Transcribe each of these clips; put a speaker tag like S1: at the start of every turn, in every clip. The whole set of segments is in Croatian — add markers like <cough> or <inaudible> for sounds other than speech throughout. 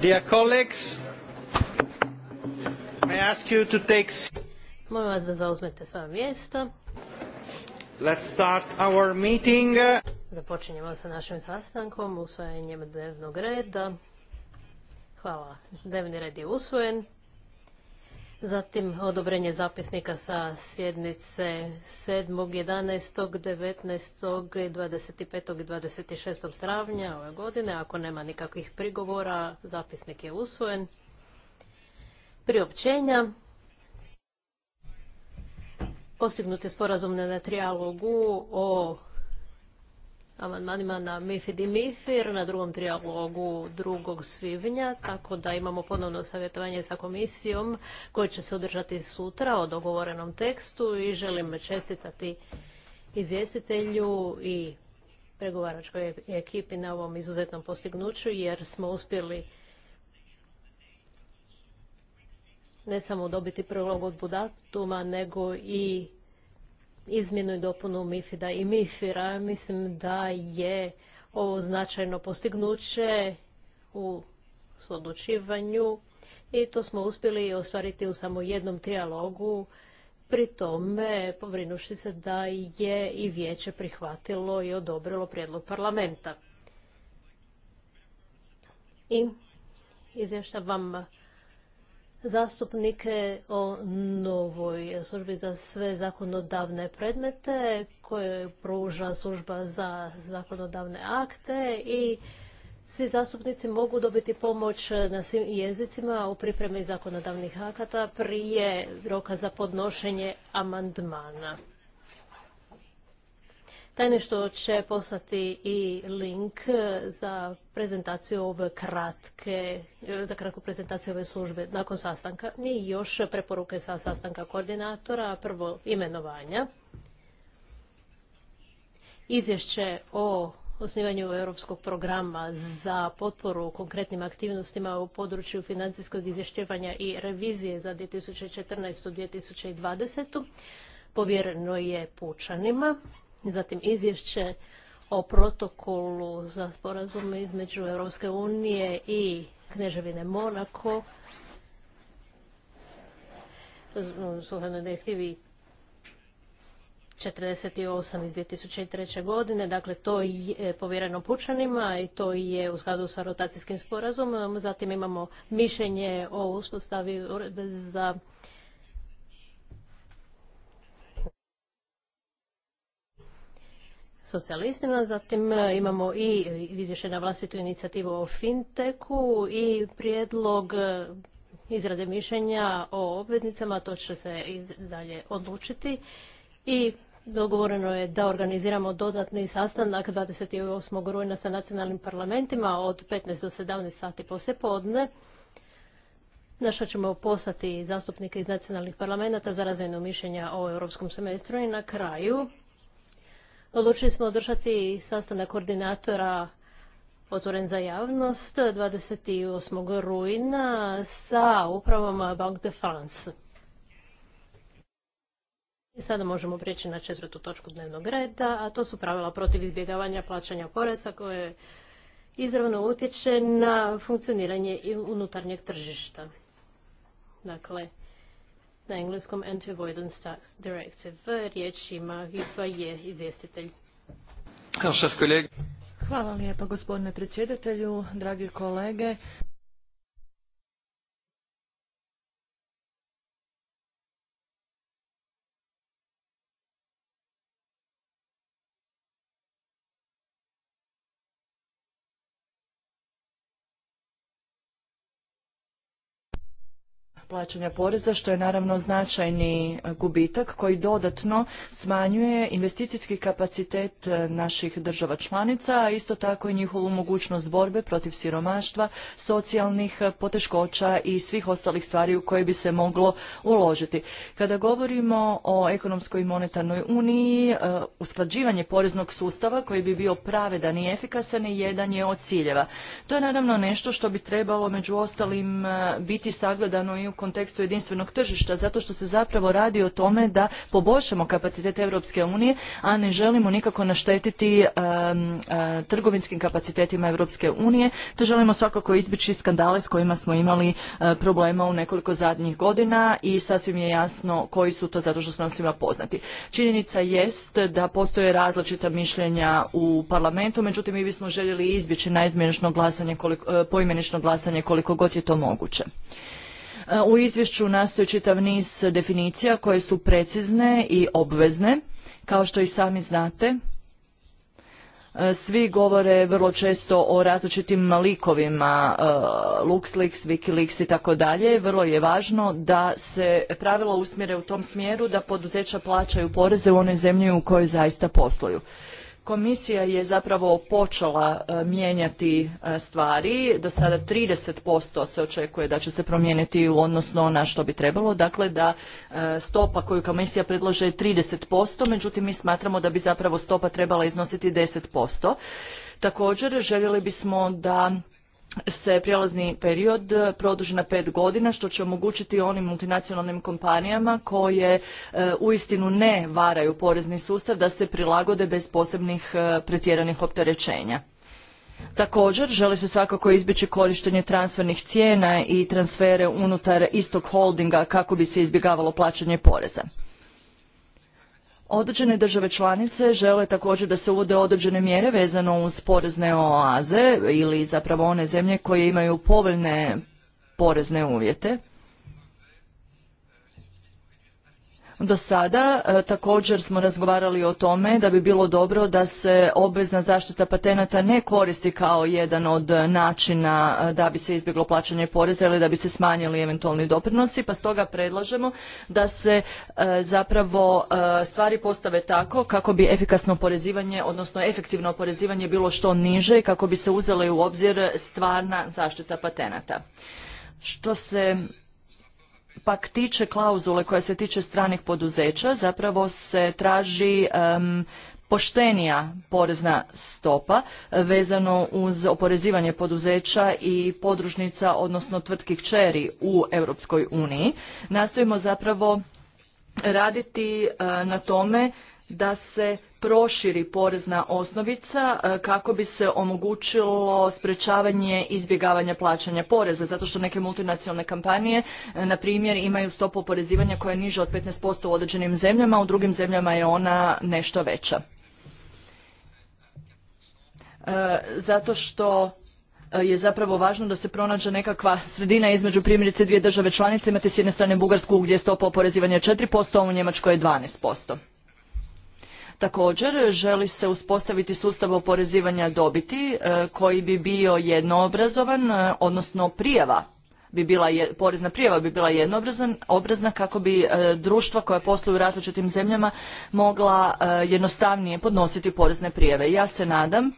S1: Dear colleagues, may to take...
S2: Molim vas da zauzmete svoje mjesta.
S1: Let's start meeting.
S2: Započinjemo sa našim sastankom, usvajanjem dnevnog reda. Hvala. Dnevni red je usvojen. Zatim odobrenje zapisnika sa sjednice 7. 11. 19. 25. i 26. travnja ove godine. Ako nema nikakvih prigovora, zapisnik je usvojen. Priopćenja. Postignuti sporazum na trijalogu o amandmanima na MIFID i MIFIR na drugom trijalogu 2. svibnja, tako da imamo ponovno savjetovanje sa komisijom koje će se održati sutra o dogovorenom tekstu i želim čestitati izvjestitelju i pregovaračkoj ekipi na ovom izuzetnom postignuću jer smo uspjeli ne samo dobiti od datuma nego i izmjenu i dopunu Mifida i Mifira. Mislim da je ovo značajno postignuće u odlučivanju i to smo uspjeli ostvariti u samo jednom trijalogu, pri tome povrinuši se da je i vijeće prihvatilo i odobrilo prijedlog parlamenta. I izvještavam zastupnike o novoj službi za sve zakonodavne predmete koje pruža služba za zakonodavne akte i svi zastupnici mogu dobiti pomoć na svim jezicima u pripremi zakonodavnih akata prije roka za podnošenje amandmana. Tajništvo će poslati i link e, za prezentaciju ove kratke, e, za kratku prezentaciju ove službe nakon sastanka i još preporuke sa sastanka koordinatora, prvo imenovanja, izvješće o osnivanju europskog programa za potporu konkretnim aktivnostima u području financijskog izvješćivanja i revizije za 2014. 2020. Povjereno je pučanima. Zatim izvješće o protokolu za sporazum između Europske unije i Kneževine Monako sukladno direktivi 48 iz 2003. godine. Dakle, to je povjereno pučanima i to je u skladu sa rotacijskim sporazumom. Zatim imamo mišljenje o uspostavi uredbe za socijalistima. Zatim e, imamo i izvješće na vlastitu inicijativu o finteku i prijedlog e, izrade mišljenja o obveznicama, to će se dalje odlučiti. I dogovoreno je da organiziramo dodatni sastanak 28. rujna sa nacionalnim parlamentima od 15 do 17 sati poslije podne na ćemo poslati zastupnike iz nacionalnih parlamenta za razmjenu mišljenja o europskom semestru i na kraju Odlučili smo održati sastanak koordinatora otvoren za javnost 28. rujna sa upravom Bank de France. I sada možemo prijeći na četvrtu točku dnevnog reda, a to su pravila protiv izbjegavanja plaćanja poreza koje izravno utječe na funkcioniranje unutarnjeg tržišta. Dakle, na engleskom Anti-Avoidance Tax Directive. Riječ ima je izvjestitelj.
S3: Hvala lijepa gospodine predsjedatelju, dragi kolege. plaćanja poreza, što je naravno značajni e, gubitak koji dodatno smanjuje investicijski kapacitet e, naših država članica, a isto tako i njihovu mogućnost borbe protiv siromaštva, socijalnih e, poteškoća i svih ostalih stvari u koje bi se moglo uložiti. Kada govorimo o ekonomskoj i monetarnoj uniji, usklađivanje poreznog sustava koji bi bio pravedan i efikasan i jedan je od ciljeva. To je naravno nešto što bi trebalo među ostalim biti sagledano i u kontekstu jedinstvenog tržišta, zato što se zapravo radi o tome da poboljšamo kapacitet Europske unije, a ne želimo nikako naštetiti e, trgovinskim kapacitetima Europske unije, te želimo svakako izbjeći skandale s kojima smo imali e, problema u nekoliko zadnjih godina i sasvim je jasno koji su to zato što su nam svima poznati. Činjenica jest da postoje različita mišljenja u parlamentu, međutim mi bismo željeli izbjeći naizmjenično glasanje e, poimenično glasanje koliko god je to moguće. E, u izvješću nastoji čitav niz definicija koje su precizne i obvezne. Kao što i sami znate, e, svi govore vrlo često o različitim likovima e, LuxLeaks, Wikileaks i tako dalje. Vrlo je važno da se pravila usmjere u tom smjeru da poduzeća plaćaju poreze u onoj zemlji u kojoj zaista posluju. Komisija je zapravo počela e, mijenjati e, stvari, do sada 30% se očekuje da će se promijeniti u odnosno na što bi trebalo, dakle da e, stopa koju komisija predlaže je 30%, međutim mi smatramo da bi zapravo stopa trebala iznositi 10%. Također željeli bismo da se prijelazni period produži na pet godina što će omogućiti onim multinacionalnim kompanijama koje e, uistinu ne varaju porezni sustav da se prilagode bez posebnih e, pretjeranih opterećenja. Također želi se svakako izbjeći korištenje transfernih cijena i transfere unutar istog holdinga kako bi se izbjegavalo plaćanje poreza. Određene države članice žele također da se uvode određene mjere vezano uz porezne oaze ili zapravo one zemlje koje imaju povoljne porezne uvjete. Do sada e, također smo razgovarali o tome da bi bilo dobro da se obvezna zaštita patenata ne koristi kao jedan od načina e, da bi se izbjeglo plaćanje poreza ili da bi se smanjili eventualni doprinosi, pa stoga predlažemo da se e, zapravo stvari postave tako kako bi efikasno oporezivanje, odnosno efektivno oporezivanje bilo što niže i kako bi se uzele u obzir stvarna zaštita patenata. Što se pak tiče klauzule koja se tiče stranih poduzeća, zapravo se traži poštenija porezna stopa vezano uz oporezivanje poduzeća i podružnica, odnosno tvrtkih čeri u Europskoj uniji. Nastojimo zapravo raditi eh, na tome da se proširi porezna osnovica e, kako bi se omogućilo sprečavanje izbjegavanja plaćanja poreza, zato što neke multinacionalne kampanije, e, na primjer, imaju stopu oporezivanja koja je niža od 15% u određenim zemljama, u drugim zemljama je ona nešto veća. E, zato što je zapravo važno da se pronađe nekakva sredina između primjerice dvije države članice, imate s jedne strane Bugarsku gdje je stopa oporezivanja 4%, a u Njemačkoj je 12%. Također želi se uspostaviti sustav oporezivanja dobiti e, koji bi bio jednoobrazovan, e, odnosno prijava bi bila je, porezna prijava bi bila jednoobrazna kako bi e, društva koja posluju u različitim zemljama mogla jednostavnije podnositi porezne prijave. Ja se nadam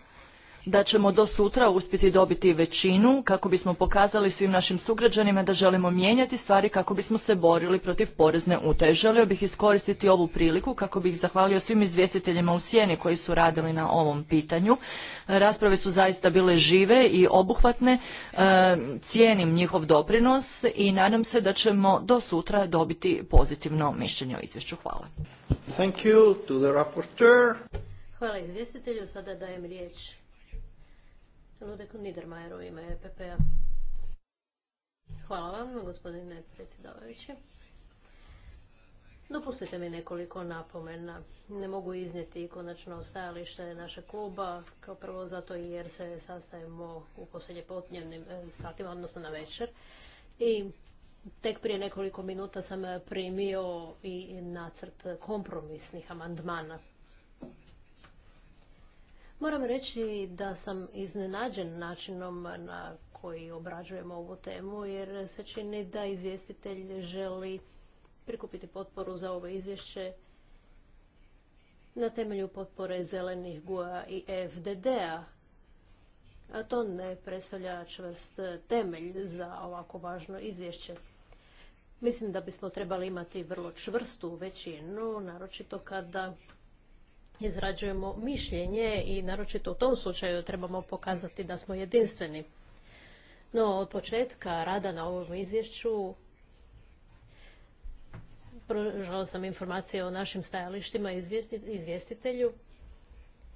S3: da ćemo do sutra uspjeti dobiti većinu kako bismo pokazali svim našim sugrađanima da želimo mijenjati stvari kako bismo se borili protiv porezne uteže. Želio bih iskoristiti ovu priliku kako bih zahvalio svim izvjestiteljima u sjeni koji su radili na ovom pitanju. Rasprave su zaista bile žive i obuhvatne. E, cijenim njihov doprinos i nadam se da ćemo do sutra dobiti pozitivno mišljenje o izvješću. Hvala.
S2: Hvala izvjestitelju. Sada dajem riječ u ime epp p-a. Hvala vam, gospodine predsjedavajući. Dopustite mi nekoliko napomena. Ne mogu iznijeti konačno stajalište našeg kluba, kao prvo zato jer se sastajemo u posljednje potnjevnim e, satima, odnosno na večer. I tek prije nekoliko minuta sam primio i nacrt kompromisnih amandmana. Moram reći da sam iznenađen načinom na koji obrađujemo ovu temu, jer se čini da izvjestitelj želi prikupiti potporu za ovo izvješće na temelju potpore zelenih GUA i FDD-a, a to ne predstavlja čvrst temelj za ovako važno izvješće. Mislim da bismo trebali imati vrlo čvrstu većinu, naročito kada izrađujemo mišljenje i naročito u tom slučaju trebamo pokazati da smo jedinstveni. No, od početka rada na ovom izvješću pružao sam informacije o našim stajalištima izvjestitelju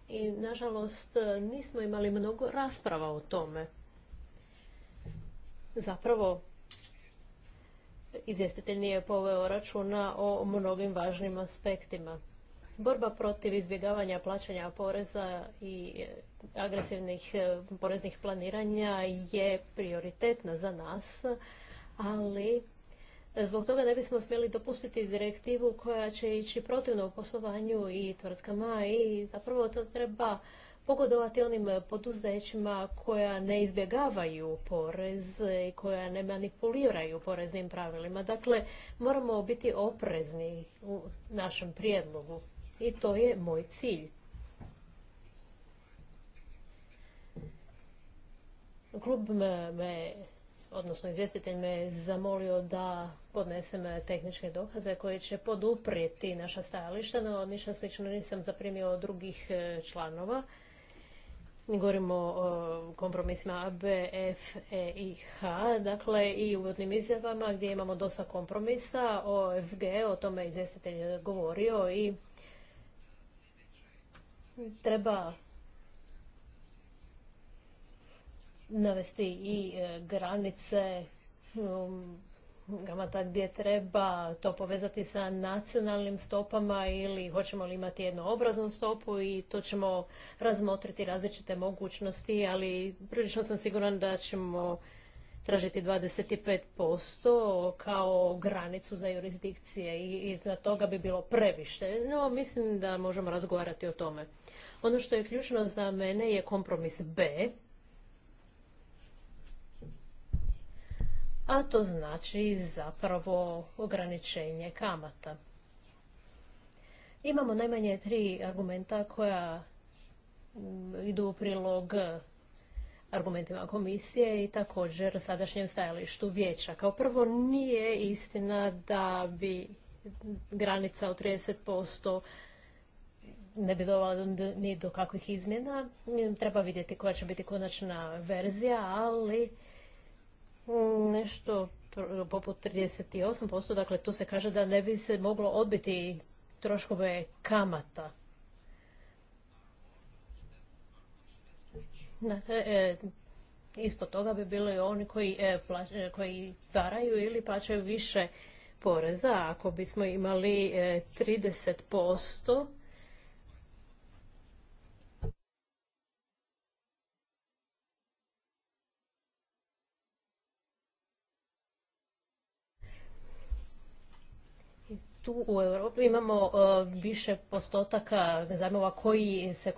S2: i nažalost nismo imali mnogo rasprava o tome. Zapravo, izvjestitelj nije poveo računa o mnogim važnim aspektima. Borba protiv izbjegavanja plaćanja poreza i e, agresivnih e, poreznih planiranja je prioritetna za nas, ali e, zbog toga ne bismo smjeli dopustiti direktivu koja će ići protivno poslovanju i tvrtkama i zapravo to treba pogodovati onim poduzećima koja ne izbjegavaju porez i koja ne manipuliraju poreznim pravilima. Dakle, moramo biti oprezni u našem prijedlogu. I to je moj cilj. Klub me, odnosno izvjestitelj me zamolio da podnesem tehničke dokaze koje će poduprijeti naša stajališta, no ništa slično nisam zaprimio od drugih e, članova. Govorimo o kompromisima A, B, F, E i H, dakle i uvodnim izjavama gdje imamo dosta kompromisa o FG, o tome izvjestitelj govorio i treba navesti i e, granice um, gamata gdje treba to povezati sa nacionalnim stopama ili hoćemo li imati jednu obraznu stopu i to ćemo razmotriti različite mogućnosti, ali prilično sam siguran da ćemo tražiti 25% kao granicu za jurisdikcije i za toga bi bilo previše. No, mislim da možemo razgovarati o tome. Ono što je ključno za mene je kompromis B, a to znači zapravo ograničenje kamata. Imamo najmanje tri argumenta koja idu u prilog argumentima komisije i također sadašnjem stajalištu vijeća. Kao prvo, nije istina da bi granica od 30% ne bi dovala ni do kakvih izmjena. Treba vidjeti koja će biti konačna verzija, ali nešto poput 38%, dakle tu se kaže da ne bi se moglo odbiti troškove kamata. E, e, Ispod toga bi bili oni koji, e, koji varaju ili plaćaju više poreza. Ako bismo imali 30%, tu u Europi imamo više postotaka zajmova koji se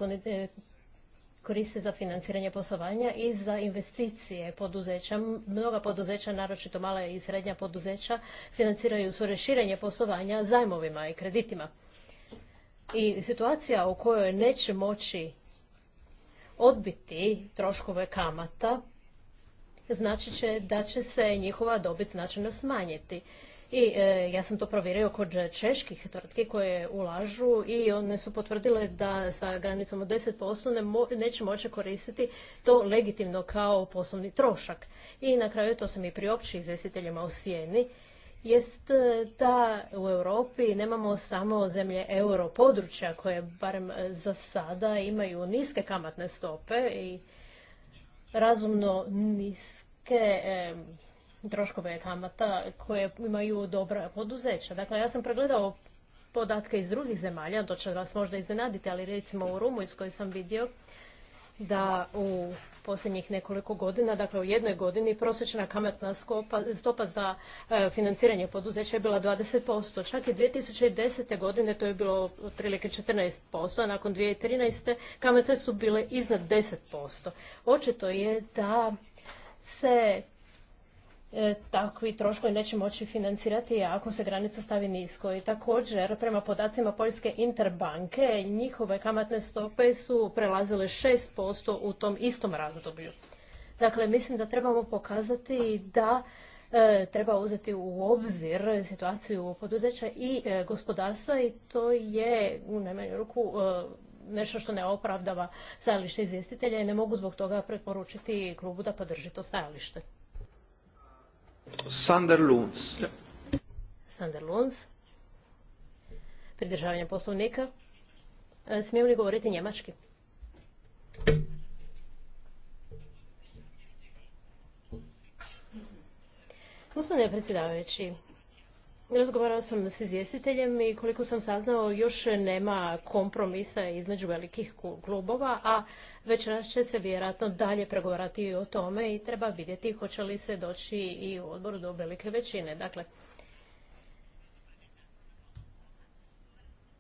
S2: koriste za financiranje poslovanja i za investicije poduzeća. Mnoga poduzeća, naročito mala i srednja poduzeća, financiraju svoje širenje poslovanja zajmovima i kreditima. I situacija u kojoj neće moći odbiti troškove kamata znači će da će se njihova dobit značajno smanjiti. I e, ja sam to provjerio kod čeških tvrtki koje ulažu i one su potvrdile da sa granicom od 10% ne neće moći koristiti to legitimno kao poslovni trošak. I na kraju to sam i priopći izvjestiteljima u Sijeni jest e, da u Europi nemamo samo zemlje europodručja koje barem e, za sada imaju niske kamatne stope i razumno niske troškove kamata koje imaju dobra poduzeća. Dakle, ja sam pregledao podatke iz drugih zemalja, to će vas možda iznenaditi, ali recimo u Rumunjskoj sam vidio da u posljednjih nekoliko godina, dakle u jednoj godini, prosječna kamatna stopa za e, financiranje poduzeća je bila 20%. Čak i 2010. godine to je bilo otprilike 14%, a nakon 2013. kamate su bile iznad 10%. Očito je da se E, takvi troškovi neće moći financirati ako se granica stavi nisko. I također, prema podacima Poljske Interbanke, njihove kamatne stope su prelazile 6% u tom istom razdoblju. Dakle, mislim da trebamo pokazati da e, treba uzeti u obzir situaciju poduzeća i e, gospodarstva i to je u najmanju ruku nešto što ne opravdava stajalište izvjestitelja i ne mogu zbog toga preporučiti klubu da podrži to stajalište.
S1: Sander Lunds.
S2: Sander Lunds. Pridržavanje poslovnika. E, Smijem li govoriti njemački? Gospodine predsjedavajući, Razgovarao sam s izvjestiteljem i koliko sam saznao još nema kompromisa između velikih klubova, a večeras će se vjerojatno dalje pregovarati o tome i treba vidjeti hoće li se doći i u odboru do velike većine. Dakle,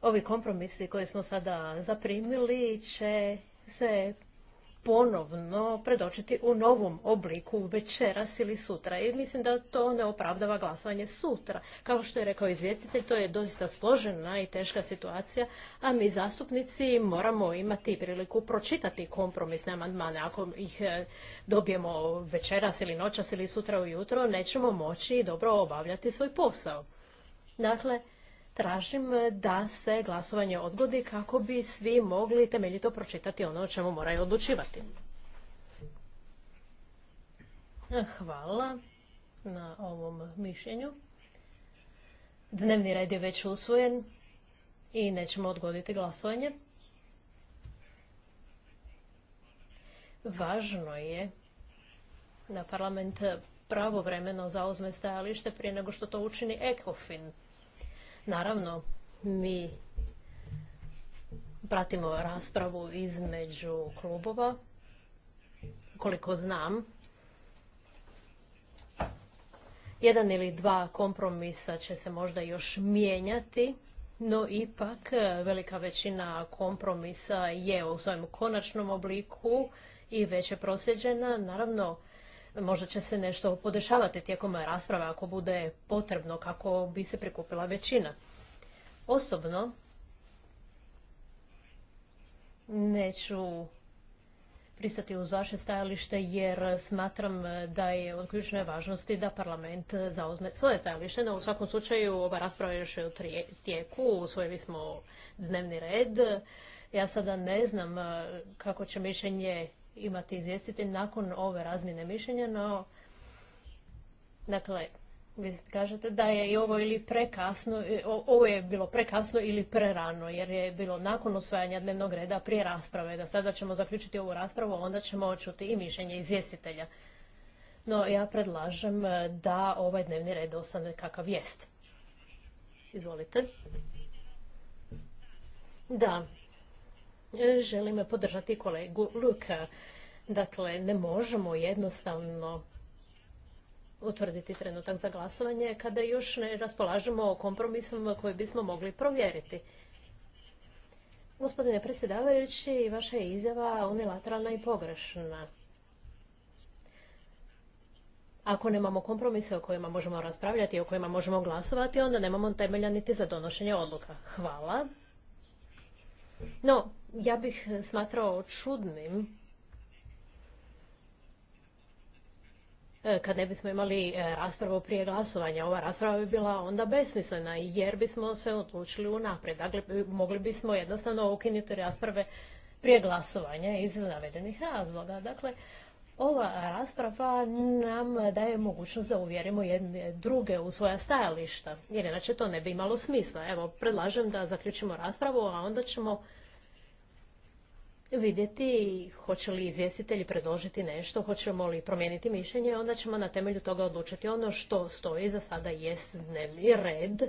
S2: ovi kompromisi koje smo sada zaprimili će se ponovno predočiti u novom obliku večeras ili sutra. I mislim da to ne opravdava glasovanje sutra. Kao što je rekao izvjestitelj, to je doista složena i teška situacija, a mi zastupnici moramo imati priliku pročitati kompromisne amandmane. Ako ih e, dobijemo večeras ili noćas ili sutra ujutro, nećemo moći dobro obavljati svoj posao. Dakle, tražim da se glasovanje odgodi kako bi svi mogli temeljito pročitati ono o čemu moraju odlučivati. Hvala na ovom mišljenju. Dnevni red je već usvojen i nećemo odgoditi glasovanje. Važno je da parlament pravovremeno zauzme stajalište prije nego što to učini ECOFIN. Naravno, mi pratimo raspravu između klubova. Koliko znam, jedan ili dva kompromisa će se možda još mijenjati, no ipak e, velika većina kompromisa je u svojem konačnom obliku i već je prosjeđena. Naravno, možda će se nešto podešavati tijekom rasprave ako bude potrebno kako bi se prikupila većina. Osobno neću pristati uz vaše stajalište jer smatram da je od ključne važnosti da parlament zauzme svoje stajalište. No, u svakom slučaju ova rasprava još je u tijeku, usvojili smo dnevni red. Ja sada ne znam eh, kako će mišljenje imati izvjestitelj nakon ove razmjene mišljenja, no dakle, vi kažete da je i ovo ili prekasno, e, ovo je bilo prekasno ili prerano, jer je bilo nakon usvajanja dnevnog reda prije rasprave, da sada ćemo zaključiti ovu raspravu, onda ćemo čuti i mišljenje izvjestitelja. No, ja predlažem e, da ovaj dnevni red ostane kakav jest. Izvolite. Da, želim podržati kolegu Luka. Dakle, ne možemo jednostavno utvrditi trenutak za glasovanje kada još ne raspolažemo kompromisom koje bismo mogli provjeriti. Gospodine predsjedavajući, vaša je izjava unilateralna i pogrešna. Ako nemamo kompromise o kojima možemo raspravljati i o kojima možemo glasovati, onda nemamo temelja niti za donošenje odluka. Hvala. No, ja bih smatrao čudnim e, kad ne bismo imali e, raspravu prije glasovanja. Ova rasprava bi bila onda besmislena jer bismo se odlučili unaprijed. Dakle, mogli bismo jednostavno ukinuti rasprave prije glasovanja iz navedenih razloga. Dakle, ova rasprava nam daje mogućnost da uvjerimo jedne druge u svoja stajališta, jer inače to ne bi imalo smisla. Evo, predlažem da zaključimo raspravu, a onda ćemo vidjeti hoće li izvjestitelji predložiti nešto, hoćemo li promijeniti mišljenje, onda ćemo na temelju toga odlučiti ono što stoji za sada jest dnevni red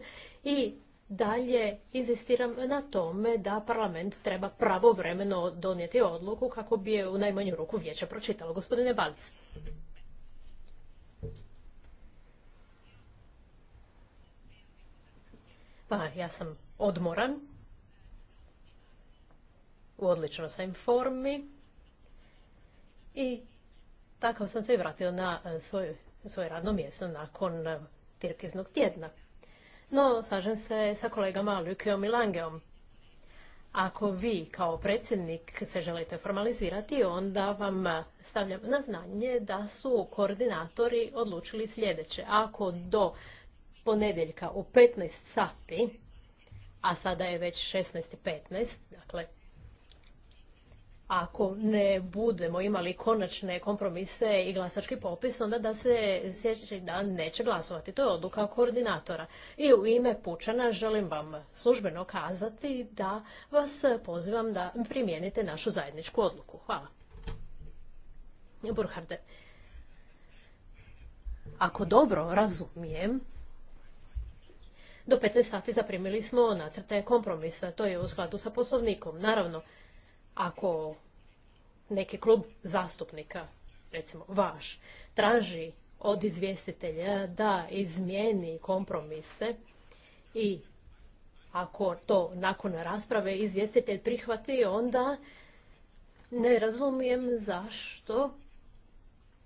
S2: i dalje inzistiram na tome da parlament treba pravovremeno donijeti odluku kako bi je u najmanju ruku vijeća pročitalo. Gospodine Balc. Pa, ja sam odmoran. U odlično sam formi. I tako sam se vratio na e, svoje radno mjesto nakon e, tirkiznog tjedna no slažem se sa kolegama Lukijom i Langeom. Ako vi kao predsjednik se želite formalizirati, onda vam stavljam na znanje da su koordinatori odlučili sljedeće. Ako do ponedjeljka u 15 sati, a sada je već 16.15, dakle ako ne budemo imali konačne kompromise i glasački popis, onda da se sljedeći dan neće glasovati. To je odluka koordinatora. I u ime Pučana želim vam službeno kazati da vas pozivam da primijenite našu zajedničku odluku. Hvala. Burharde, ako dobro razumijem, do 15 sati zaprimili smo nacrte kompromisa. To je u skladu sa poslovnikom. Naravno, ako neki klub zastupnika, recimo vaš, traži od izvjestitelja da izmijeni kompromise i ako to nakon rasprave izvjestitelj prihvati, onda ne razumijem zašto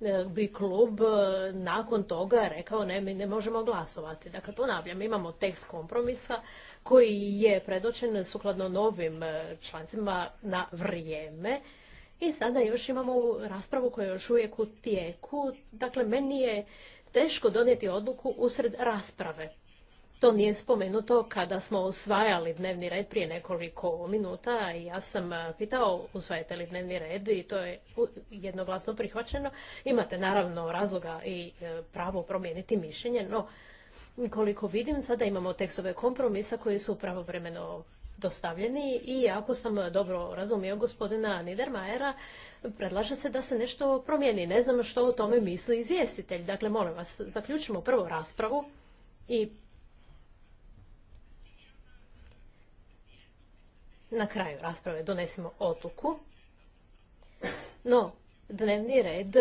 S2: E, bi klub e, nakon toga rekao ne, mi ne možemo glasovati. Dakle, ponavljam, imamo tekst kompromisa koji je predočen sukladno novim e, člancima na vrijeme. I sada još imamo raspravu koja je još uvijek u tijeku. Dakle, meni je teško donijeti odluku usred rasprave. To nije spomenuto kada smo usvajali dnevni red prije nekoliko minuta i ja sam e, pitao usvajate li dnevni red i to je jednoglasno prihvaćeno. Imate naravno razloga i e, pravo promijeniti mišljenje, no koliko vidim sada imamo tekstove kompromisa koji su pravovremeno dostavljeni i ako sam dobro razumio gospodina Niedermayera, predlaže se da se nešto promijeni. Ne znam što o tome misli izvjestitelj. Dakle, molim vas, zaključimo prvo raspravu i na kraju rasprave donesimo odluku, no dnevni red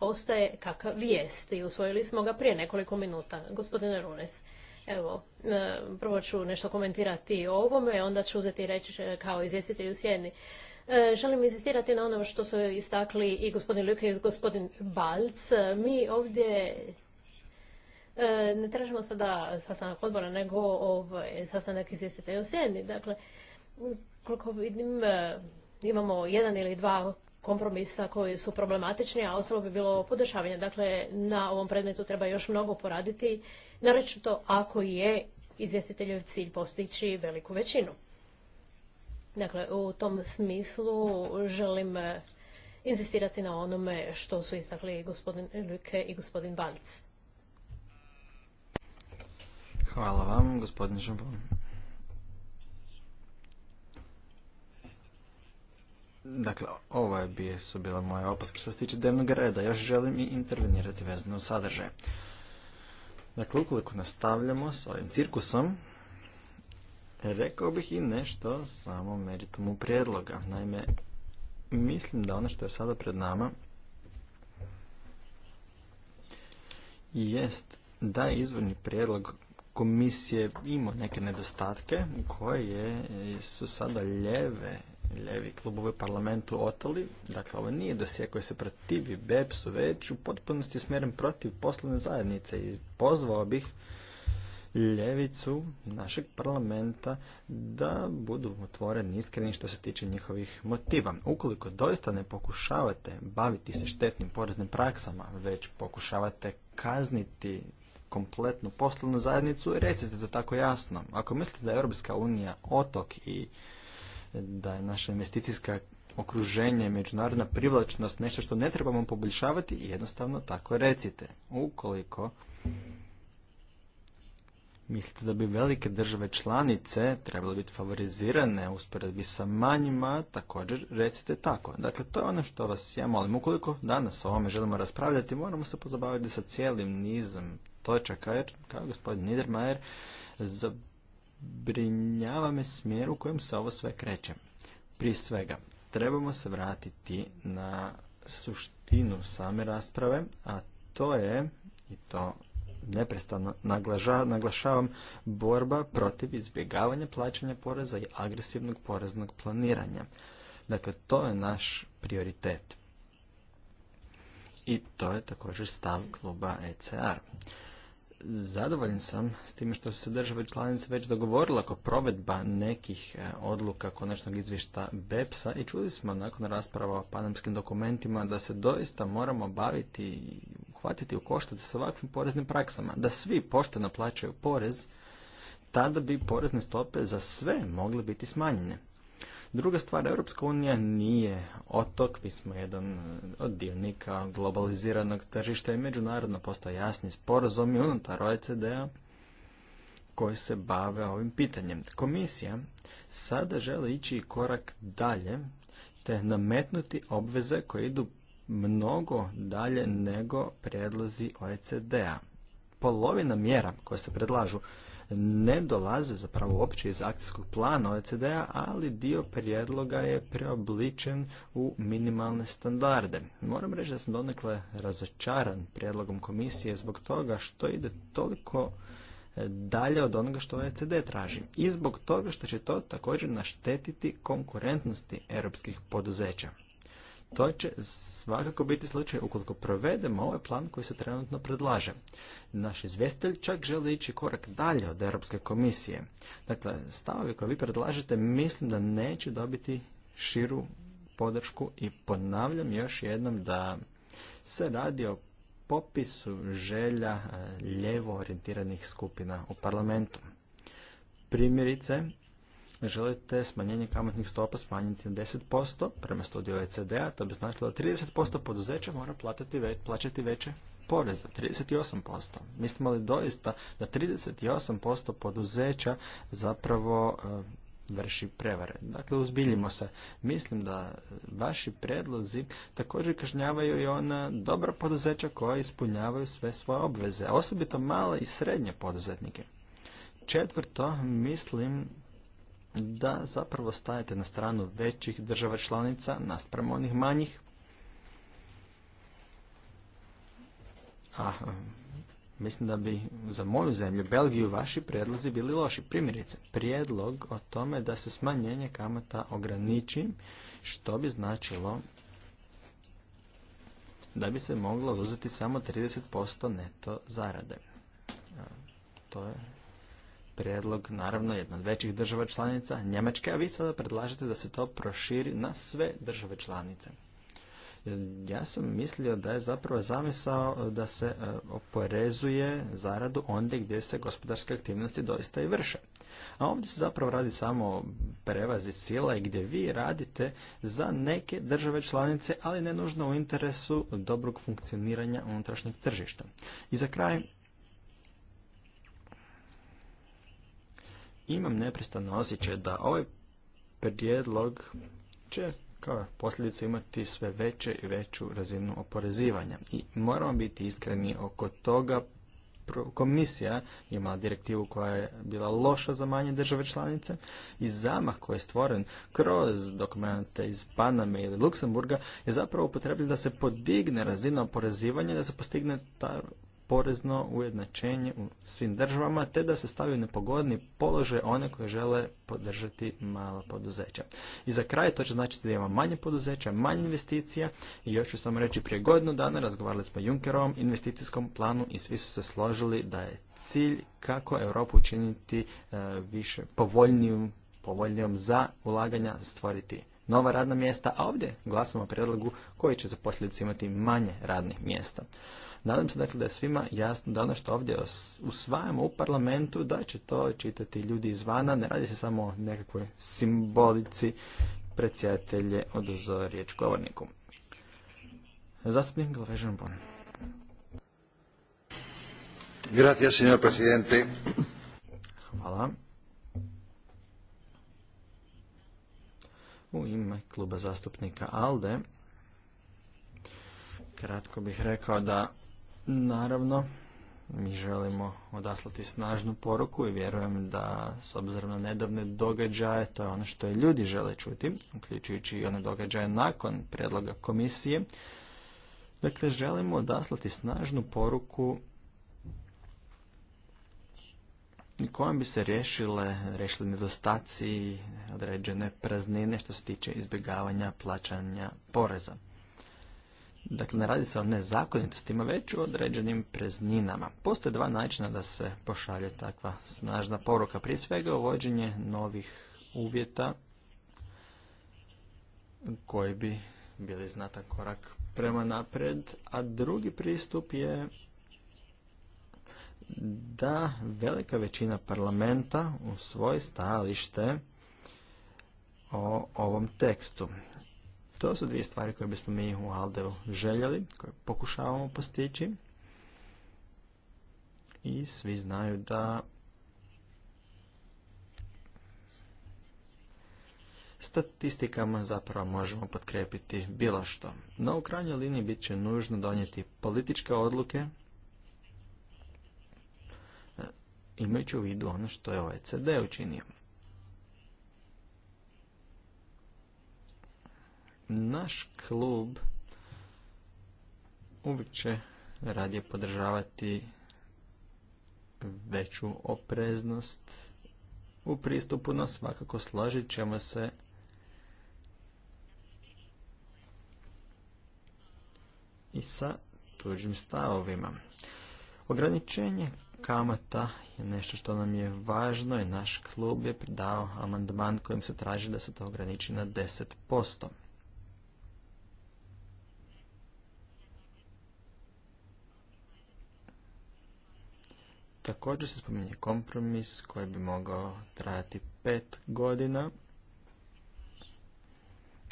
S2: ostaje kakav vijest. i usvojili smo ga prije nekoliko minuta. Gospodine Runes, evo, e, prvo ću nešto komentirati o ovome, onda ću uzeti reći kao izvjestitelj u sjedni. E, želim insistirati na ono što su istakli i gospodin Luka i gospodin Balc. Mi ovdje e, ne tražimo sada sastanak odbora, nego ovaj sastanak izvjestitelja u sjedni. Dakle, koliko vidim, e, imamo jedan ili dva kompromisa koji su problematični, a ostalo bi bilo podešavanje. Dakle, na ovom predmetu treba još mnogo poraditi, naročito ako je izvjestiteljev cilj postići veliku većinu. Dakle, u tom smislu želim e, insistirati na onome što su istakli gospodin Luke i gospodin Balic.
S4: Hvala vam, gospodin Žabon. Dakle, ovo je su bila moje opaske što se tiče dnevnog reda. Još želim i intervenirati vezano sadržaje. Dakle, ukoliko nastavljamo s ovim cirkusom, rekao bih i nešto samo meritumu prijedloga. Naime, mislim da ono što je sada pred nama jest da je izvorni prijedlog komisije imao neke nedostatke koje su sada ljeve ljevi klubovi parlamentu otoli. Dakle, ovo nije dosje koji se protivi BEPS-u, već u potpunosti smjeren protiv poslovne zajednice i pozvao bih ljevicu našeg parlamenta da budu otvoreni iskreni što se tiče njihovih motiva. Ukoliko doista ne pokušavate baviti se štetnim poreznim praksama, već pokušavate kazniti kompletnu poslovnu zajednicu, recite to tako jasno. Ako mislite da je Europska unija otok i da je naše investicijska okruženje, međunarodna privlačnost nešto što ne trebamo poboljšavati i jednostavno tako recite. Ukoliko mislite da bi velike države članice trebale biti favorizirane u usporedbi sa manjima, također recite tako. Dakle, to je ono što vas ja molim. Ukoliko danas o ovome želimo raspravljati, moramo se pozabaviti sa cijelim nizom točaka, jer kao gospodin Niedermayer, zabrinjava me smjer u kojem se ovo sve kreće. Prije svega, trebamo se vratiti na suštinu same rasprave, a to je, i to neprestano naglašavam, borba protiv izbjegavanja plaćanja poreza i agresivnog poreznog planiranja. Dakle, to je naš prioritet. I to je također stav kluba ECR zadovoljan sam s time što su se države članice već dogovorile oko provedba nekih e, odluka konačnog izvješta BEPS-a i čuli smo nakon rasprava o panamskim dokumentima da se doista moramo baviti i uhvatiti u koštac s ovakvim poreznim praksama. Da svi pošteno plaćaju porez, tada bi porezne stope za sve mogle biti smanjene. Druga stvar, Europska unija nije otok, mi smo jedan od dionika globaliziranog tržišta i međunarodno postoje jasni i unutar OECD-a koji se bave ovim pitanjem. Komisija sada želi ići korak dalje te nametnuti obveze koje idu mnogo dalje nego predlozi OECD-a. Polovina mjera koje se predlažu ne dolaze zapravo uopće iz akcijskog plana OECD-a, ali dio prijedloga je preobličen u minimalne standarde. Moram reći da sam donekle razočaran prijedlogom komisije zbog toga što ide toliko e, dalje od onoga što OECD traži. I zbog toga što će to također naštetiti konkurentnosti europskih poduzeća. To će svakako biti slučaj ukoliko provedemo ovaj plan koji se trenutno predlaže. Naš izvjestitelj čak želi ići korak dalje od Europske komisije. Dakle, stavovi koje vi predlažete mislim da neće dobiti širu podršku i ponavljam još jednom da se radi o popisu želja e, ljevo orijentiranih skupina u parlamentu. Primjerice, želite smanjenje kamatnih stopa smanjiti na 10% prema studiju OECD-a, to bi značilo da 30% poduzeća mora ve, plaćati veće poreze, 38%. Mislimo li doista da 38% poduzeća zapravo eh, vrši prevare. Dakle, uzbiljimo se. Mislim da eh, vaši predlozi također kažnjavaju i ona dobra poduzeća koja ispunjavaju sve svoje obveze, osobito male i srednje poduzetnike. Četvrto, mislim da zapravo stajete na stranu većih država članica naspram onih manjih. A, mislim da bi za moju zemlju, Belgiju, vaši prijedlozi bili loši. Primjerice, prijedlog o tome da se smanjenje kamata ograniči, što bi značilo da bi se moglo uzeti samo 30% neto zarade. To je prijedlog naravno jedna od većih država članica Njemačke, a vi sada predlažete da se to proširi na sve države članice. Ja sam mislio da je zapravo zamisao da se e, oporezuje zaradu ondje gdje se gospodarske aktivnosti doista i vrše. A ovdje se zapravo radi samo o prevazi sila i gdje vi radite za neke države članice, ali ne nužno u interesu dobrog funkcioniranja unutrašnjeg tržišta. I za kraj, imam nepristano osjećaj da ovaj prijedlog će kao posljedice imati sve veće i veću razinu oporezivanja. I moramo biti iskreni oko toga. Komisija je imala direktivu koja je bila loša za manje države članice i zamah koji je stvoren kroz dokumente iz Paname ili Luksemburga je zapravo upotrebljen da se podigne razina oporezivanja, da se postigne ta porezno ujednačenje u svim državama, te da se stavi u nepogodni položaj one koje žele podržati mala poduzeća. I za kraj to će značiti da ima manje poduzeća, manje investicija i još ću samo reći prije godinu dana razgovarali smo Junckerovom investicijskom planu i svi su se složili da je cilj kako Europu učiniti e, više povoljnijom, povoljnijom za ulaganja stvoriti nova radna mjesta, a ovdje glasamo o prijedlogu koji će za posljedice imati manje radnih mjesta. Nadam se dakle da je svima jasno da ono što ovdje usvajamo u parlamentu da će to čitati ljudi izvana, ne radi se samo o nekakvoj simbolici predsjedatelje oduzeo riječ govorniku. Zastupnik Glavežan Bon. Gracias, señor presidente. Hvala. U ime kluba zastupnika ALDE kratko bih rekao da Naravno, mi želimo odaslati snažnu poruku i vjerujem da s obzirom na nedavne događaje, to je ono što ljudi žele čuti, uključujući i one događaje nakon predloga komisije. Dakle, želimo odaslati snažnu poruku kojom bi se rješile riješili nedostaci određene praznine što se tiče izbjegavanja plaćanja poreza. Dakle, ne radi se o nezakonitostima, već o određenim prezninama. Postoje dva načina da se pošalje takva snažna poruka. Prije svega uvođenje novih uvjeta koji bi bili znatan korak prema napred, a drugi pristup je da velika većina parlamenta u svoje stajalište o ovom tekstu. To su dvije stvari koje bismo mi u Aldeu željeli, koje pokušavamo postići. I svi znaju da statistikama zapravo možemo potkrepiti bilo što. No u krajnjoj liniji bit će nužno donijeti političke odluke e, imajući u vidu ono što je OECD učinio. Naš klub uvijek će radije podržavati veću opreznost u pristupu, no svakako složit ćemo se i sa tuđim stavovima. Ograničenje kamata je nešto što nam je važno i naš klub je pridao amandman kojim se traži da se to ograniči na 10%. Također se spominje kompromis koji bi mogao trajati pet godina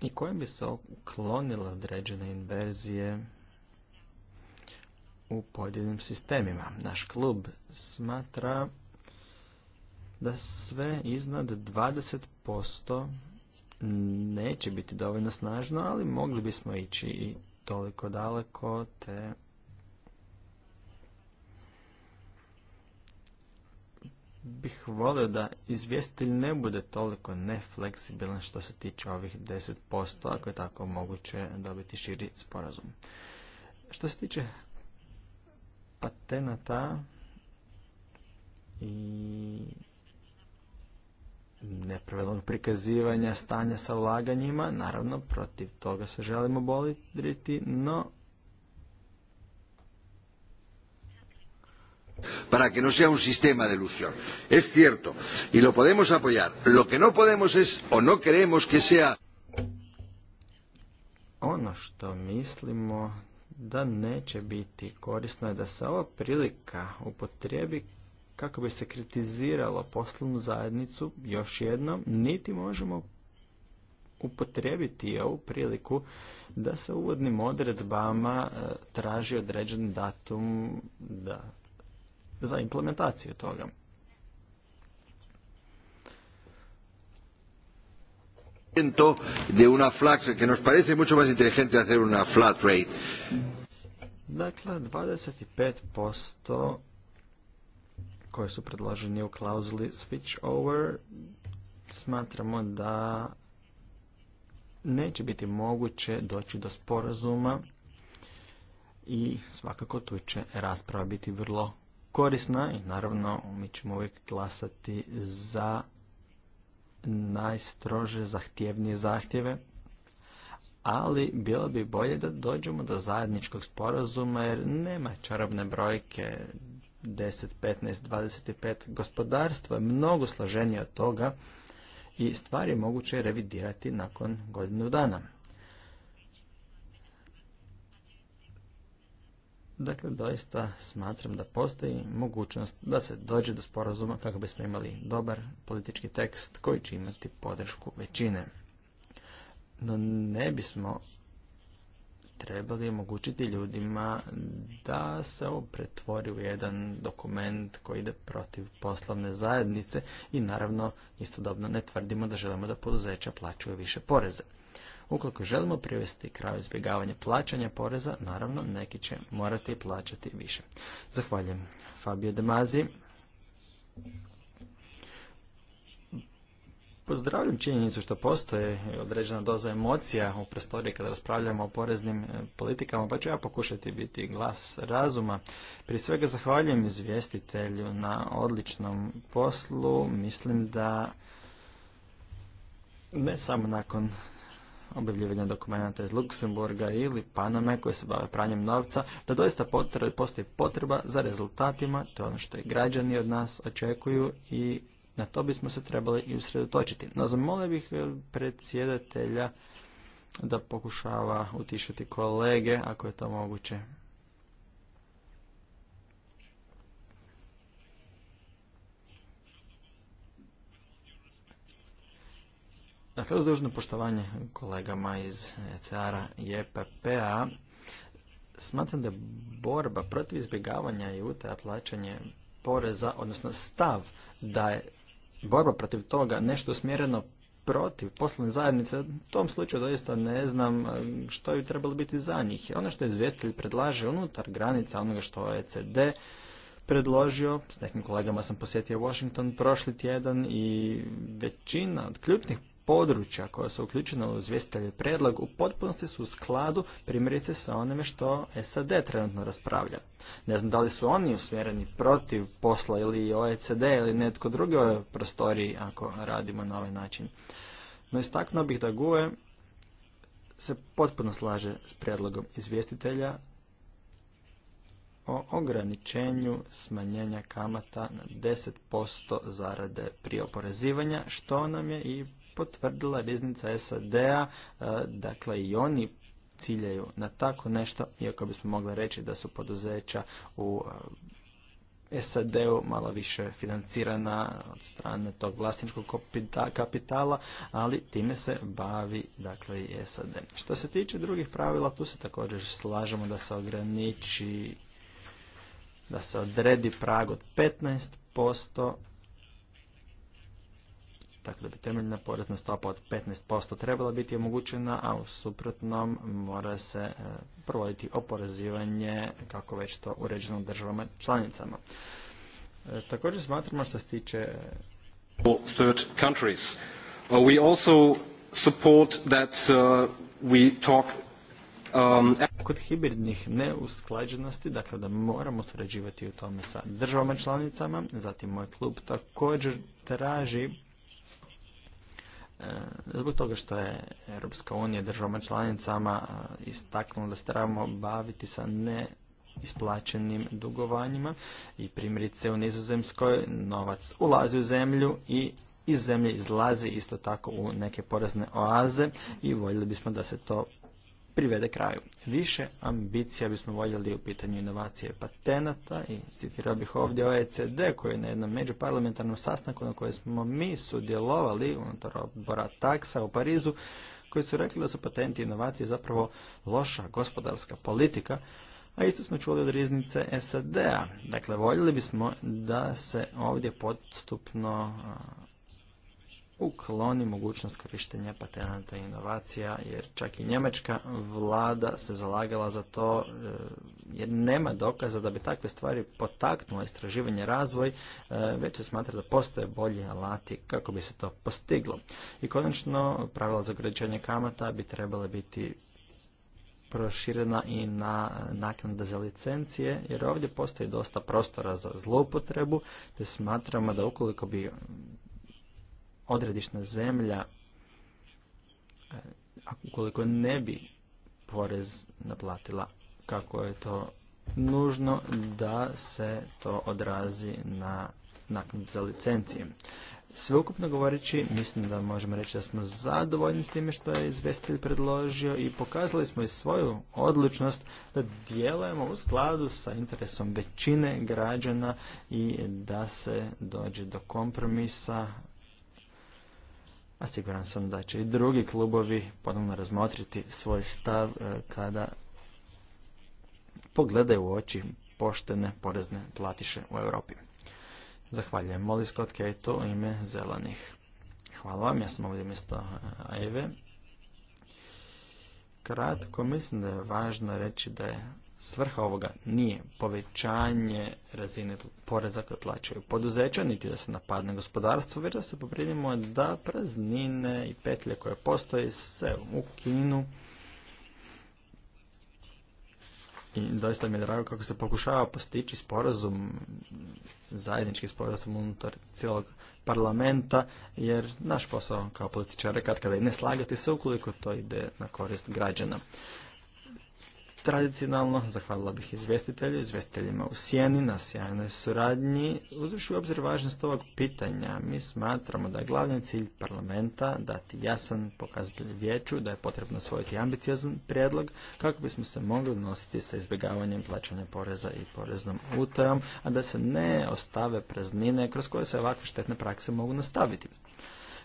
S4: i kojim bi se uklonile određene inverzije u pojedinim sistemima. Naš klub smatra da sve iznad 20% neće biti dovoljno snažno, ali mogli bismo ići i toliko daleko te bih volio da izvjestitelj ne bude toliko nefleksibilan što se tiče ovih 10%, ako je tako moguće dobiti širi sporazum. Što se tiče patenata i nepravilnog prikazivanja stanja sa ulaganjima, naravno protiv toga se želimo boriti, no
S5: para que no sea un sistema de ilusión. Es cierto, y lo podemos apoyar. Lo que no podemos es, o no queremos que sea...
S4: Ono što mislimo da neće biti korisno je da se ova prilika upotrijebi kako bi se kritiziralo poslovnu zajednicu još jednom, niti možemo upotrijebiti ovu priliku da se uvodnim odredbama e, traži određen datum da za implementaciju toga.
S5: de una flat que nos parece mucho
S4: Dakle, 25% koje su predloženi u klauzuli switch over smatramo da neće biti moguće doći do sporazuma i svakako tu će rasprava biti vrlo korisna i naravno mi ćemo uvijek glasati za najstrože zahtjevnije zahtjeve, ali bilo bi bolje da dođemo do zajedničkog sporazuma jer nema čarobne brojke 10, 15, 25 gospodarstvo je mnogo složenije od toga i stvari je moguće revidirati nakon godinu dana. Dakle, doista smatram da postoji mogućnost da se dođe do sporazuma kako bismo imali dobar politički tekst koji će imati podršku većine. No ne bismo trebali omogućiti ljudima da se ovo pretvori u jedan dokument koji ide protiv poslovne zajednice i naravno istodobno ne tvrdimo da želimo da poduzeća plaćaju više poreze. Ukoliko želimo privesti kraju izbjegavanja plaćanja poreza, naravno neki će morati plaćati više. Zahvaljujem Fabio Demazi. Pozdravljam činjenicu što postoje određena doza emocija u prostoriji kada raspravljamo o poreznim e, politikama, pa ću ja pokušati biti glas razuma. Prije svega zahvaljujem izvjestitelju na odličnom poslu. Mislim da ne samo nakon objavljivanja dokumenta iz Luksemburga ili Paname koje se bave pranjem novca, da doista postoji potreba za rezultatima, to je ono što i građani od nas očekuju i na to bismo se trebali i usredotočiti. No, zamolio bih eh, predsjedatelja da pokušava utišati kolege, ako je to moguće. Dakle, uz dužno poštovanje kolegama iz ECR-a i EPP-a, smatram da borba protiv izbjegavanja i utaja plaćanje poreza, odnosno stav da je borba protiv toga nešto smjereno protiv poslovne zajednice, u tom slučaju doista ne znam e, što bi trebalo biti za njih. Ono što je izvjestitelj predlaže unutar granica onoga što je ECD predložio, s nekim kolegama sam posjetio Washington prošli tjedan i većina od ključnih područja koja su uključena u izvjestitelje predlog u potpunosti su u skladu primjerice sa onime što SAD trenutno raspravlja. Ne znam da li su oni usmjereni protiv posla ili OECD ili netko drugi u prostoriji ako radimo na ovaj način. No istaknuo bih da GUE se potpuno slaže s predlogom izvjestitelja o ograničenju smanjenja kamata na 10% zarade prije oporezivanja, što nam je i potvrdila riznica SAD-a, e, dakle i oni ciljaju na tako nešto, iako bismo mogli reći da su poduzeća u e, SAD-u malo više financirana od strane tog vlasničkog kapitala, ali time se bavi dakle i SAD. Što se tiče drugih pravila, tu se također slažemo da se ograniči da se odredi prag od 15% tako da bi temeljna porezna stopa od 15% trebala biti omogućena, a u suprotnom mora se e, provoditi oporezivanje kako već to uređeno državama članicama. E, također smatramo što se tiče e,
S1: third countries. Uh, we also support that uh, we talk um,
S4: Kod hibridnih neusklađenosti, dakle da moramo surađivati u tome sa državama članicama, zatim moj klub također traži E, zbog toga što je Europska unija državama članicama e, istaknula da se trebamo baviti sa ne isplaćenim dugovanjima i primjerice u Nizozemskoj novac ulazi u zemlju i iz zemlje izlazi isto tako u neke porezne oaze i voljeli bismo da se to privede kraju. Više ambicija bismo voljeli u pitanju inovacije patenata i citirao bih ovdje OECD koji je na jednom međuparlamentarnom sastanku na kojem smo mi sudjelovali unutar obora taksa u Parizu koji su rekli da su patenti inovacije zapravo loša gospodarska politika a isto smo čuli od riznice SAD-a. Dakle, voljeli bismo da se ovdje postupno ukloni mogućnost korištenja patenata i inovacija, jer čak i njemačka vlada se zalagala za to, e, jer nema dokaza da bi takve stvari potaknula istraživanje razvoj, e, već se smatra da postoje bolji alati kako bi se to postiglo. I konačno, pravila za ograničenje kamata bi trebala biti proširena i na naknade za licencije, jer ovdje postoji dosta prostora za zloupotrebu, te smatramo da ukoliko bi odredišna zemlja, e, ukoliko ne bi porez naplatila kako je to nužno da se to odrazi na naknad za licencije. Sveukupno govoreći, mislim da možemo reći da smo zadovoljni s time što je izvestitelj predložio i pokazali smo i svoju odlučnost da djelujemo u skladu sa interesom većine građana i da se dođe do kompromisa a siguran sam da će i drugi klubovi ponovno razmotriti svoj stav e, kada pogledaju u oči poštene porezne platiše u Europi. Zahvaljujem Molly Scott Cato u ime zelenih. Hvala vam, ja sam ovdje mjesto Ajve. E, Kratko, mislim da je važno reći da je svrha ovoga nije povećanje razine poreza koje plaćaju poduzeća, niti da se napadne gospodarstvo, već da se poprinimo da praznine i petlje koje postoje se ukinu. I doista mi je drago kako se pokušava postići sporazum, zajednički sporazum unutar cijelog parlamenta, jer naš posao kao političara kad kada i ne slagati se ukoliko to ide na korist građana. Tradicionalno zahvalila bih izvjestitelju, izvjestiteljima u Sjeni na sjajnoj suradnji. Uzvišu obzir važnost ovog pitanja, mi smatramo da je glavni cilj parlamenta dati jasan pokazatelj vijeću da je potrebno svojiti ambiciozan prijedlog kako bismo se mogli odnositi sa izbjegavanjem plaćanja poreza i poreznom utajom, a da se ne ostave praznine kroz koje se ovakve štetne prakse mogu nastaviti.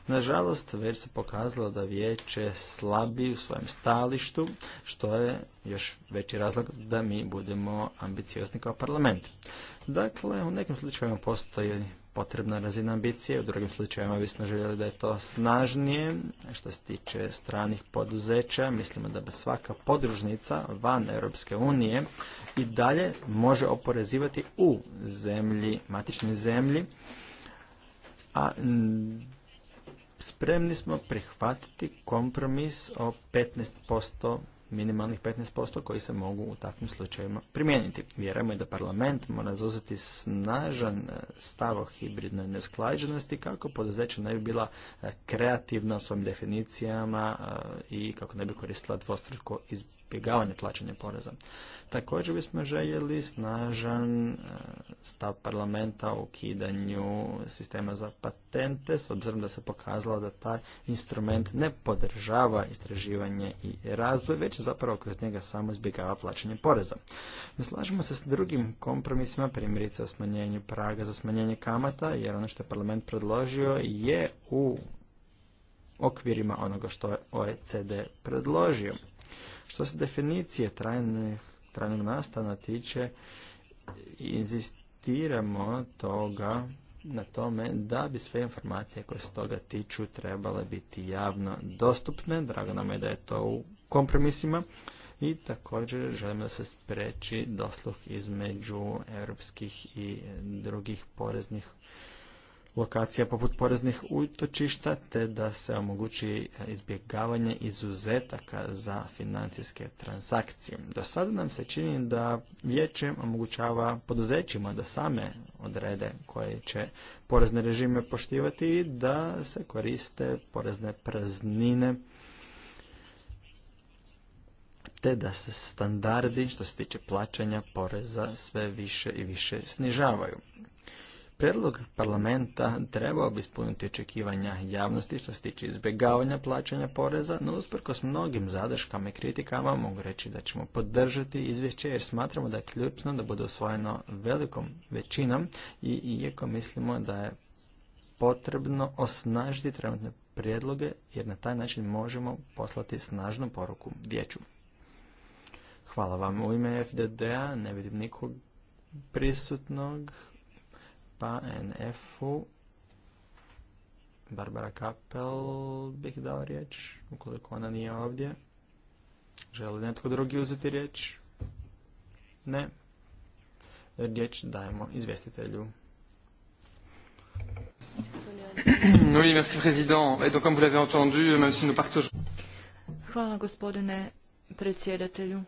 S4: Nažalost, već se pokazalo da vijeće slabi u svojem stalištu, što je još veći razlog da mi budemo ambiciozni kao parlament. Dakle, u nekim slučajevima postoji potrebna razina ambicije, u drugim slučajevima bismo željeli da je to snažnije. Što se tiče stranih poduzeća, mislimo da bi svaka podružnica van Europske unije i dalje može oporezivati u zemlji, matičnoj zemlji, a spremni smo prihvatiti kompromis o 15%, minimalnih 15% koji se mogu u takvim slučajevima primijeniti. Vjerujemo i da parlament mora zauzeti snažan e, stav o hibridnoj neusklađenosti kako poduzeća ne bi bila e, kreativna u definicijama e, i kako ne bi koristila dvostruko izbjegavanje plaćanja poreza. Također bismo željeli snažan e, stav parlamenta u ukidanju sistema za patente, s obzirom da se pokazalo da taj instrument ne podržava istraživanje i razvoj, već zapravo kroz njega samo izbjegava plaćanje poreza. Ne slažemo se s drugim kompromisima, primjerice o smanjenju praga za smanjenje kamata, jer ono što je parlament predložio je u okvirima onoga što je OECD predložio. Što se definicije trajne, trajnog nastana tiče, inzistiramo toga na tome da bi sve informacije koje se toga tiču trebale biti javno dostupne. Drago nam je da je to u kompromisima i također želimo da se spreči dosluh između europskih i drugih poreznih lokacija poput poreznih utočišta, te da se omogući izbjegavanje izuzetaka za financijske transakcije. Do sada nam se čini da vijeće omogućava poduzećima da same odrede koje će porezne režime poštivati i da se koriste porezne praznine te da se standardi što se tiče plaćanja poreza sve više i više snižavaju. Predlog parlamenta trebao bi ispuniti očekivanja javnosti što se tiče izbjegavanja plaćanja poreza, no s mnogim zadrškama i kritikama mogu reći da ćemo podržati izvješće jer smatramo da je ključno da bude osvojeno velikom većinom i iako mislimo da je potrebno osnažiti trenutne prijedloge jer na taj način možemo poslati snažnu poruku vijeću. Hvala vam u ime FDD-a, ne vidim nikog prisutnog pa NF-u Barbara Kapel bih dao riječ, ukoliko ona nije ovdje. Želi netko drugi uzeti riječ? Ne. Riječ dajemo izvjestitelju.
S1: Oui, merci président. Et donc, comme vous l'avez entendu, même si nous
S3: Hvala gospodine predsjedatelju.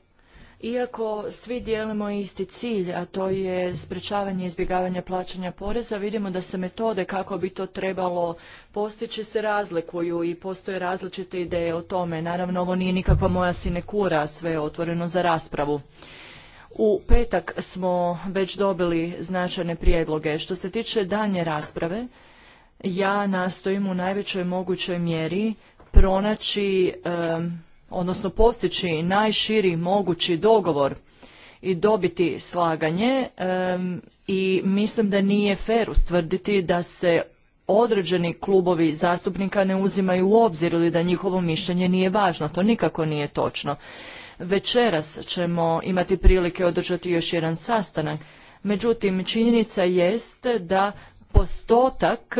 S3: Iako svi dijelimo isti cilj, a to je sprečavanje izbjegavanja plaćanja poreza, vidimo da se metode kako bi to trebalo postići se razlikuju i postoje različite ideje o tome. Naravno, ovo nije nikakva moja sinekura, sve je otvoreno za raspravu. U petak smo već dobili značajne prijedloge. Što se tiče danje rasprave, ja nastojim u najvećoj mogućoj mjeri pronaći odnosno postići najširi mogući dogovor i dobiti slaganje i mislim da nije fer ustvrditi da se određeni klubovi zastupnika ne uzimaju u obzir ili da njihovo mišljenje nije važno. To nikako nije točno. Večeras ćemo imati prilike održati još jedan sastanak. Međutim, činjenica jest da postotak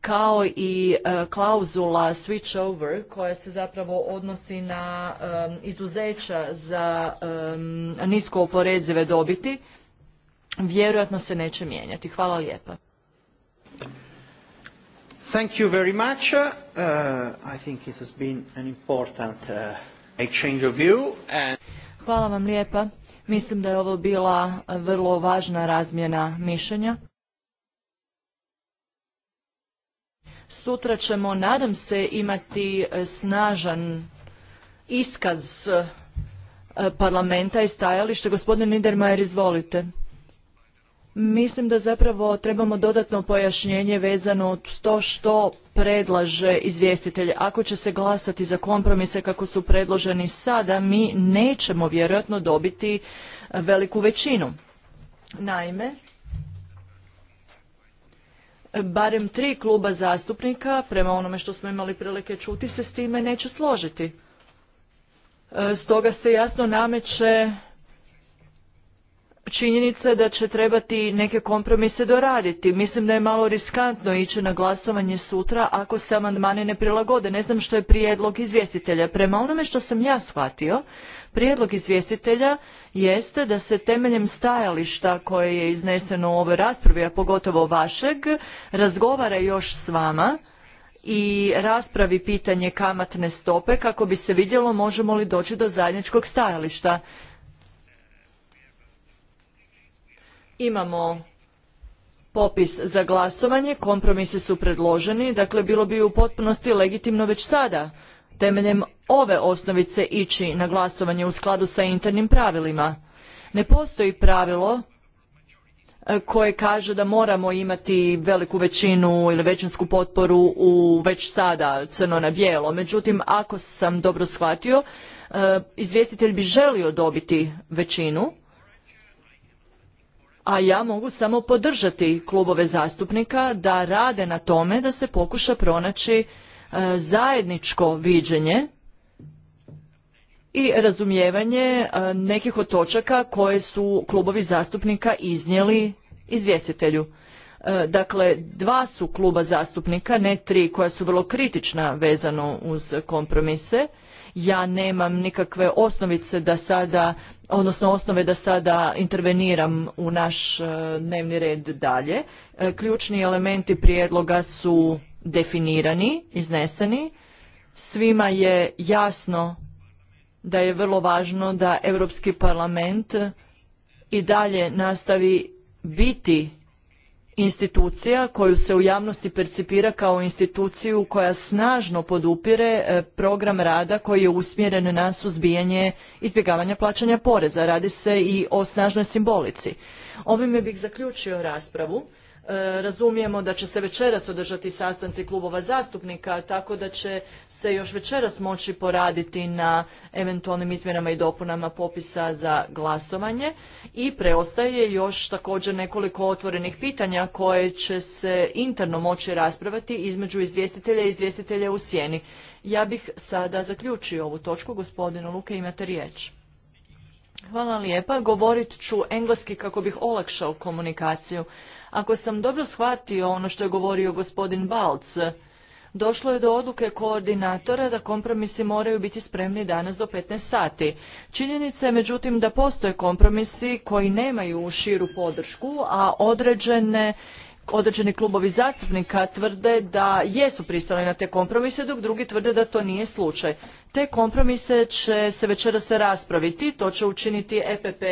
S3: kao i e, klauzula switch over koja se zapravo odnosi na izuzeća za nisko oporezive dobiti, vjerojatno se neće mijenjati. Hvala lijepa.
S1: Thank you very much.
S4: Uh, I think this has been an important uh, exchange of view
S3: Hvala vam lijepa. Mislim da je ovo bila vrlo važna razmjena mišljenja. Sutra ćemo, nadam se, imati e, snažan iskaz e, parlamenta i stajalište. Gospodin Niedermayer, izvolite. Mislim da zapravo trebamo dodatno pojašnjenje vezano uz to što predlaže izvjestitelj. Ako će se glasati za kompromise kako su predloženi sada, mi nećemo vjerojatno dobiti veliku većinu. Naime, barem tri kluba zastupnika, prema onome što smo imali prilike čuti, se s time neće složiti. E, stoga se jasno nameće činjenica da će trebati neke kompromise doraditi. Mislim da je malo riskantno ići na glasovanje sutra ako se amandmani ne prilagode. Ne znam što je prijedlog izvjestitelja. Prema onome što sam ja shvatio, Prijedlog izvjestitelja jeste da se temeljem stajališta koje je izneseno u ovoj raspravi, a pogotovo vašeg, razgovara još s vama i raspravi pitanje kamatne stope kako bi se vidjelo možemo li doći do zajedničkog stajališta. Imamo popis za glasovanje, kompromisi su predloženi, dakle bilo bi u potpunosti legitimno već sada temeljem ove osnovice ići na glasovanje u skladu sa internim pravilima. Ne postoji pravilo e, koje kaže da moramo imati veliku većinu ili većinsku potporu u već sada crno na bijelo. Međutim, ako sam dobro shvatio, e, izvjestitelj bi želio dobiti većinu, a ja mogu samo podržati klubove zastupnika da rade na tome da se pokuša pronaći E, zajedničko viđenje i razumijevanje e, nekih od točaka koje su klubovi zastupnika iznijeli izvjestitelju. E, dakle, dva su kluba zastupnika, ne tri, koja su vrlo kritična vezano uz kompromise. Ja nemam nikakve osnovice da sada, odnosno osnove da sada interveniram u naš dnevni red dalje. Ključni elementi prijedloga su definirani, izneseni. Svima je jasno da je vrlo važno da Europski parlament i dalje nastavi biti institucija koju se u javnosti percipira kao instituciju koja snažno podupire e, program rada koji je usmjeren na suzbijanje izbjegavanja plaćanja poreza. Radi se i o snažnoj simbolici. Ovime bih zaključio raspravu. E, razumijemo da će se večeras održati sastanci klubova zastupnika, tako da će se još večeras moći poraditi na eventualnim izmjenama i dopunama popisa za glasovanje i preostaje još također nekoliko otvorenih pitanja koje će se interno moći raspravati između izvjestitelja i izvjestitelja u sjeni. Ja bih sada zaključio ovu točku. Gospodinu Luke, imate riječ. Hvala lijepa. Govorit ću engleski kako bih olakšao komunikaciju. Ako sam dobro shvatio ono što je govorio gospodin Balc, došlo je do odluke koordinatora da kompromisi moraju biti spremni danas do 15 sati. Činjenica je međutim da postoje kompromisi koji nemaju širu podršku, a određene određeni klubovi zastupnika tvrde da jesu pristali na te kompromise, dok drugi tvrde da to nije slučaj. Te kompromise će se večeras raspraviti, to će učiniti EPP,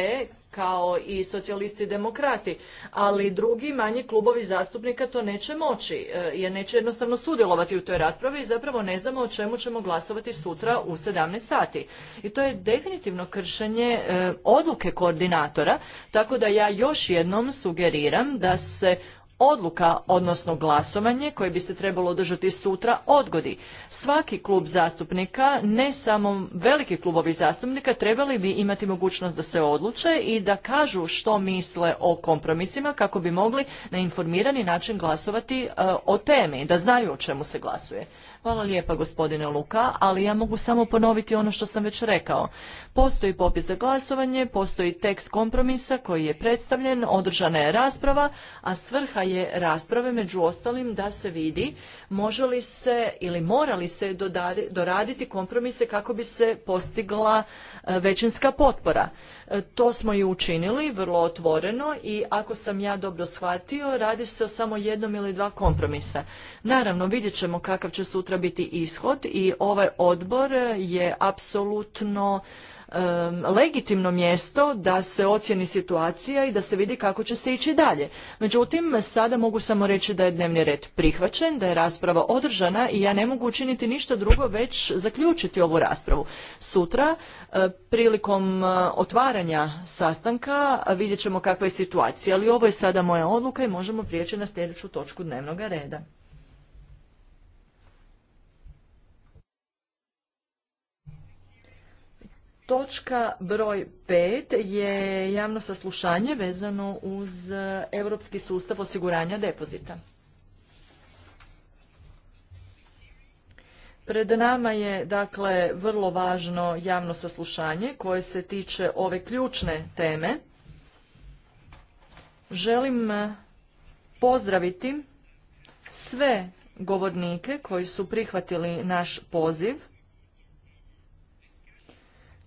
S3: kao i socijalisti i demokrati, ali drugi manji klubovi zastupnika to neće moći, e, jer neće jednostavno sudjelovati u toj raspravi i zapravo ne znamo o čemu ćemo glasovati sutra u 17 sati. I to je definitivno kršenje e, odluke koordinatora, tako da ja još jednom sugeriram da se odluka, odnosno glasovanje koje bi se trebalo održati sutra odgodi. Svaki klub zastupnika, ne samo veliki klubovi zastupnika, trebali bi imati mogućnost da se odluče i da kažu što misle o kompromisima kako bi mogli na informirani način glasovati e, o temi, da znaju o čemu se glasuje. Hvala lijepa gospodine Luka, ali ja mogu samo ponoviti ono što sam već rekao. Postoji popis za glasovanje, postoji tekst kompromisa koji je predstavljen, održana je rasprava, a svrha je rasprave među ostalim da se vidi može li se ili mora li se doraditi kompromise kako bi se postigla e, većinska potpora. E, to smo i učinili vrlo otvoreno i ako sam ja dobro shvatio, radi se o samo jednom ili dva kompromisa. Naravno, vidjet ćemo kakav će sutra biti ishod i ovaj odbor je apsolutno legitimno mjesto da se ocjeni situacija i da se vidi kako će se ići dalje. Međutim, sada mogu samo reći da je dnevni red prihvaćen, da je rasprava održana i ja ne mogu učiniti ništa drugo već zaključiti ovu raspravu. Sutra, e, prilikom e, otvaranja sastanka, vidjet ćemo kakva je situacija, ali ovo je sada moja odluka i možemo prijeći na sljedeću točku dnevnog reda. Točka broj pet je javno saslušanje vezano uz europski sustav osiguranja depozita. Pred nama je dakle vrlo važno javno saslušanje koje se tiče ove ključne teme. Želim pozdraviti sve govornike koji su prihvatili naš poziv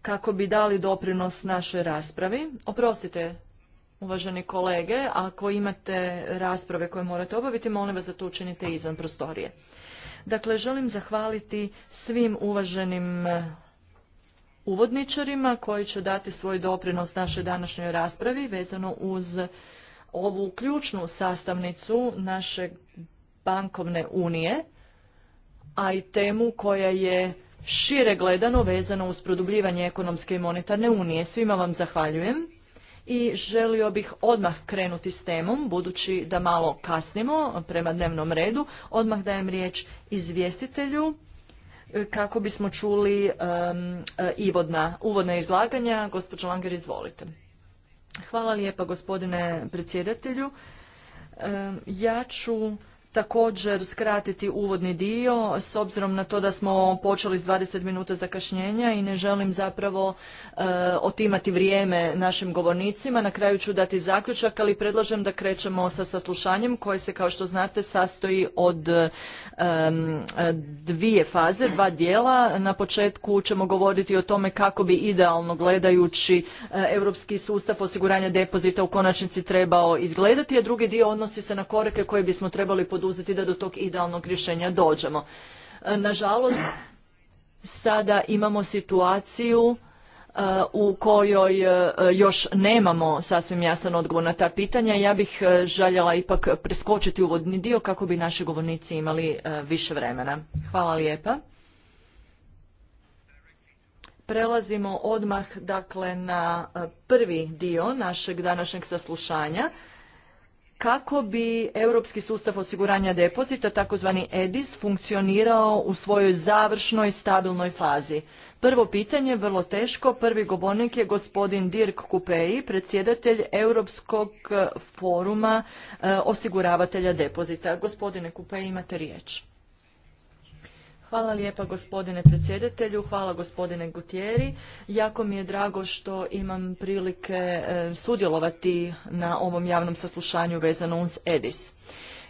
S3: kako bi dali doprinos našoj raspravi. Oprostite, uvaženi kolege, ako imate rasprave koje morate obaviti, molim vas da to učinite izvan prostorije. Dakle, želim zahvaliti svim uvaženim eh, uvodničarima koji će dati svoj doprinos našoj današnjoj raspravi vezano uz ovu ključnu sastavnicu naše bankovne unije, a i temu koja je šire gledano vezano uz produbljivanje ekonomske i monetarne unije. Svima vam zahvaljujem i želio bih odmah krenuti s temom, budući da malo kasnimo prema dnevnom redu. Odmah dajem riječ izvjestitelju e, kako bismo čuli e, uvodna izlaganja. Gospođo Langer, izvolite. Hvala lijepa gospodine predsjedatelju. ja ću također skratiti uvodni dio s obzirom na to da smo počeli s 20 minuta zakašnjenja i ne želim zapravo e, otimati vrijeme našim govornicima. Na kraju ću dati zaključak, ali predlažem da krećemo sa saslušanjem koje se kao što znate sastoji od dvije faze, dva dijela. Na početku ćemo govoriti o tome kako bi idealno gledajući e, europski sustav osiguranja depozita u konačnici trebao izgledati, a drugi dio odnosi se na korake koje bismo trebali poduzeti da do tog idealnog rješenja dođemo. E, nažalost, sada imamo situaciju e, u kojoj e, još nemamo sasvim jasan odgovor na ta pitanja. Ja bih željela ipak preskočiti uvodni dio kako bi naši govornici imali više vremena. Hvala lijepa. Prelazimo odmah dakle na prvi dio našeg današnjeg saslušanja kako bi europski sustav osiguranja depozita, takozvani EDIS, funkcionirao u svojoj završnoj stabilnoj fazi. Prvo pitanje, vrlo teško, prvi govornik je gospodin Dirk Kupeji, predsjedatelj Europskog eh, foruma eh, osiguravatelja depozita. Gospodine Kupeji, imate riječ. Hvala lijepa gospodine predsjedatelju, hvala gospodine Gutjeri. Jako mi je drago što imam prilike e, sudjelovati na ovom javnom saslušanju vezano uz EDIS.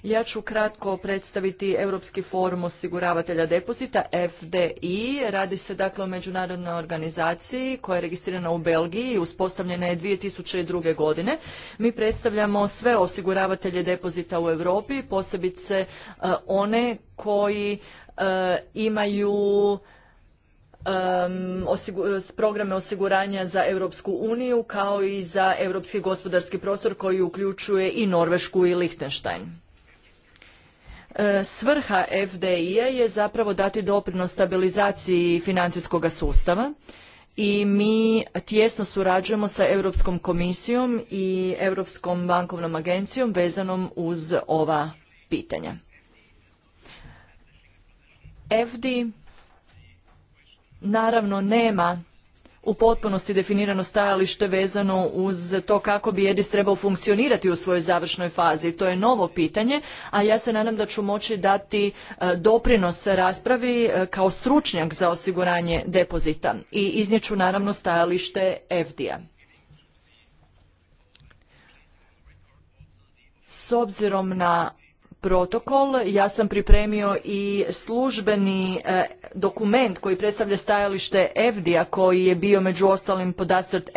S3: Ja ću kratko predstaviti Europski forum osiguravatelja depozita, FDI. Radi se dakle o međunarodnoj organizaciji koja je registrirana u Belgiji i uspostavljena je 2002. godine. Mi predstavljamo sve osiguravatelje depozita u Europi, posebice e, one koji E, imaju programe osiguranja za Europsku uniju kao i za Europski gospodarski prostor koji uključuje i Norvešku i Lichtenstein. E, svrha FDI-a je zapravo dati doprinos stabilizaciji financijskog sustava i mi tjesno surađujemo sa Europskom komisijom i Europskom bankovnom agencijom vezanom uz ova pitanja. FD naravno nema u potpunosti definirano stajalište vezano uz to kako bi EDIS trebao funkcionirati u svojoj završnoj fazi. To je novo pitanje, a ja se nadam da ću moći dati e, doprinos raspravi e, kao stručnjak za osiguranje depozita i iznijeću naravno stajalište fd a S obzirom na protokol. Ja sam pripremio i službeni e, dokument koji predstavlja stajalište fdi a koji je bio među ostalim podastrt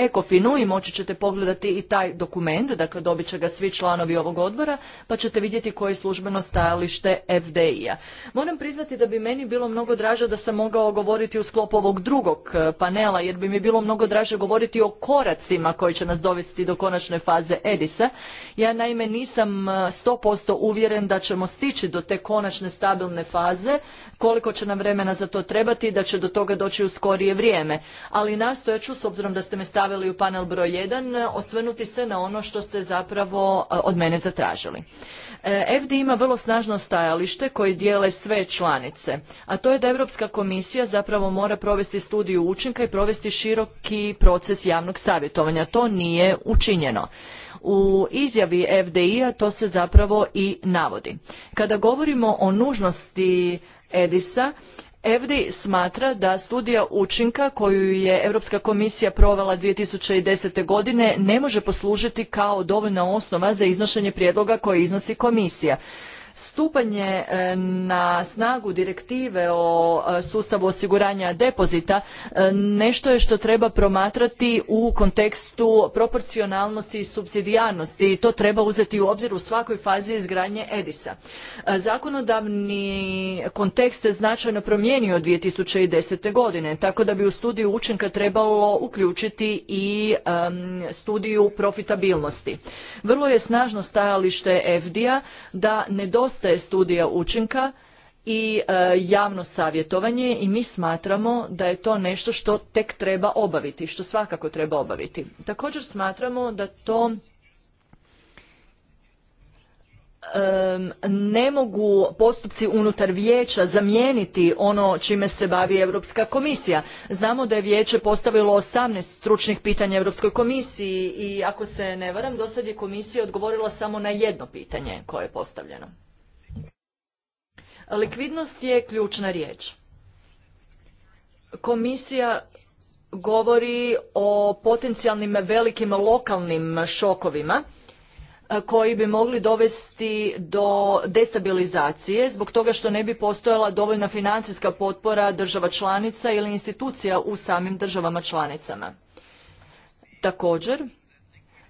S3: u i moći ćete pogledati i taj dokument, dakle dobit će ga svi članovi ovog odbora pa ćete vidjeti koje je službeno stajalište FDI-a. Moram priznati da bi meni bilo mnogo draže da sam mogao govoriti u sklopu ovog drugog e, panela jer bi mi bilo mnogo draže govoriti o koracima koji će nas dovesti do konačne faze Edisa. Ja naime nisam 100% e, uvjeren da ćemo stići do te konačne stabilne faze, koliko će nam vremena za to trebati i da će do toga doći u skorije vrijeme. Ali nastojat ću, s obzirom da ste me stavili u panel broj 1, osvrnuti se na ono što ste zapravo e, od mene zatražili. E, FDI ima vrlo snažno stajalište koje dijele sve članice, a to je da Europska komisija zapravo mora provesti studiju učinka i provesti široki proces javnog savjetovanja. To nije učinjeno. U izjavi FDI-a to se zapravo i navodi. Kada govorimo o nužnosti Edisa, FDI smatra da studija učinka koju je Europska komisija provela 2010. godine ne može poslužiti kao dovoljna osnova za iznošenje prijedloga koje iznosi komisija. Stupanje e, na snagu direktive o e, sustavu osiguranja depozita e, nešto je što treba promatrati u kontekstu proporcionalnosti i subsidijarnosti i to treba uzeti u obzir u svakoj fazi izgradnje Edisa. Zakonodavni kontekst je značajno promijenio 2010. godine, tako da bi u studiju učinka trebalo uključiti i studiju profitabilnosti. Vrlo je snažno stajalište FDI-a da ne do nedostaje studija učinka i e, javno savjetovanje i mi smatramo da je to nešto što tek treba obaviti, što svakako treba obaviti. Također smatramo da to ne mogu postupci unutar vijeća zamijeniti ono čime se bavi Europska komisija. Znamo da je vijeće postavilo 18 stručnih pitanja Europskoj komisiji i ako se ne varam, do sad je komisija odgovorila samo na jedno pitanje koje je postavljeno. Likvidnost je ključna riječ. Komisija govori o potencijalnim velikim lokalnim šokovima e, koji bi mogli dovesti do destabilizacije zbog toga što ne bi postojala dovoljna financijska potpora država članica ili institucija u samim državama članicama. Također,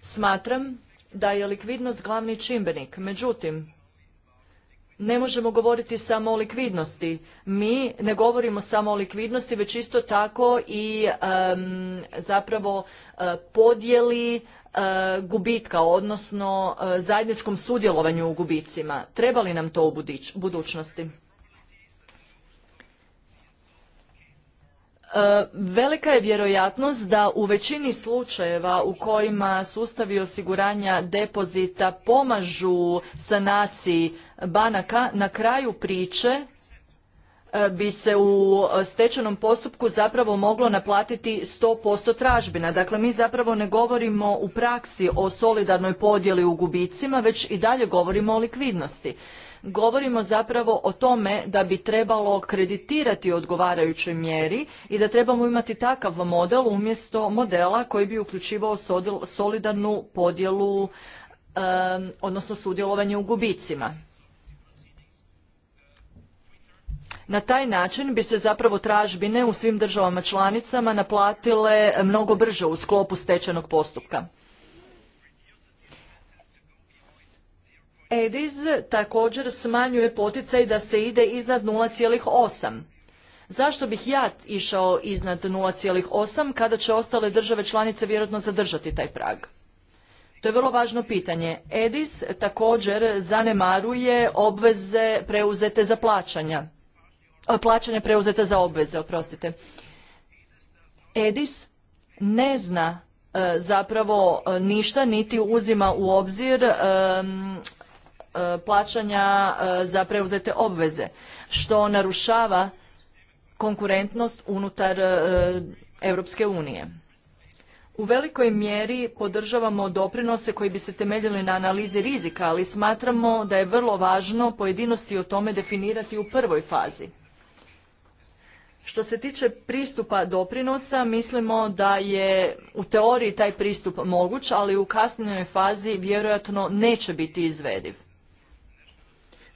S3: smatram da je likvidnost glavni čimbenik. Međutim, ne možemo govoriti samo o likvidnosti. Mi ne govorimo samo o likvidnosti, već isto tako i zapravo e, podjeli e, gubitka, odnosno e, zajedničkom sudjelovanju u gubicima. Treba li nam to u budućnosti? Velika je vjerojatnost da u većini slučajeva u kojima sustavi osiguranja depozita pomažu sanaciji banaka na kraju priče e, bi se u stečenom postupku zapravo moglo naplatiti 100% tražbina. Dakle, mi zapravo ne govorimo u praksi o solidarnoj podjeli u gubicima, već i dalje govorimo o likvidnosti. Govorimo zapravo o tome da bi trebalo kreditirati odgovarajućoj mjeri i da trebamo imati takav model umjesto modela koji bi uključivao solidarnu podjelu, e, odnosno sudjelovanje u gubicima. Na taj način bi se zapravo tražbine u svim državama članicama naplatile mnogo brže u sklopu stečajnog postupka. EDIS također smanjuje poticaj da se ide iznad 0,8. Zašto bih ja išao iznad 0,8 kada će ostale države članice vjerojatno zadržati taj prag? To je vrlo važno pitanje. EDIS također zanemaruje obveze preuzete za plaćanja plaćanja preuzeta za obveze, oprostite. Edis ne zna e, zapravo e, ništa, niti uzima u obzir e, plaćanja za preuzete obveze, što narušava konkurentnost unutar Europske unije. U velikoj mjeri podržavamo doprinose koji bi se temeljili na analizi rizika, ali smatramo da je vrlo važno pojedinosti o tome definirati u prvoj fazi. Što se tiče pristupa doprinosa, mislimo da je u teoriji taj pristup moguć, ali u kasnijoj fazi vjerojatno neće biti izvediv.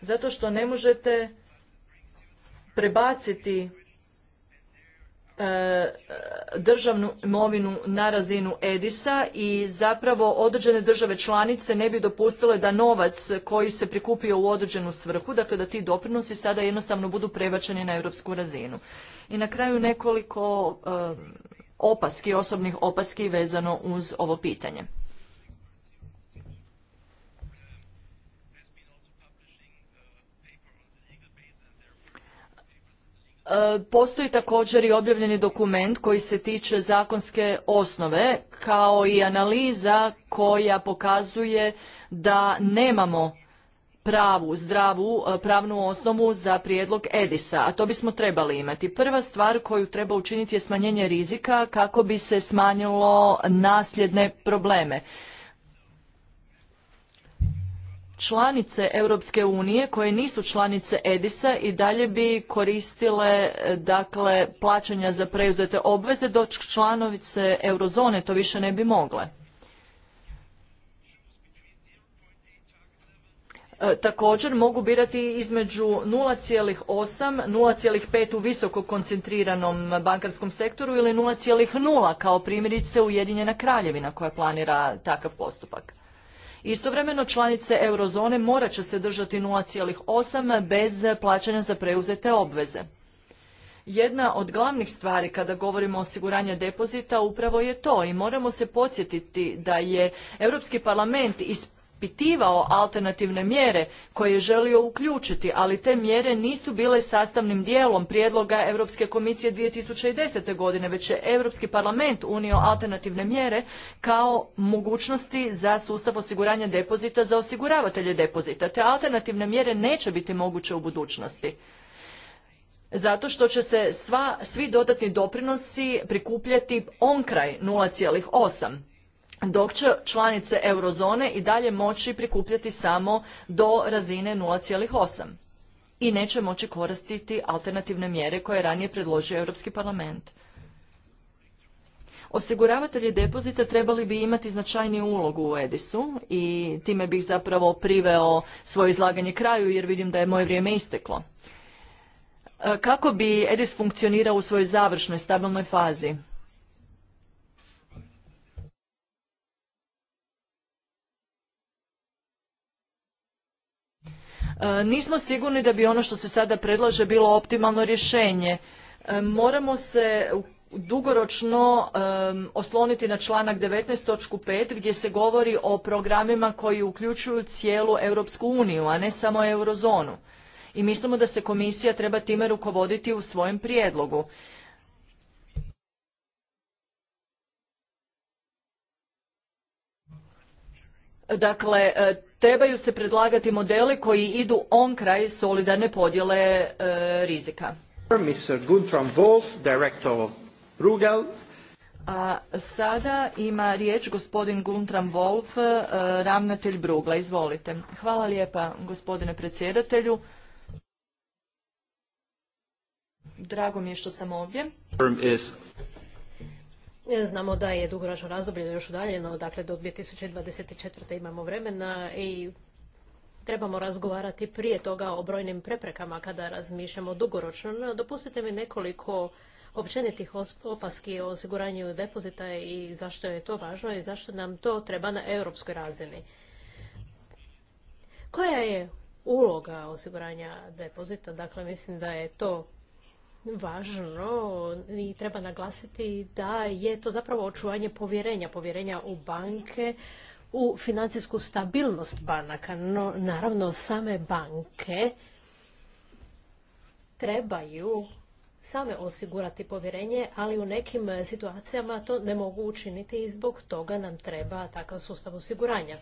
S3: Zato što ne možete prebaciti E, državnu imovinu na razinu Edisa i zapravo određene države članice ne bi dopustile da novac koji se prikupio u određenu svrhu, dakle da ti doprinosi sada jednostavno budu prebačeni na europsku razinu. I na kraju nekoliko e, opaski, osobnih opaski vezano uz ovo pitanje. Postoji također i objavljeni dokument koji se tiče zakonske osnove kao i analiza koja pokazuje da nemamo pravu, zdravu e, pravnu osnovu za prijedlog Edisa, a to bismo trebali imati. Prva stvar koju treba učiniti je smanjenje rizika kako bi se smanjilo nasljedne probleme članice Europske unije koje nisu članice Edisa i dalje bi koristile e, dakle plaćanja za preuzete obveze dok članovice eurozone to više ne bi mogle. E, također mogu birati između 0,8, 0,5 u visoko koncentriranom bankarskom sektoru ili 0,0 kao primjerice Ujedinjena kraljevina koja planira takav postupak. Istovremeno članice eurozone morat će se držati 0,8 bez plaćanja za preuzete obveze. Jedna od glavnih stvari kada govorimo o osiguranju depozita upravo je to i moramo se podsjetiti da je Europski parlament iz ispitivao alternativne mjere koje je želio uključiti, ali te mjere nisu bile sastavnim dijelom prijedloga Europske komisije 2010. godine, već je Europski parlament unio alternativne mjere kao mogućnosti za sustav osiguranja depozita za osiguravatelje depozita. Te alternativne mjere neće biti moguće u budućnosti zato što će se sva, svi dodatni doprinosi prikupljati onkraj 0,8 dok će članice eurozone i dalje moći prikupljati samo do razine 0,8 i neće moći koristiti alternativne mjere koje je ranije predložio Europski parlament. Osiguravatelji depozita trebali bi imati značajniju ulogu u Edisu i time bih zapravo priveo svoje izlaganje kraju jer vidim da je moje vrijeme isteklo. E, kako bi Edis funkcionirao u svojoj završnoj stabilnoj fazi? E, nismo sigurni da bi ono što se sada predlaže bilo optimalno rješenje. E, moramo se dugoročno e, osloniti na članak 19.5 gdje se govori o programima koji uključuju cijelu Europsku uniju, a ne samo eurozonu. I mislimo da se komisija treba time rukovoditi u svojem prijedlogu. Dakle, trebaju se predlagati modeli koji idu on kraj solidarne podjele e, rizika. Mr. A sada ima riječ gospodin Guntram Wolf, e, ravnatelj Brugla. Izvolite. Hvala lijepa gospodine predsjedatelju.
S2: Drago mi je što sam ovdje. E, znamo da je dugoročno razdoblje još udaljeno, dakle do 2024. imamo vremena i trebamo razgovarati prije toga o brojnim preprekama kada razmišljamo dugoročno. No, dopustite mi nekoliko općenitih opaski o osiguranju depozita i zašto je to važno i zašto nam to treba na europskoj razini. Koja je uloga osiguranja depozita? Dakle, mislim da je to važno i treba naglasiti da je to zapravo očuvanje povjerenja, povjerenja u banke, u financijsku stabilnost banaka. No, naravno, same banke trebaju same osigurati povjerenje, ali u nekim situacijama to ne mogu učiniti i zbog toga nam treba takav sustav osiguranja.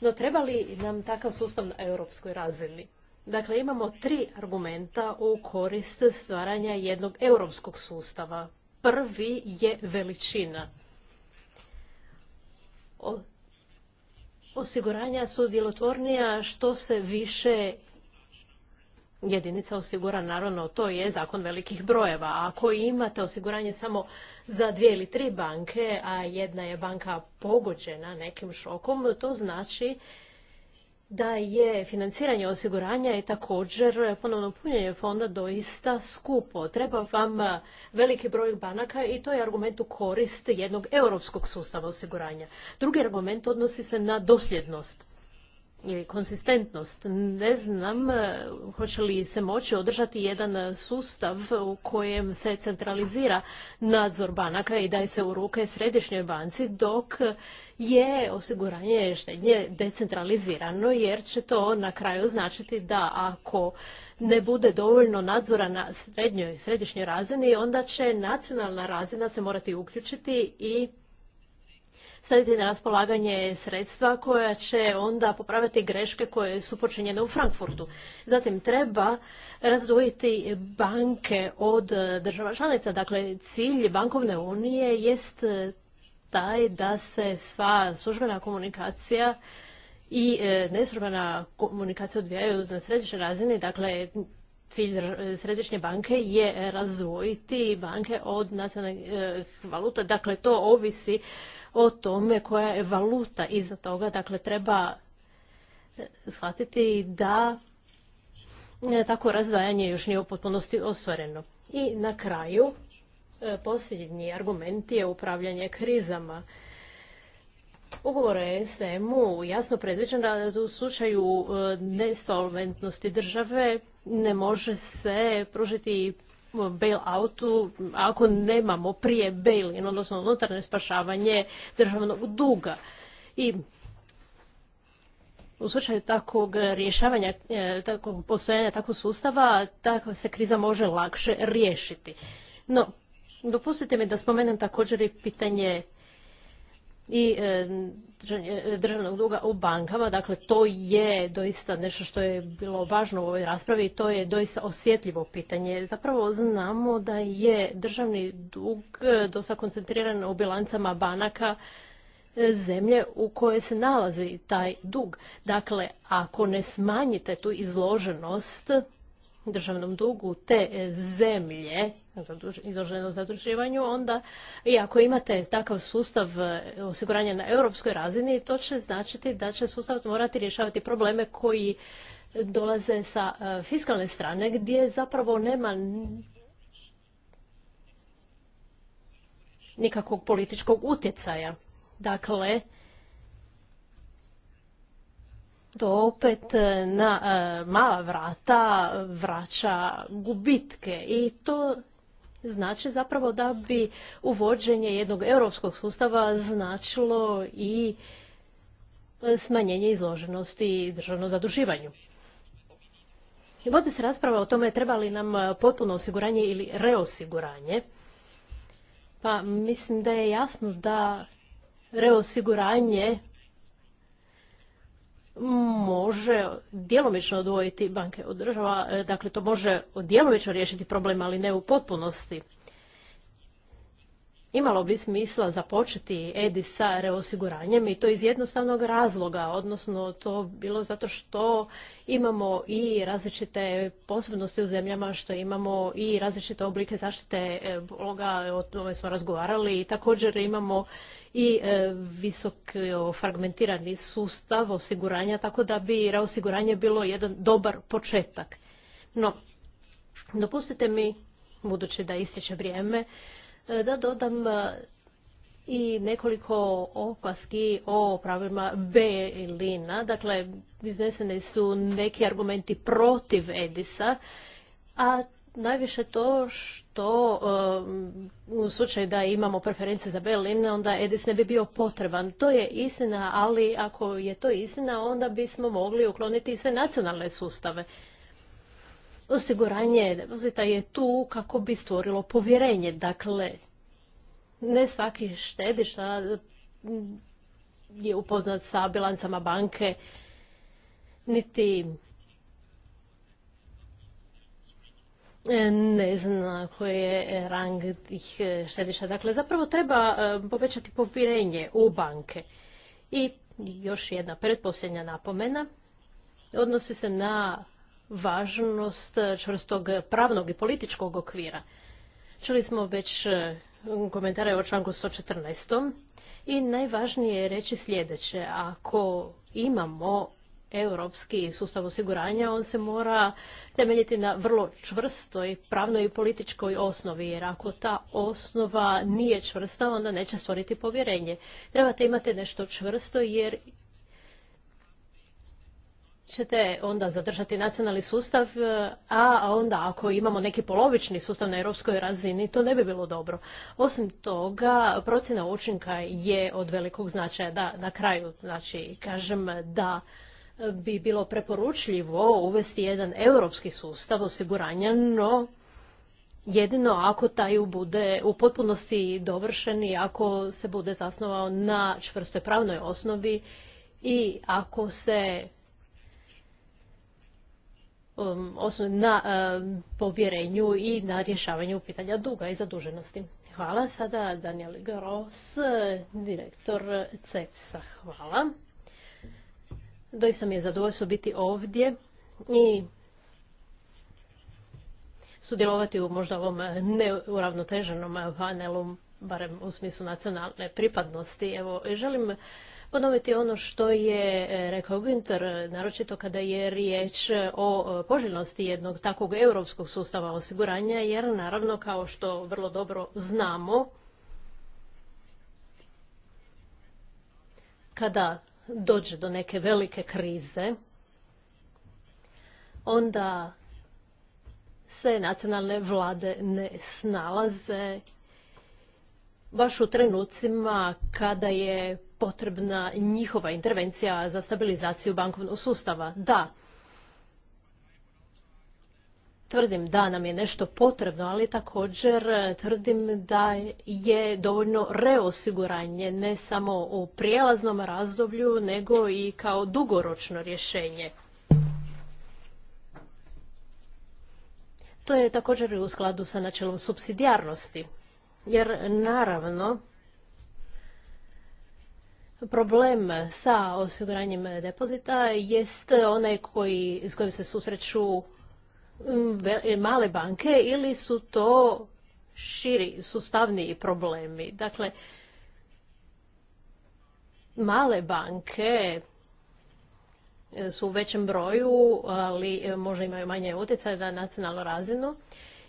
S2: No treba li nam takav sustav na europskoj razini? Dakle, imamo tri argumenta u korist stvaranja jednog europskog sustava. Prvi je veličina. osiguranja su djelotvornija što se više jedinica osigura, naravno to je zakon velikih brojeva. Ako imate osiguranje samo za dvije ili tri banke, a jedna je banka pogođena nekim šokom, to znači da je financiranje osiguranja i također ponovno punjenje fonda doista skupo. Treba vam veliki broj banaka i to je argument u korist jednog europskog sustava osiguranja. Drugi argument odnosi se na dosljednost konsistentnost. Ne znam e, hoće li se moći održati jedan sustav u kojem se centralizira nadzor banaka i daje se u ruke središnjoj banci dok je osiguranje štednje decentralizirano jer će to na kraju značiti da ako ne bude dovoljno nadzora na srednjoj središnjoj razini onda će nacionalna razina se morati uključiti i staviti na raspolaganje sredstva koja će onda popraviti greške koje su počinjene u Frankfurtu. Zatim treba razdvojiti banke od država članica. Dakle, cilj bankovne unije jest taj da se sva službena komunikacija i e, neslužbena komunikacija odvijaju na središnjoj razini, dakle cilj Središnje banke je razvojiti banke od nacionalnih e, valuta. Dakle, to ovisi o tome koja je valuta iza toga. Dakle, treba e, shvatiti da e, tako razdvajanje još nije u potpunosti ostvareno. I na kraju, posljednji argument je upravljanje krizama. Ugovor o SM-u jasno predviđen da u slučaju nesolventnosti države ne može se pružiti bail-outu ako nemamo prije bail-in, odnosno unutarnje spašavanje državnog duga. I u slučaju takvog rješavanja, e, takvog postojanja takvog sustava, takva se kriza može lakše riješiti. No, dopustite mi da spomenem također i pitanje i e, e, državnog duga u bankama. Dakle, to je doista nešto što je bilo važno u ovoj raspravi i to je doista osjetljivo pitanje. Zapravo znamo da je državni dug e, dosta koncentriran u bilancama banaka zemlje u kojoj se nalazi taj dug. Dakle, ako ne smanjite tu izloženost državnom dugu te zemlje, izloženo zaduživanju, onda i ako imate takav sustav e, osiguranja na europskoj razini, to će značiti da će sustav morati rješavati probleme koji dolaze sa e, fiskalne strane gdje zapravo nema nikakvog političkog utjecaja. Dakle, to opet e, na mala vrata vraća gubitke i to znači zapravo da bi uvođenje jednog europskog sustava značilo i smanjenje izloženosti državnom zaduživanju. Vodi se rasprava o tome treba li nam potpuno osiguranje ili reosiguranje. Pa mislim da je jasno da reosiguranje može djelomično odvojiti banke od država, e, dakle to može djelomično riješiti problem, ali ne u potpunosti. Imalo bi smisla započeti EDI sa reosiguranjem i to iz jednostavnog razloga, odnosno to bilo zato što imamo i različite posebnosti u zemljama, što imamo i različite oblike zaštite bloga, e, o tome smo razgovarali i također imamo i e, visok e, fragmentirani sustav osiguranja, tako da bi reosiguranje bilo jedan dobar početak. No, dopustite mi, budući da ističe vrijeme, E, da dodam e, i nekoliko opaski o pravima Belina, Dakle, izneseni su neki argumenti protiv Edisa, a najviše to što e, u slučaju da imamo preferencije za Berlin, onda Edis ne bi bio potreban. To je istina, ali ako je to istina, onda bismo mogli ukloniti i sve nacionalne sustave osiguranje depozita je tu kako bi stvorilo povjerenje. Dakle, ne svaki štediša mm, je upoznat sa bilancama banke, niti e, ne zna koji je rang tih e, štediša. Dakle, zapravo treba e, povećati povjerenje u banke. I još jedna predposljednja napomena odnosi se na važnost eh, čvrstog pravnog i političkog okvira. Čuli smo već eh, komentare o članku 114. I najvažnije je reći sljedeće. Ako imamo europski sustav osiguranja, on se mora temeljiti na vrlo čvrstoj pravnoj i političkoj osnovi, jer ako ta osnova nije čvrsta, onda neće stvoriti povjerenje. Trebate imati nešto čvrsto, jer ćete onda zadržati nacionalni sustav, e, a onda ako imamo neki polovični sustav na europskoj razini, to ne bi bilo dobro. Osim toga, procjena učinka je od velikog značaja. Da, na kraju, znači, kažem da bi bilo preporučljivo uvesti jedan europski sustav osiguranja, no jedino ako taj bude u potpunosti dovršen i ako se bude zasnovao na čvrstoj pravnoj osnovi i ako se Um, na um, povjerenju i na rješavanju pitanja duga i zaduženosti. Hvala. Sada Daniel Gros, direktor CEPS-a. Hvala. Doista mi je zadovoljstvo biti ovdje i sudjelovati u možda ovom neuravnoteženom panelu, barem u smislu nacionalne pripadnosti. Evo, želim ponoviti ono što je e, rekao Günther, naročito kada je riječ e, o e, poželjnosti jednog takvog europskog sustava osiguranja, jer naravno kao što vrlo dobro znamo, kada dođe do neke velike krize, onda se nacionalne vlade ne snalaze baš u trenucima kada je potrebna njihova intervencija za stabilizaciju bankovnog sustava. Da, tvrdim da nam je nešto potrebno, ali također tvrdim da je dovoljno reosiguranje ne samo u prijelaznom razdoblju, nego i kao dugoročno rješenje. To je također i u skladu sa načelom subsidijarnosti, jer naravno problem sa osiguranjem depozita jest onaj koji, s kojim se susreću mm, male banke ili su to širi, sustavniji problemi. Dakle, male banke e, su u većem broju, ali e, možda imaju manje utjecaja na nacionalnu razinu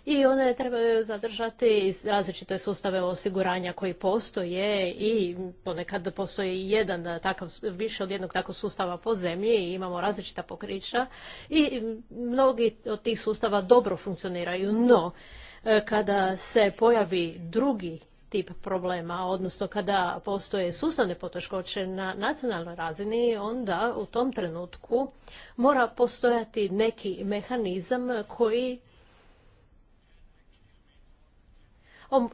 S2: i one trebaju zadržati različite sustave osiguranja koji postoje i ponekad postoji jedan takav, više od jednog takvog sustava po zemlji i imamo različita pokrića i mnogi od tih sustava dobro funkcioniraju, no e, kada se pojavi drugi tip problema, odnosno kada postoje sustavne poteškoće na nacionalnoj razini, onda u tom trenutku mora postojati neki mehanizam koji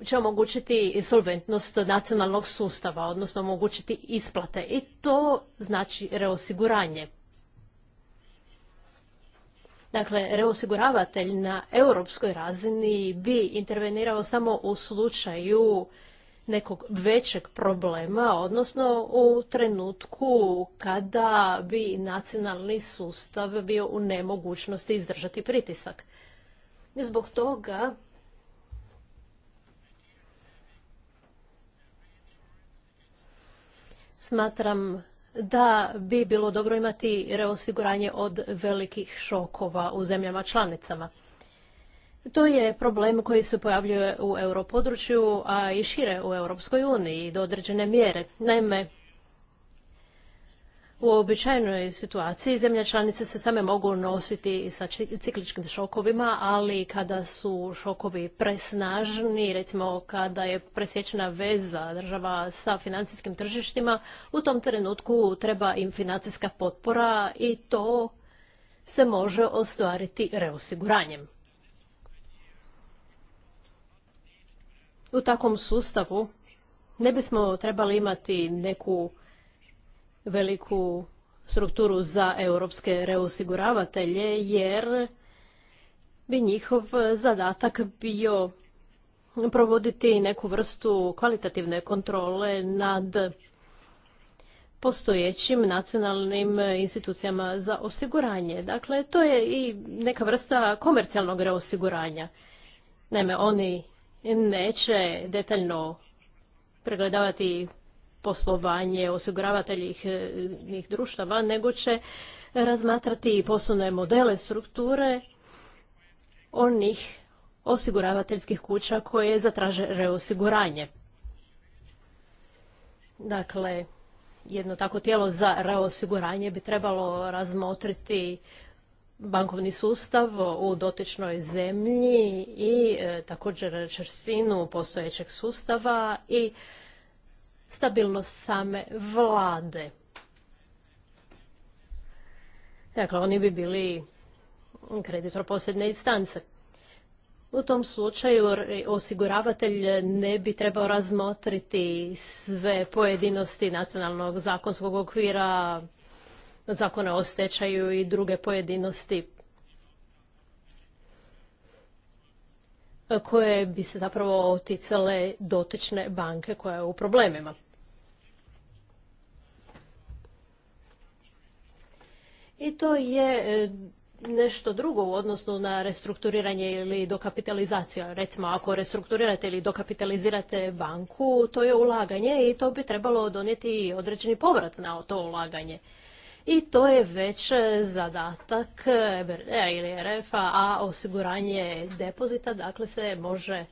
S2: će omogućiti solventnost nacionalnog sustava, odnosno omogućiti isplate. I to znači reosiguranje. Dakle, reosiguravatelj na europskoj razini bi intervenirao samo u slučaju nekog većeg problema, odnosno u trenutku kada bi nacionalni sustav bio u nemogućnosti izdržati pritisak. zbog toga Smatram da bi bilo dobro imati reosiguranje od velikih šokova u zemljama članicama. To je problem koji se pojavljuje u europodručju, a i šire u Europskoj uniji do određene mjere. Naime, u običajnoj situaciji zemlje članice se same mogu nositi sa cikličkim šokovima, ali kada su šokovi presnažni, recimo kada je presječena veza država sa financijskim tržištima, u tom trenutku treba im financijska potpora i to se može ostvariti reosiguranjem. U takvom sustavu ne bismo trebali imati neku veliku strukturu za europske reosiguravatelje jer bi njihov zadatak bio provoditi neku vrstu kvalitativne kontrole nad postojećim nacionalnim institucijama za osiguranje. Dakle, to je i neka vrsta komercijalnog reosiguranja. Naime, oni neće detaljno pregledavati poslovanje osiguravateljih društava, nego će razmatrati i poslovne modele strukture onih osiguravateljskih kuća koje zatraže reosiguranje. Dakle, jedno tako tijelo za reosiguranje bi trebalo razmotriti bankovni sustav u dotičnoj zemlji i e, također čvrstinu postojećeg sustava i stabilnost same vlade. Dakle, oni bi bili kreditor posljedne instance. U tom slučaju osiguravatelj ne bi trebao razmotriti sve pojedinosti nacionalnog zakonskog okvira, zakona o stečaju i druge pojedinosti. koje bi se zapravo oticale dotične banke koja je u problemima. I to je e, nešto drugo u odnosu na restrukturiranje ili dokapitalizaciju. Recimo, ako restrukturirate ili dokapitalizirate banku, to je ulaganje i to bi trebalo donijeti određeni povrat na to ulaganje i to je već zadatak ebrd ili RF-a, a osiguranje depozita dakle se može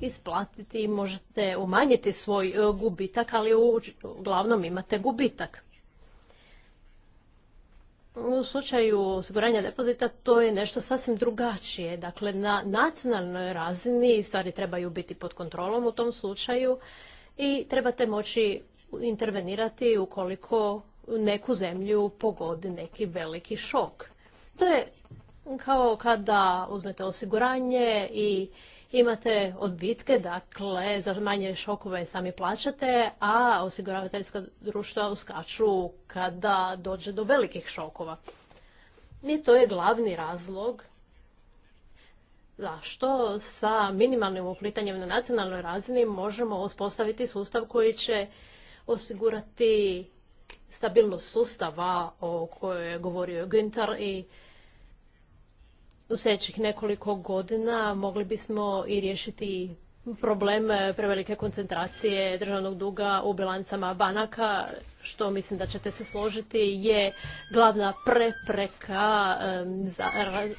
S2: isplatiti i možete umanjiti svoj gubitak, ali uglavnom imate gubitak. U slučaju osiguranja depozita to je nešto sasvim drugačije. Dakle, na nacionalnoj razini stvari trebaju biti pod kontrolom u tom slučaju i trebate moći intervenirati ukoliko neku zemlju pogodi neki veliki šok. To je kao kada uzmete osiguranje i imate odbitke, dakle za manje šokove sami plaćate, a osiguravateljska društva uskaču kada dođe do velikih šokova. I to je glavni razlog zašto sa minimalnim uplitanjem na nacionalnoj razini možemo uspostaviti sustav koji će osigurati stabilnost sustava o kojoj je govorio Günther i u sljedećih nekoliko godina mogli bismo i riješiti problem prevelike koncentracije državnog duga u bilancama banaka, što mislim da ćete se složiti, je glavna prepreka za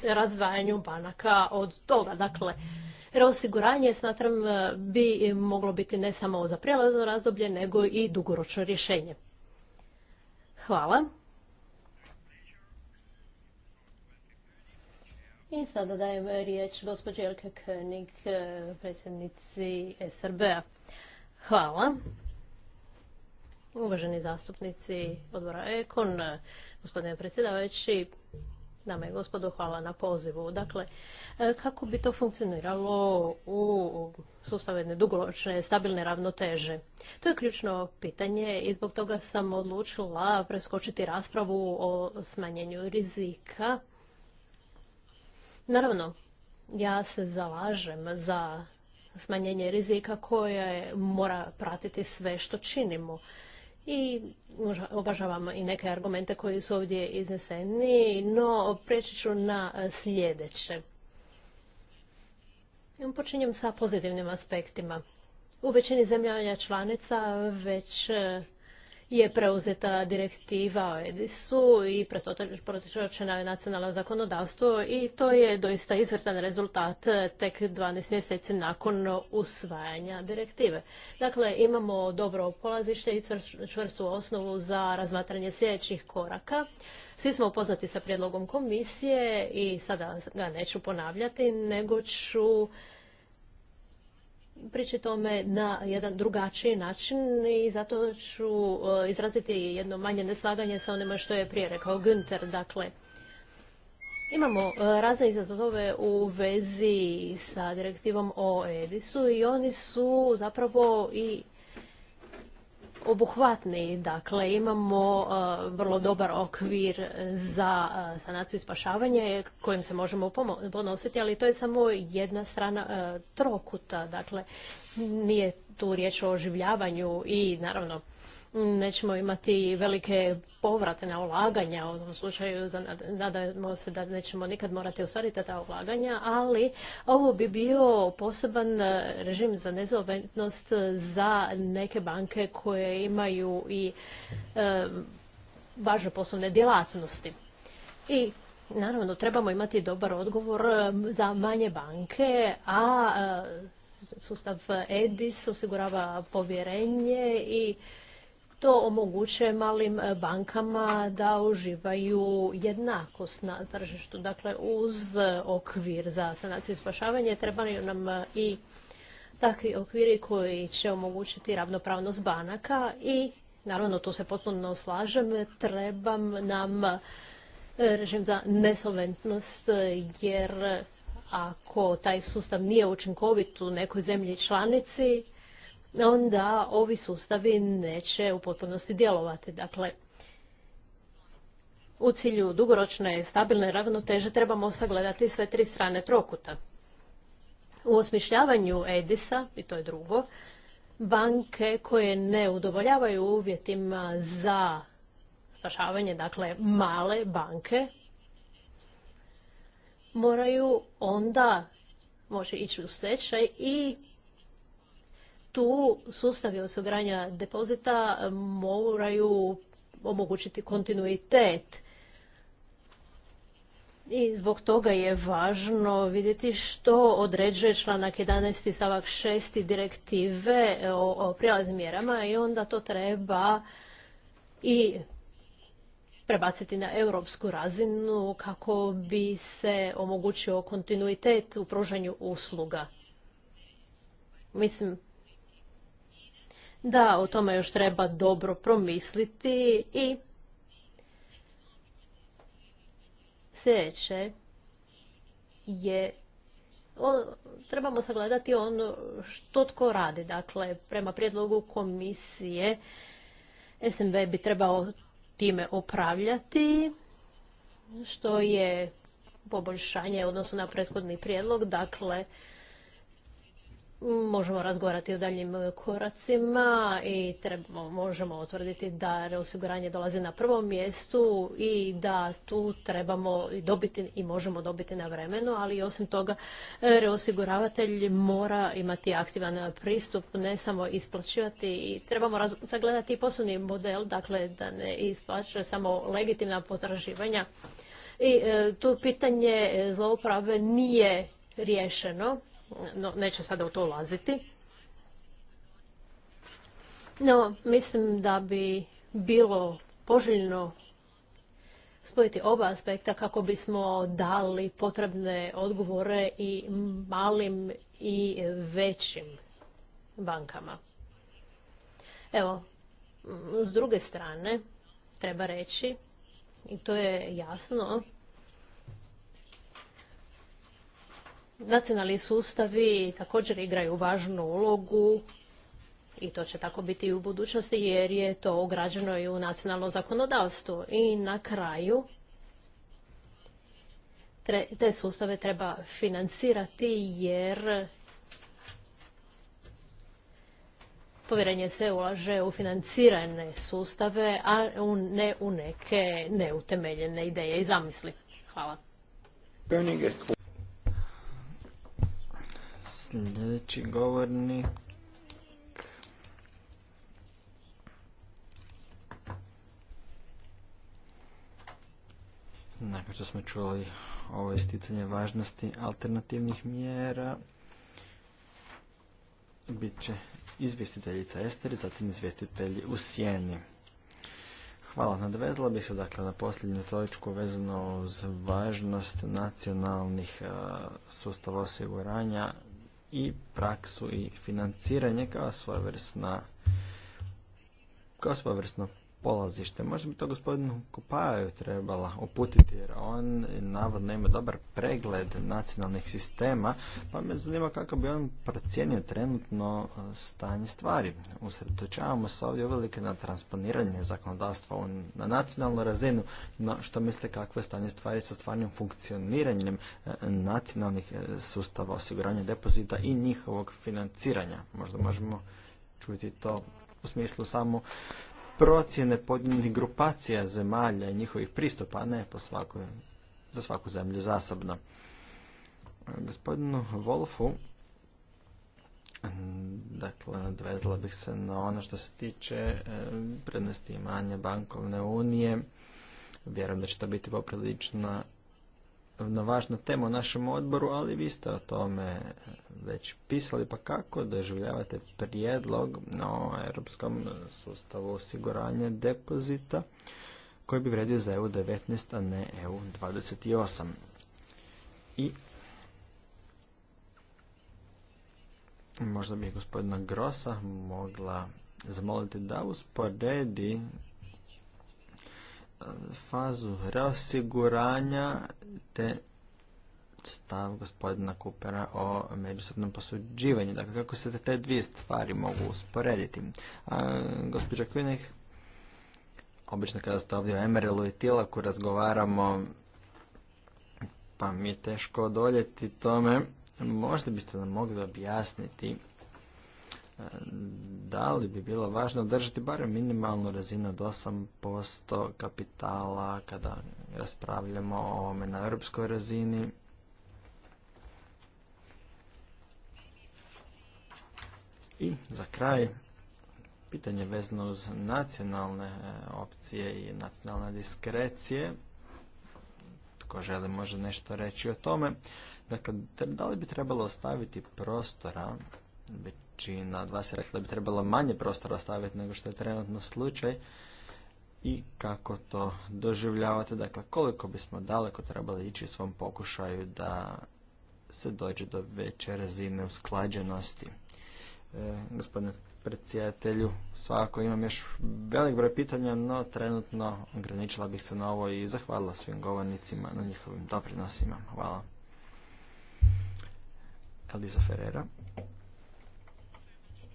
S2: razvajanju banaka od toga. Dakle, osiguranje, smatram e, bi moglo biti ne samo za prijelazno razdoblje nego i dugoročno rješenje. Hvala. I sada dajem riječ gospođi Elke König, e, predsjednici SRB-a. Hvala. Uvaženi zastupnici odbora Ekon, e, gospodine predsjedavajući, Dame i gospodo, hvala na pozivu. Dakle, e, kako bi to funkcioniralo u sustavu jedne dugoročne, stabilne ravnoteže? To je ključno pitanje i zbog toga sam odlučila preskočiti raspravu o smanjenju rizika. Naravno, ja se zalažem za smanjenje rizika koje mora pratiti sve što činimo i obažavamo i neke argumente koji su ovdje izneseni, no preći ću na e, sljedeće. Počinjem sa pozitivnim aspektima. U većini zemljanja članica već e, je preuzeta direktiva o EDIS-u i pretočena je nacionalno zakonodavstvo i to je doista izvrtan rezultat tek 12 mjeseci nakon usvajanja direktive. Dakle, imamo dobro polazište i čvrstu osnovu za razmatranje sljedećih koraka. Svi smo upoznati sa prijedlogom komisije i sada ga neću ponavljati, nego ću priči tome na jedan drugačiji način i zato ću e, izraziti jedno manje neslaganje sa onima što je prije rekao Günther. Dakle, Imamo e, razne izazove u vezi sa direktivom o Edisu i oni su zapravo i obuhvatni. Dakle, imamo e, vrlo dobar okvir za e, sanaciju i spašavanje kojim se možemo ponositi, ali to je samo jedna strana e, trokuta. Dakle, nije tu riječ o oživljavanju i naravno nećemo imati velike povrate na ulaganja. U ovom slučaju nadamo se da nećemo nikad morati ostvariti ta ulaganja, ali ovo bi bio poseban e, režim za nezaventnost za neke banke koje imaju i važe važne poslovne djelatnosti. I naravno trebamo imati dobar odgovor e, za manje banke, a e, sustav EDIS osigurava povjerenje i to omogućuje malim e, bankama da uživaju jednakost na tržištu. Dakle, uz e, okvir za sanaciju i spašavanje trebaju nam e, i takvi okviri koji će omogućiti ravnopravnost banaka i naravno tu se potpuno slažem, treba nam režim za nesolventnost jer ako taj sustav nije učinkovit u nekoj zemlji članici, onda ovi sustavi neće u potpunosti djelovati. Dakle, u cilju dugoročne stabilne ravnoteže trebamo sagledati sve tri strane trokuta. U osmišljavanju Edisa, i to je drugo, banke koje ne udovoljavaju uvjetima za spašavanje, dakle male banke, moraju onda može ići u stečaj i tu sustavi osiguranja depozita eh, moraju omogućiti kontinuitet. I zbog toga je važno vidjeti što određuje članak 11. stavak 6. direktive o, o prijelaznim mjerama i onda to treba i prebaciti na europsku razinu kako bi se omogućio kontinuitet u pružanju usluga. Mislim da o tome još treba dobro promisliti i sljedeće je trebamo sagledati ono što tko radi. Dakle, prema prijedlogu komisije SMB bi trebao time opravljati, što je poboljšanje odnosno na prethodni prijedlog. Dakle, možemo razgovarati o daljim e, koracima i trebamo, možemo otvrditi da reosiguranje dolazi na prvom mjestu i da tu trebamo dobiti i možemo dobiti na vremenu, ali osim toga e, reosiguravatelj mora imati aktivan pristup, ne samo isplaćivati i trebamo sagledati i poslovni model, dakle da ne isplaćuje samo legitimna potraživanja. I e, tu pitanje zlouporabe nije riješeno no neću sada u to ulaziti. No, mislim da bi bilo poželjno spojiti oba aspekta kako bismo dali potrebne odgovore i malim i većim bankama. Evo, s druge strane, treba reći, i to je jasno, Nacionalni sustavi također igraju važnu ulogu i to će tako biti i u budućnosti jer je to ugrađeno i u nacionalno zakonodavstvo. I na kraju te sustave treba financirati jer povjerenje se ulaže u financirane sustave, a ne u neke neutemeljene ideje i zamisli. Hvala.
S4: Sljedeći govornik. Nakon što smo čuli ovo isticanje važnosti alternativnih mjera, bit će izvjestiteljica Ester, zatim izvjestitelji u Sjeni. Hvala. Nadvezala bih se dakle na posljednju točku vezano uz važnost nacionalnih sustava osiguranja i praksu i financiranje kao svojevrsna kao svojevrsno polazište. Možda bi to gospodinu Kupaju trebala uputiti jer on navodno ima dobar pregled nacionalnih sistema pa me zanima kako bi on procijenio trenutno e, stanje stvari. Usredočavamo se ovdje uvelike na transponiranje zakonodavstva na nacionalnu razinu, no što mislite kakvo je stanje stvari sa stvarnim funkcioniranjem e, nacionalnih e, sustava osiguranja depozita i njihovog financiranja. Možda možemo čuti to u smislu samo procjene pojedinih grupacija zemalja i njihovih pristupa, a ne po svaku, za svaku zemlju zasobno. Gospodinu Wolfu, dakle, nadvezla bih se na ono što se tiče e, prednosti imanja bankovne unije. Vjerujem da će to biti poprilična na važnu temu u našem odboru, ali vi ste o tome već pisali, pa kako doživljavate prijedlog na europskom sustavu osiguranja depozita koji bi vredio za EU19, a ne EU28. I možda bi gospodina Grosa mogla zamoliti da usporedi fazu reosiguranja te stav gospodina Kupera o međusobnom posuđivanju. Dakle, kako se te dvije stvari mogu usporediti. A, gospođa obično kada ste ovdje o Emerelu i Tilaku razgovaramo, pa mi je teško odoljeti tome. Možda biste nam mogli objasniti da li bi bilo važno držati barem minimalnu razinu od 8% kapitala kada raspravljamo o ovome na europskoj razini. I za kraj, pitanje vezano uz nacionalne e, opcije i nacionalne diskrecije. Tko želi može nešto reći o tome. Dakle, da li bi trebalo ostaviti prostora Znači, na dva se rekla da bi trebalo manje prostora staviti nego što je trenutno slučaj i kako to doživljavate, dakle koliko bismo daleko trebali ići u svom pokušaju da se dođe do veće razine usklađenosti. E, gospodine predsjedatelju, svakako imam još velik broj pitanja, no trenutno ograničila bih se na ovo i zahvalila svim govornicima na njihovim doprinosima. Hvala. Eliza Ferreira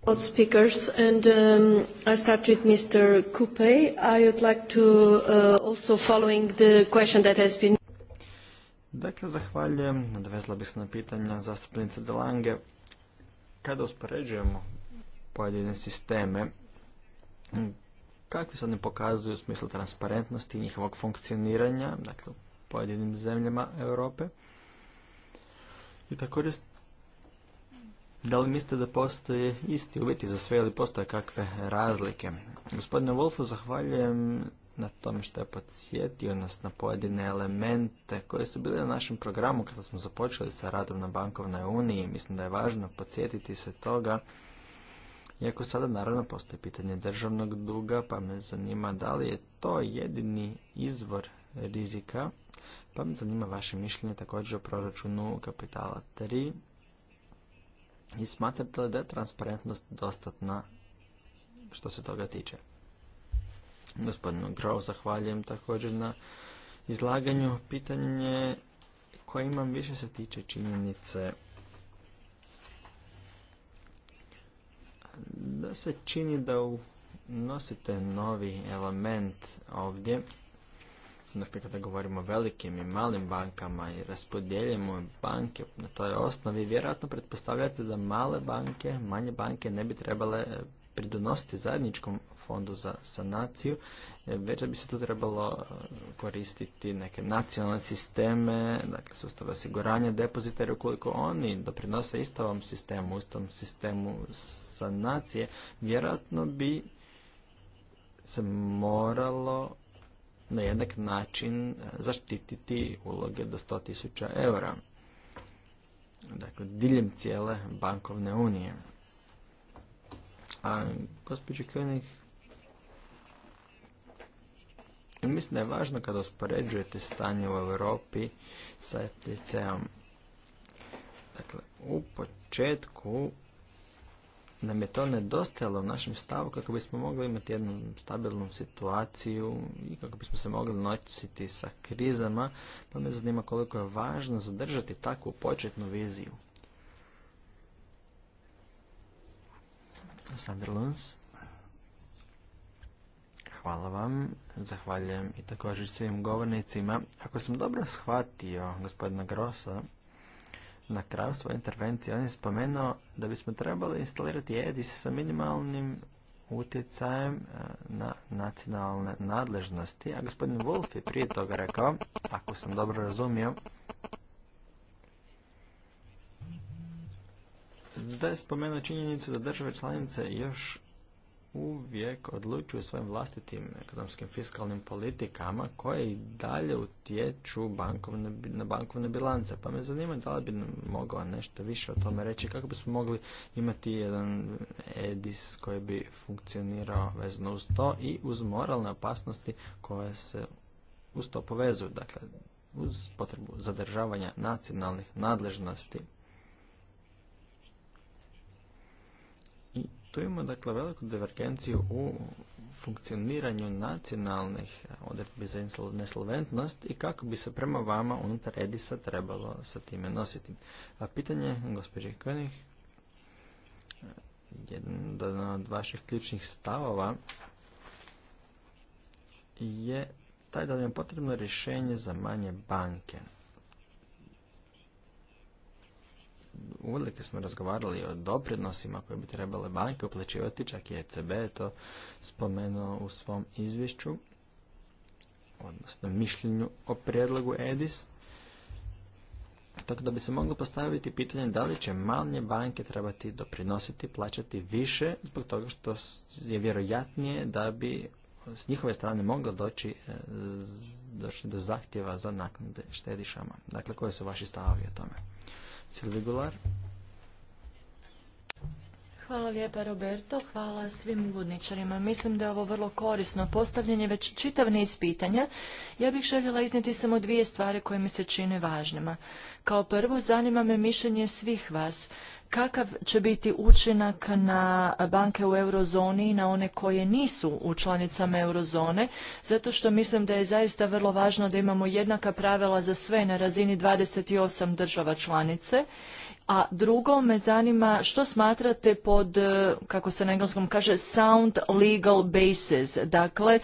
S2: all speakers, and um, I start with Mr. Coupe. I would like to uh, also following the question that has been...
S4: Dakle, zahvaljujem. Nadvezla bih se na pitanja zastupnice De Lange. Kada uspoređujemo pojedine sisteme, kakvi se oni pokazuju u smislu transparentnosti njihovog funkcioniranja, dakle, u pojedinim zemljama Europe, i također da li mislite da postoje isti uvjeti za sve ili postoje kakve razlike? Gospodine Wolfu, zahvaljujem na tome što je podsjetio nas na pojedine elemente koje su bili na našem programu kada smo započeli sa radom na bankovnoj uniji. Mislim da je važno podsjetiti se toga. Iako sada naravno postoji pitanje državnog duga, pa me zanima da li je to jedini izvor rizika, pa me zanima vaše mišljenje također o proračunu kapitala 3 i smatrate li da je transparentnost dostatna što se toga tiče? Gospodinu Grov zahvaljujem također na izlaganju. Pitanje koje imam više se tiče činjenice da se čini da unosite novi element ovdje dakle kada govorimo o velikim i malim bankama i raspodjeljujemo banke na toj osnovi, vjerojatno pretpostavljate da male banke, manje banke ne bi trebale e, pridonositi zajedničkom fondu za sanaciju, e, već da bi se tu trebalo e, koristiti neke nacionalne sisteme, dakle sustav osiguranja depozita, jer ukoliko oni doprinose istovom sistemu, istom sistemu sanacije, vjerojatno bi se moralo na jednak način e, zaštititi uloge do 100.000 eura. Dakle, diljem cijele bankovne unije. A gospođe König, mislim da je važno kada uspoređujete stanje u Europi sa FTC-om. Dakle, u početku nam je to nedostajalo u našem stavu kako bismo mogli imati jednu stabilnu situaciju i kako bismo se mogli nositi sa krizama, pa me zanima koliko je važno zadržati takvu početnu viziju. Sander Hvala vam. Zahvaljujem i također svim govornicima. Ako sam dobro shvatio gospodina Grosa, na kraju svoje intervencije on je spomenuo da bismo trebali instalirati EDIS sa minimalnim utjecajem e, na nacionalne nadležnosti, a gospodin Wolf je prije toga rekao, ako sam dobro razumio, da je spomenuo činjenicu da države članice još uvijek odlučuju svojim vlastitim ekonomskim fiskalnim politikama koje i dalje utječu na bankovne bilance. Pa me zanima da li bi nam mogao nešto više o tome reći kako bismo mogli imati jedan EDIS koji bi funkcionirao vezano uz to i uz moralne opasnosti koje se uz to povezuju. Dakle, uz potrebu zadržavanja nacionalnih nadležnosti Tu imamo dakle veliku divergenciju u funkcioniranju nacionalnih eh, odredbi za nesolventnost i kako bi se prema vama unutar Edisa trebalo sa time nositi. A pitanje, gospođe König, eh, jedan od vaših ključnih stavova je taj da li je potrebno rješenje za manje banke. uvelike smo razgovarali o doprinosima koje bi trebale banke uplaćivati, čak i ECB je to spomenuo u svom izvješću, odnosno mišljenju o prijedlogu EDIS. Tako da bi se moglo postaviti pitanje da li će manje banke trebati doprinositi, plaćati više zbog toga što je vjerojatnije da bi s njihove strane moglo doći, e, do zahtjeva za naknade štedišama. Dakle, koje su vaši stavovi o tome?
S3: Hvala lijepa Roberto, hvala svim uvodničarima. Mislim da je ovo vrlo korisno postavljanje, već čitav niz pitanja. Ja bih željela iznijeti samo dvije stvari koje mi se čine važnima. Kao prvo, zanima me mišljenje svih vas kakav će biti učinak na banke u eurozoni i na one koje nisu u članicama eurozone, zato što mislim da je zaista vrlo važno da imamo jednaka pravila za sve na razini 28 država članice a drugo me zanima što smatrate pod, e, kako se na engleskom kaže, sound legal basis, dakle e,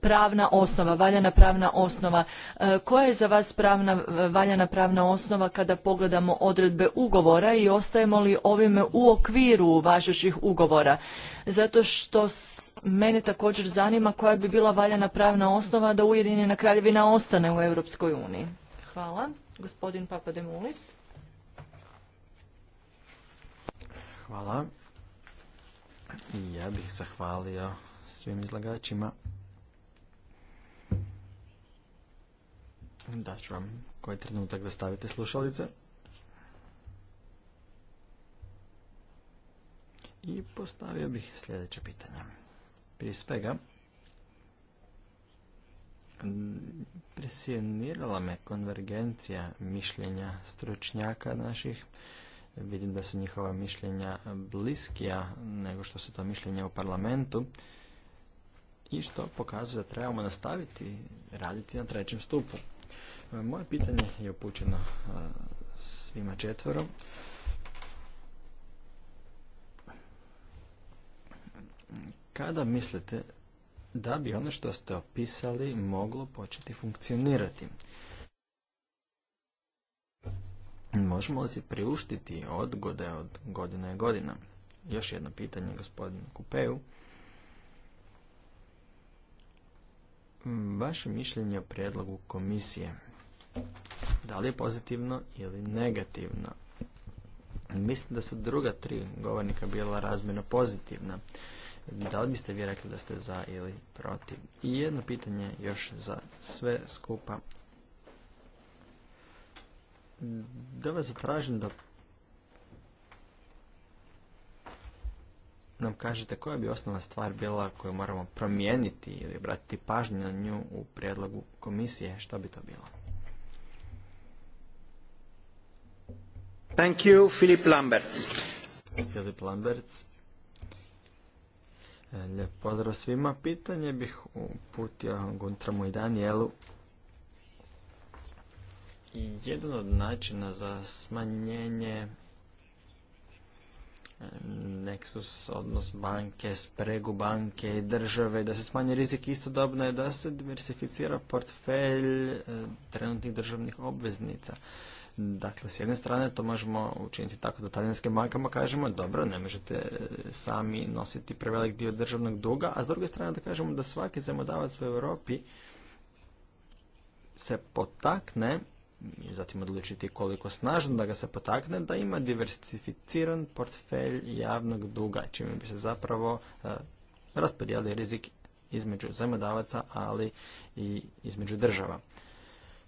S3: pravna osnova, valjana pravna osnova. E, koja je za vas pravna, valjana pravna osnova kada pogledamo odredbe ugovora i ostajemo li ovime u okviru važećih ugovora? Zato što mene također zanima koja bi bila valjana pravna osnova da Ujedinjena kraljevina ostane u Europskoj uniji. Hvala. Gospodin Papademulis.
S4: Hvala. Ja bih zahvalio svim izlagačima. Da ću vam koji trenutak da stavite slušalice. I postavio bih sljedeće pitanje. Prije svega, presjenirala me konvergencija mišljenja stručnjaka naših Vidim da su njihova mišljenja bliskija nego što su to mišljenja u parlamentu i što pokazuje da trebamo nastaviti raditi na trećem stupu. E, moje pitanje je upućeno e, svima četvorom. Kada mislite da bi ono što ste opisali moglo početi funkcionirati? Možemo li si priuštiti odgode od godina i godina? Još jedno pitanje gospodinu Kupeju. Vaše mišljenje o prijedlogu komisije. Da li je pozitivno ili negativno? Mislim da su druga tri govornika bila razmjerno pozitivna. Da li biste vi rekli da ste za ili protiv? I jedno pitanje još za sve skupa da vas zatražim da nam kažete koja bi osnovna stvar bila koju moramo promijeniti ili obratiti pažnju na nju u prijedlogu komisije, što bi to bilo? Thank you, Filip Lamberts. Filip Lamberts. E, lijep pozdrav svima. Pitanje bih uputio Guntramu i Danielu jedan od načina za smanjenje e, Nexus, odnos banke, spregu banke i države, da se smanji rizik istodobno je da se diversificira portfelj e, trenutnih državnih obveznica. Dakle, s jedne strane to možemo učiniti tako da talijanskim bankama kažemo dobro, ne možete e, sami nositi prevelik dio državnog duga, a s druge strane da kažemo da svaki zemodavac u Europi se potakne i zatim odlučiti koliko snažno da ga se potakne da ima diversificiran portfelj javnog duga, čime bi se zapravo e, rizik između zajmodavaca, ali i između država.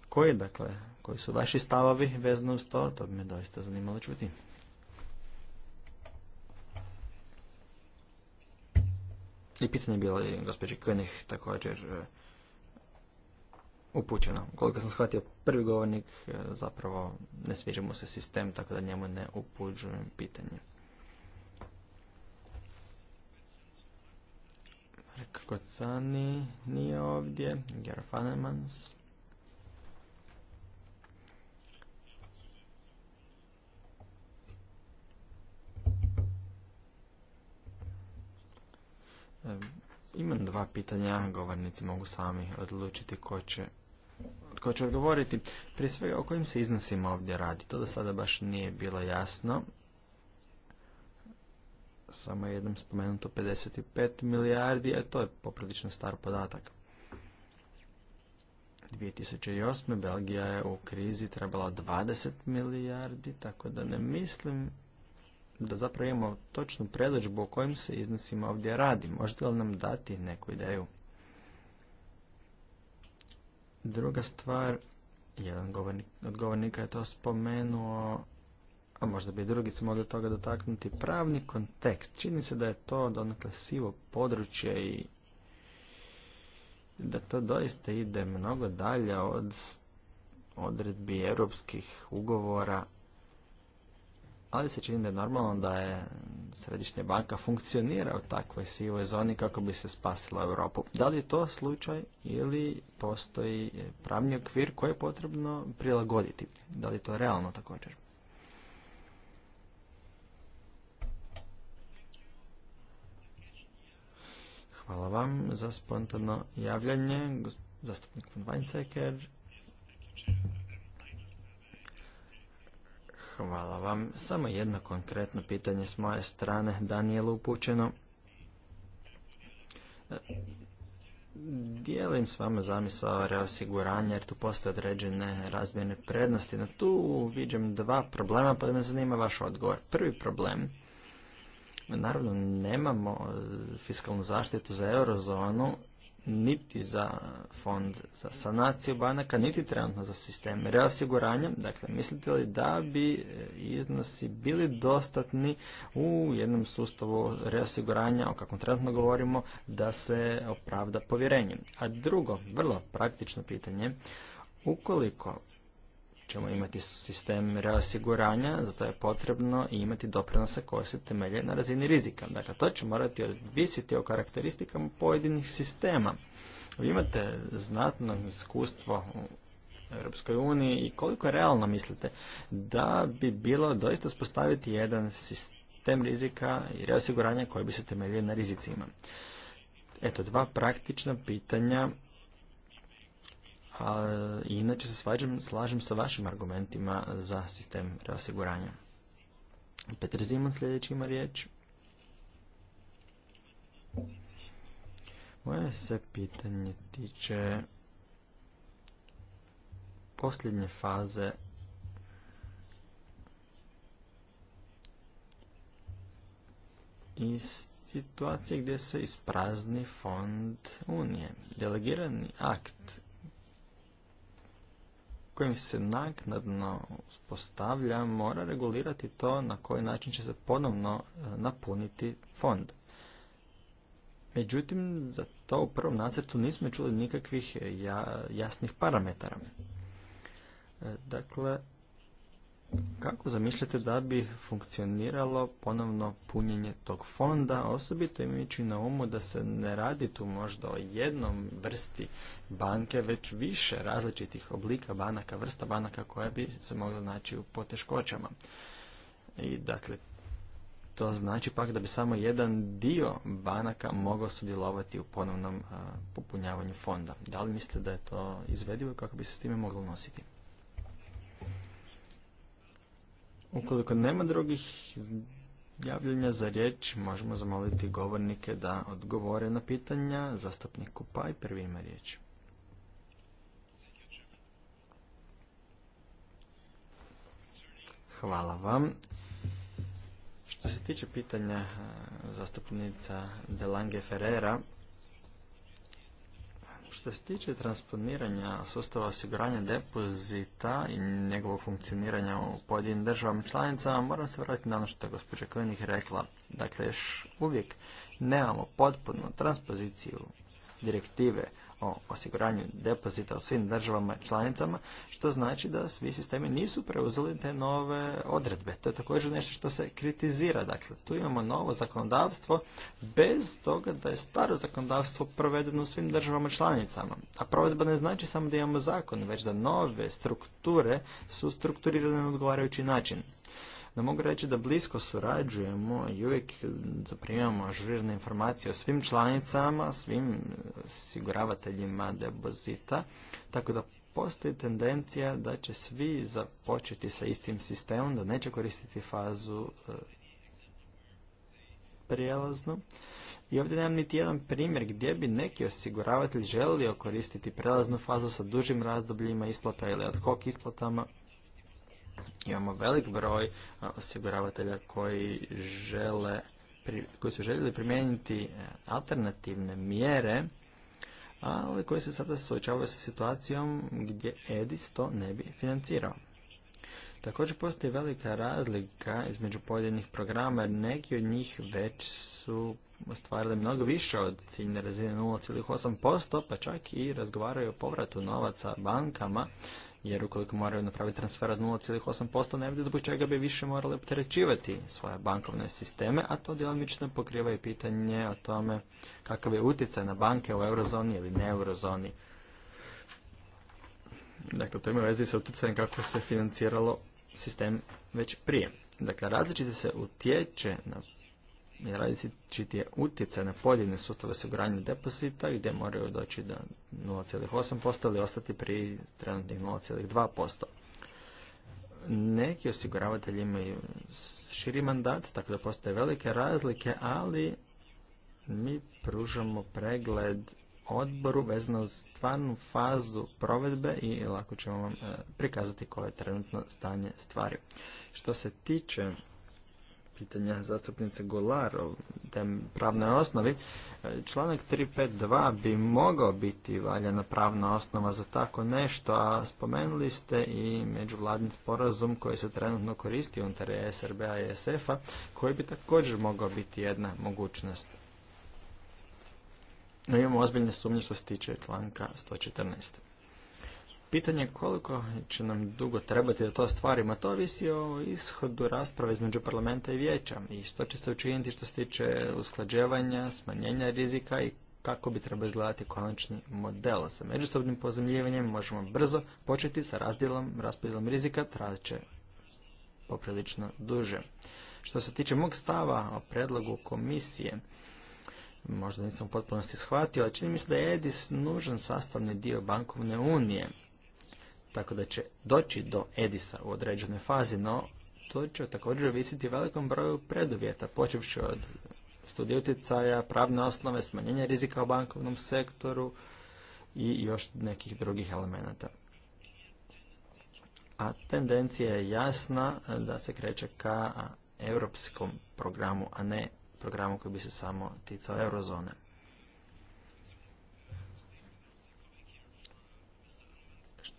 S4: Koji, dakle, koji su vaši stavovi vezano uz to? To bi me doista zanimalo čuti. I pitanje je bilo i gospođi također e, upućeno. Koliko sam shvatio, prvi govornik e, zapravo ne sviđa mu se sistem, tako da njemu ne upuđujem pitanje. Kocani nije ovdje, Fanemans. E, imam dva pitanja, govornici mogu sami odlučiti ko će tko će odgovoriti. Prije svega o kojim se iznosima ovdje radi. To do sada baš nije bilo jasno. Samo jednom spomenuto 55 milijardi, a to je poprilično star podatak. 2008. Belgija je u krizi trebala 20 milijardi, tako da ne mislim da zapravo imamo točnu predođbu o kojim se iznosima ovdje radi. Možete li nam dati neku ideju? Druga stvar, jedan govornik, od govornika je to spomenuo, a možda bi drugi se mogli toga dotaknuti, pravni kontekst. Čini se da je to donekle sivo područje i da to doista ide mnogo dalje od odredbi europskih ugovora ali se čini da je normalno da je središnja banka funkcionira u takvoj sivoj zoni kako bi se spasila Europu. Da li je to slučaj ili postoji pravni okvir koji je potrebno prilagoditi? Da li je to realno također? Hvala vam za spontano javljanje, zastupnik von Hvala vam. Samo jedno konkretno pitanje s moje strane Danijelu upućeno. E, dijelim s vama zamisao reosiguranja jer tu postoje određene razmjene prednosti. Na tu vidim dva problema pa me zanima vaš odgovor. Prvi problem, naravno nemamo fiskalnu zaštitu za eurozonu niti za fond za sanaciju banaka, niti trenutno za sistem reosiguranja. Dakle, mislite li da bi e, iznosi bili dostatni u jednom sustavu reosiguranja, o kakvom trenutno govorimo, da se opravda povjerenje? A drugo, vrlo praktično pitanje, ukoliko ćemo imati sistem reosiguranja, zato je potrebno imati doprinose koje se temelje na razini rizika. Dakle, to će morati odvisiti o karakteristikama pojedinih sistema. Vi imate znatno iskustvo u Europskoj uniji i koliko realno mislite da bi bilo doista spostaviti jedan sistem rizika i reosiguranja koji bi se temeljio na rizicima. Eto, dva praktična pitanja a inače se svađam, slažem sa vašim argumentima za sistem reosiguranja. Petar Zimon sljedeći ima riječ. Moje se pitanje tiče posljednje faze i situacije gdje se isprazni fond Unije. Delegirani akt kojim se naknadno uspostavlja mora regulirati to na koji način će se ponovno e, napuniti fond. Međutim, za to u prvom nacrtu nismo čuli nikakvih e, jasnih parametara. E, dakle, kako zamišljate da bi funkcioniralo ponovno punjenje tog fonda, osobito imajući na umu da se ne radi tu možda o jednom vrsti banke, već više različitih oblika banaka, vrsta banaka koja bi se mogla naći u poteškoćama. I dakle, to znači pak da bi samo jedan dio banaka mogao sudjelovati u ponovnom popunjavanju fonda. Da li mislite da je to izvedivo i kako bi se s time moglo nositi? Ukoliko nema drugih javljanja za riječ, možemo zamoliti govornike da odgovore na pitanja. Zastupnik Kupaj prvi ima riječ. Hvala vam. Što se tiče pitanja eh, zastupnica Delange Ferreira, što se tiče transponiranja sustava osiguranja depozita i njegovog funkcioniranja u pojedinim državama članicama, moram se vratiti na ono što je gospođa Kojnih rekla. Dakle, još uvijek nemamo potpuno transpoziciju direktive o osiguranju depozita u svim državama i članicama, što znači da svi sistemi nisu preuzeli te nove odredbe. To je također nešto što se kritizira. Dakle, tu imamo novo zakonodavstvo bez toga da je staro zakonodavstvo provedeno u svim državama i članicama. A provedba ne znači samo da imamo zakon, već da nove strukture su strukturirane na odgovarajući način. Da mogu reći da blisko surađujemo i uvijek zaprimamo ažurirne informacije o svim članicama, svim osiguravateljima debozita. tako da postoji tendencija da će svi započeti sa istim sistemom, da neće koristiti fazu e, prijelaznu. I ovdje nemam niti jedan primjer gdje bi neki osiguravatelj želio koristiti prelaznu fazu sa dužim razdobljima isplata ili ad hoc isplatama Imamo velik broj osiguravatelja koji žele koji su željeli primijeniti e, alternativne mjere, ali koji se sada suočavaju sa situacijom gdje EDIS to ne bi financirao. Također postoji velika razlika između pojedinih programa, jer neki od njih već su ostvarili mnogo više od ciljne razine 0,8%, pa čak i razgovaraju o povratu novaca bankama, jer ukoliko moraju napraviti transfer od 0,8%, ne vidi zbog čega bi više morali opterećivati svoje bankovne sisteme, a to djelomično pokriva i pitanje o tome kakav je utjecaj na banke u eurozoni ili ne eurozoni. Dakle, to ima veze sa utjecajem kako se financiralo sistem već prije. Dakle, različite se utječe na i različiti je utjecaj na pojedine sustave osiguranja depozita gdje moraju doći do 0,8% ili ostati pri trenutnih 0,2%. Neki osiguravatelji imaju širi mandat, tako da postoje velike razlike, ali mi pružamo pregled odboru vezano uz stvarnu fazu provedbe i lako ćemo vam eh, prikazati koje je trenutno stanje stvari. Što se tiče pitanja zastupnice Golar o tem pravnoj osnovi. E, članak 352 bi mogao biti valjana pravna osnova za tako nešto, a spomenuli ste i međuvladni sporazum koji se trenutno koristi unutar e SRB-a i e SF-a, koji bi također mogao biti jedna mogućnost. No, imamo ozbiljne sumnje što se tiče članka 114 pitanje koliko će nam dugo trebati da to stvarimo. To ovisi o ishodu rasprave između parlamenta i vijeća i što će se učiniti što se tiče usklađevanja, smanjenja rizika i kako bi trebao izgledati konačni model. Sa međusobnim pozemljivanjem možemo brzo početi sa razdjelom, raspodjelom rizika, trajat će poprilično duže. Što se tiče mog stava o predlogu komisije, možda nisam u potpunosti shvatio, ali čini mi se da je EDIS nužan sastavni dio bankovne unije tako da će doći do Edisa u određenoj fazi, no to će također visiti velikom broju preduvjeta, počevši od studije utjecaja, pravne osnove, smanjenja rizika u bankovnom sektoru i još nekih drugih elemenata. A tendencija je jasna da se kreće ka europskom programu, a ne programu koji bi se samo ticao eurozone.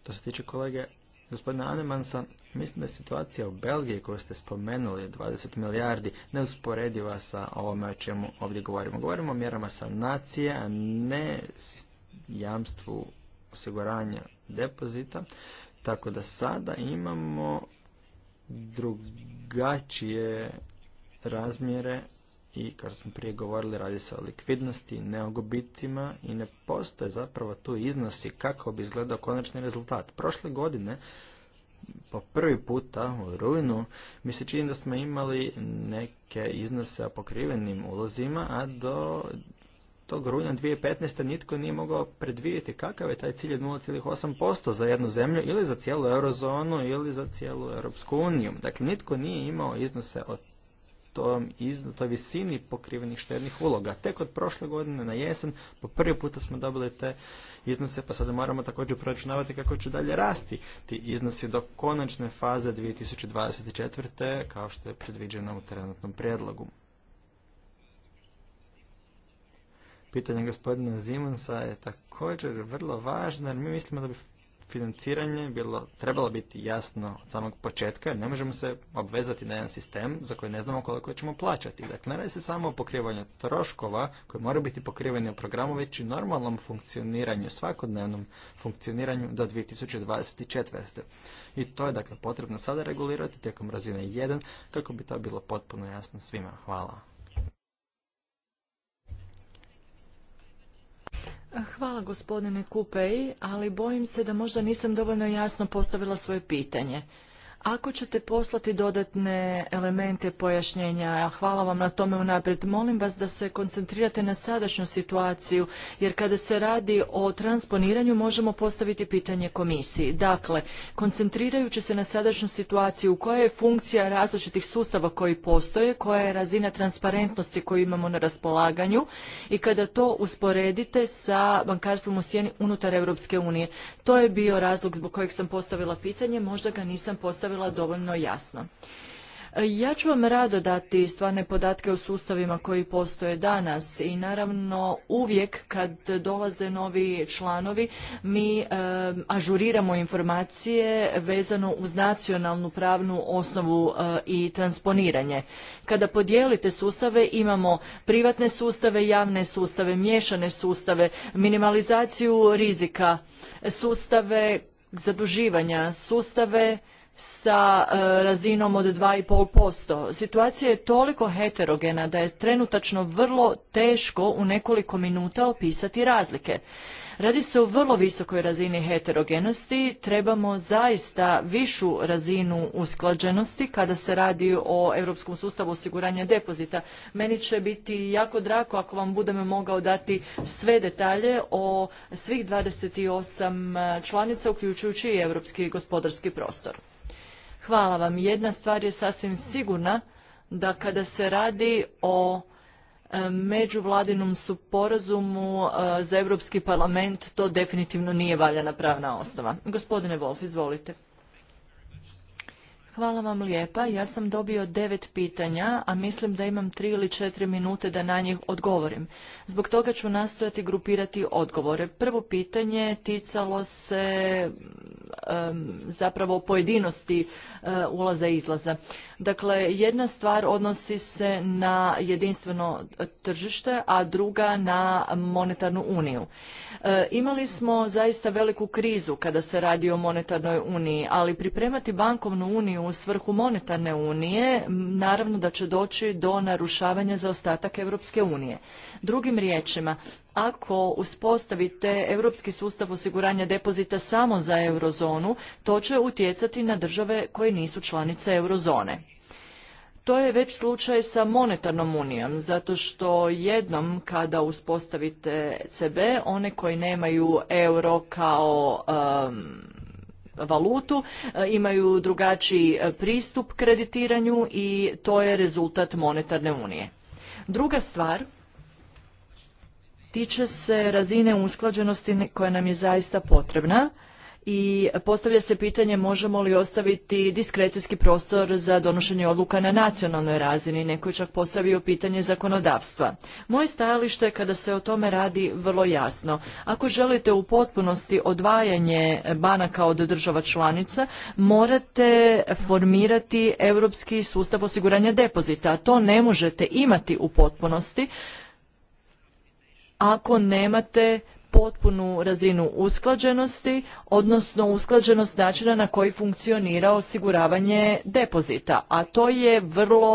S4: Što se tiče kolege gospodina Anemansa, mislim da je situacija u Belgiji koju ste spomenuli, 20 milijardi, neusporediva sa ovome o čemu ovdje govorimo. Govorimo o mjerama sanacije, a ne jamstvu osiguranja depozita, tako da sada imamo drugačije razmjere i kao smo prije govorili radi se o likvidnosti, ne o gubicima i ne postoje zapravo tu iznosi kako bi izgledao konačni rezultat. Prošle godine po prvi puta u rujnu mi se čini da smo imali neke iznose o pokrivenim ulozima, a do tog rujna 2015. nitko nije mogao predvidjeti kakav je taj cilj od 0,8% za jednu zemlju ili za cijelu eurozonu ili za cijelu Europsku uniju. Dakle, nitko nije imao iznose od tom toj visini pokrivenih štednih uloga. Tek od prošle godine na jesen po prvi puta smo dobili te iznose, pa sada moramo također proračunavati kako će dalje rasti ti iznosi do konačne faze 2024. kao što je predviđeno u trenutnom prijedlogu. Pitanje gospodina Zimansa je također vrlo važno jer mi mislimo da bi financiranje bilo, trebalo biti jasno od samog početka jer ne možemo se obvezati na jedan sistem za koji ne znamo koliko ćemo plaćati. Dakle, ne radi se samo o pokrivanju troškova koji moraju biti pokriveni u programu, već i normalnom funkcioniranju, svakodnevnom funkcioniranju do 2024. I to je dakle potrebno sada regulirati tijekom razine 1 kako bi to bilo potpuno jasno svima. Hvala.
S3: Hvala gospodine Kupej, ali bojim se da možda nisam dovoljno jasno postavila svoje pitanje. Ako ćete poslati dodatne elemente pojašnjenja, hvala vam na tome unaprijed, molim vas da se koncentrirate na sadašnju situaciju, jer kada se radi o transponiranju možemo postaviti pitanje komisiji. Dakle, koncentrirajući se na sadašnju situaciju, koja je funkcija različitih sustava koji postoje, koja je razina transparentnosti koju imamo na raspolaganju i kada to usporedite sa bankarstvom u sjeni unutar Europske unije. To je bio razlog zbog kojeg sam postavila pitanje, možda ga nisam postavila postavila dovoljno jasno. E, ja ću vam rado dati stvarne podatke o sustavima koji postoje danas i naravno uvijek kad dolaze novi članovi mi e, ažuriramo informacije vezano uz nacionalnu pravnu osnovu e, i transponiranje. Kada podijelite sustave imamo privatne sustave, javne sustave, miješane sustave, minimalizaciju rizika, sustave zaduživanja, sustave sa e, razinom od 2,5%. Situacija je toliko heterogena da je trenutačno vrlo teško u nekoliko minuta opisati razlike. Radi se o vrlo visokoj razini heterogenosti, trebamo zaista višu razinu usklađenosti kada se radi o Europskom sustavu osiguranja depozita. Meni će biti jako drago ako vam budem mogao dati sve detalje o svih 28 e, članica, uključujući i Europski gospodarski prostor. Hvala vam. Jedna stvar je sasvim sigurna da kada se radi o e, međuvladinom sporazumu e, za Europski parlament to definitivno nije valjana pravna osnova. Gospodine Wolf, izvolite. Hvala vam lijepa. Ja sam dobio devet pitanja, a mislim da imam tri ili četiri minute da na njih odgovorim. Zbog toga ću nastojati grupirati odgovore. Prvo pitanje ticalo se zapravo pojedinosti e, ulaza i izlaza. Dakle, jedna stvar odnosi se na jedinstveno tržište, a druga na monetarnu uniju. E, imali smo zaista veliku krizu kada se radi o monetarnoj uniji, ali pripremati bankovnu uniju u svrhu monetarne unije, naravno da će doći do narušavanja za ostatak Europske unije. Drugim riječima, ako uspostavite europski sustav osiguranja depozita samo za eurozonu, to će utjecati na države koje nisu članice eurozone. To je već slučaj sa monetarnom unijom, zato što jednom kada uspostavite CB, one koji nemaju euro kao valutu, e, imaju drugačiji e, pristup kreditiranju i to je rezultat monetarne unije. Druga stvar tiče se razine usklađenosti koja nam je zaista potrebna i postavlja se pitanje možemo li ostaviti diskrecijski prostor za donošenje odluka na nacionalnoj razini. Neko je čak postavio pitanje zakonodavstva. Moje stajalište kada se o tome radi vrlo jasno. Ako želite u potpunosti odvajanje banaka od država članica, morate formirati europski sustav osiguranja depozita. A to ne možete imati u potpunosti ako nemate potpunu razinu usklađenosti, odnosno usklađenost načina na koji funkcionira osiguravanje depozita, a to je vrlo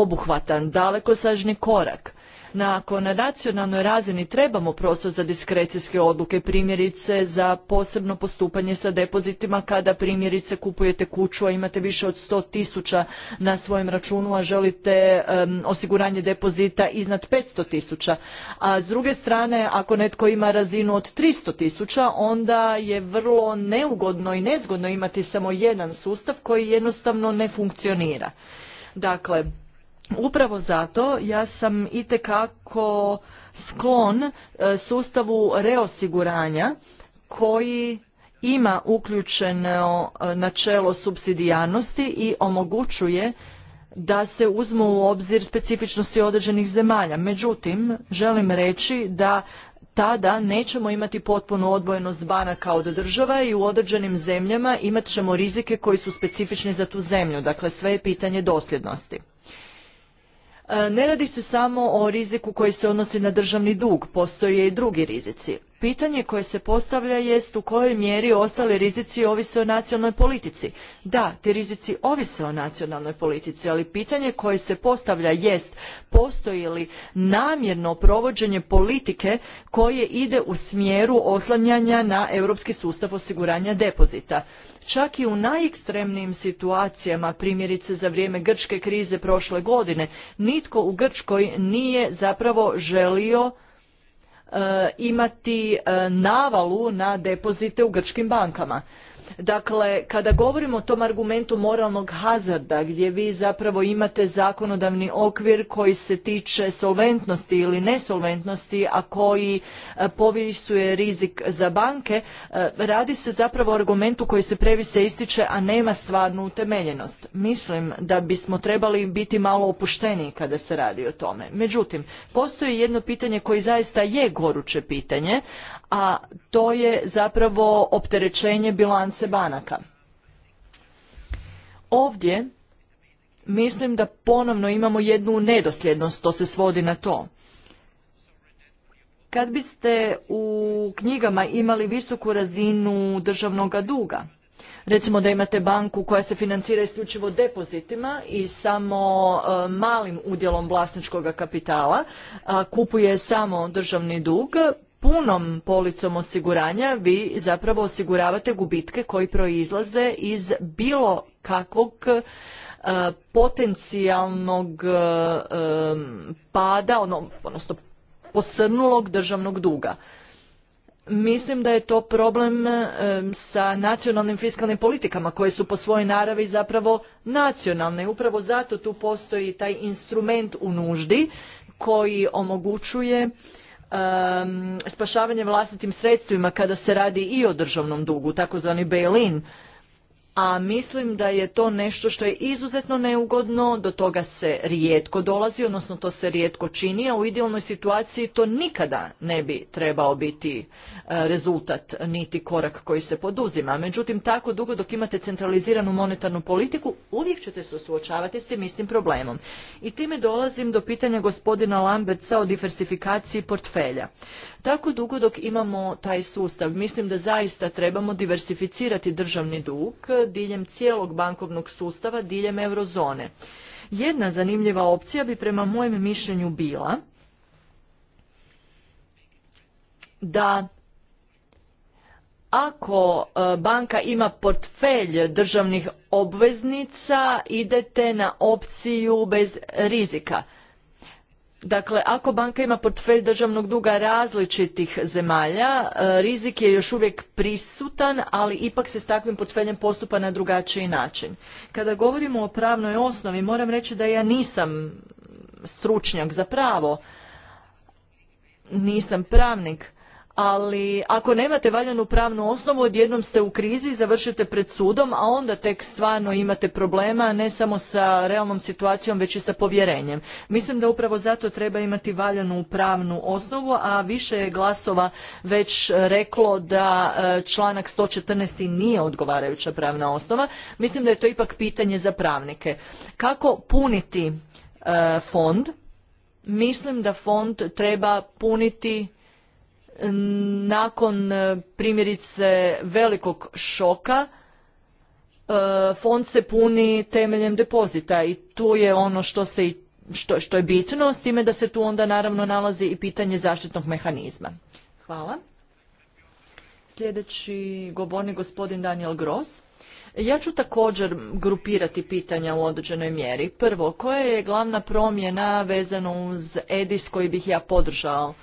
S3: obuhvatan, dalekosažni korak na ako na nacionalnoj razini trebamo prostor za diskrecijske odluke, primjerice za posebno postupanje sa depozitima kada primjerice kupujete kuću, a imate više od sto tisuća na svojem računu, a želite osiguranje depozita iznad petsto tisuća. A s druge strane, ako netko ima razinu od tristo tisuća, onda je vrlo neugodno i nezgodno imati samo jedan sustav koji jednostavno ne funkcionira. Dakle, Upravo zato ja sam itekako sklon e, sustavu reosiguranja koji ima uključeno e, načelo subsidijarnosti i omogućuje da se uzmu u obzir specifičnosti određenih zemalja. Međutim, želim reći da tada nećemo imati potpunu odvojenost banaka od država i u određenim zemljama imat ćemo rizike koji su specifični za tu zemlju. Dakle, sve je pitanje dosljednosti. E, ne radi se samo o riziku koji se odnosi na državni dug, postoje i drugi rizici. Pitanje koje se postavlja jest u kojoj mjeri ostali rizici ovise o nacionalnoj politici. Da, ti rizici ovise o nacionalnoj politici, ali pitanje koje se postavlja jest postoji li namjerno provođenje politike koje ide u smjeru oslanjanja na europski sustav osiguranja depozita. Čak i u najekstremnijim situacijama, primjerice za vrijeme grčke krize prošle godine, nitko u Grčkoj nije zapravo želio imati e, navalu na depozite u grčkim bankama. Dakle, kada govorimo o tom argumentu moralnog hazarda gdje vi zapravo imate zakonodavni okvir koji se tiče solventnosti ili nesolventnosti, a koji e, povisuje rizik za banke, e, radi se zapravo o argumentu koji se previše ističe, a nema stvarnu utemeljenost. Mislim da bismo trebali biti malo opušteniji kada se radi o tome. Međutim, postoji jedno pitanje koje zaista je goruće pitanje, a to je zapravo opterećenje bilance banaka. Ovdje mislim da ponovno imamo jednu nedosljednost, to se svodi na to. Kad biste u knjigama imali visoku razinu državnog duga, recimo da imate banku koja se financira isključivo depozitima i samo e, malim udjelom vlasničkog kapitala, kupuje samo državni dug, punom policom osiguranja vi zapravo osiguravate gubitke koji proizlaze iz bilo kakvog e, potencijalnog e, pada, ono, odnosno posrnulog državnog duga. Mislim da je to problem sa nacionalnim fiskalnim politikama koje su po svojoj naravi zapravo nacionalne. Upravo zato tu postoji taj instrument u nuždi koji omogućuje spašavanje vlastitim sredstvima kada se radi i o državnom dugu, takozvani bail-in a mislim da je to nešto što je izuzetno neugodno, do toga se rijetko dolazi, odnosno to se rijetko čini, a u idealnoj situaciji to nikada ne bi trebao biti e, rezultat niti korak koji se poduzima. Međutim, tako dugo dok imate centraliziranu monetarnu politiku, uvijek ćete se suočavati s tim istim problemom. I time dolazim do pitanja gospodina Lambertsa o diversifikaciji portfelja tako dugo dok imamo taj sustav. Mislim da zaista trebamo diversificirati državni dug eh, diljem cijelog bankovnog sustava, diljem eurozone. Jedna zanimljiva opcija bi prema mojem mišljenju bila da ako eh, banka ima portfelj državnih obveznica idete na opciju bez rizika Dakle, ako banka ima portfelj državnog duga različitih zemalja, e, rizik je još uvijek prisutan, ali ipak se s takvim portfeljem postupa na drugačiji način. Kada govorimo o pravnoj osnovi, moram reći da ja nisam stručnjak za pravo, nisam pravnik, ali ako nemate valjanu pravnu osnovu odjednom ste u krizi završite pred sudom a onda tek stvarno imate problema ne samo sa realnom situacijom već i sa povjerenjem mislim da upravo zato treba imati valjanu pravnu osnovu a više je glasova već reklo da e, članak 114. nije odgovarajuća pravna osnova mislim da je to ipak pitanje za pravnike kako puniti e, fond mislim da fond treba puniti nakon e, primjerice velikog šoka e, fond se puni temeljem depozita i tu je ono što se što, je bitno, s time da se tu onda naravno nalazi i pitanje zaštitnog mehanizma. Hvala. Sljedeći govornik gospodin Daniel Gross. Ja ću također grupirati pitanja u određenoj mjeri. Prvo, koja je glavna promjena vezana uz EDIS koji bih ja podržao?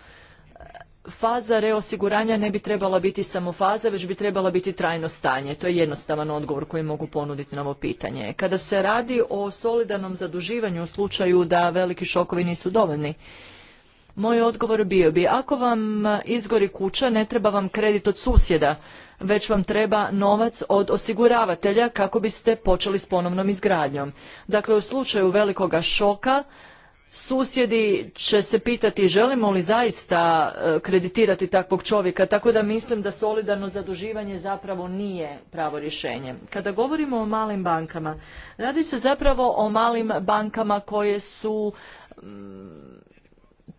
S3: faza reosiguranja ne bi trebala biti samo faza, već bi trebala biti trajno stanje. To je jednostavan odgovor koji mogu ponuditi na ovo pitanje. Kada se radi o solidarnom zaduživanju u slučaju da veliki šokovi nisu dovoljni, moj odgovor bio bi, ako vam izgori kuća, ne treba vam kredit od susjeda, već vam treba novac od osiguravatelja kako biste počeli s ponovnom izgradnjom. Dakle, u slučaju velikoga šoka, susjedi će se pitati želimo li zaista e, kreditirati takvog čovjeka, tako da mislim da solidarno zaduživanje zapravo nije pravo rješenje. Kada govorimo o malim bankama, radi se zapravo o malim bankama koje su mm,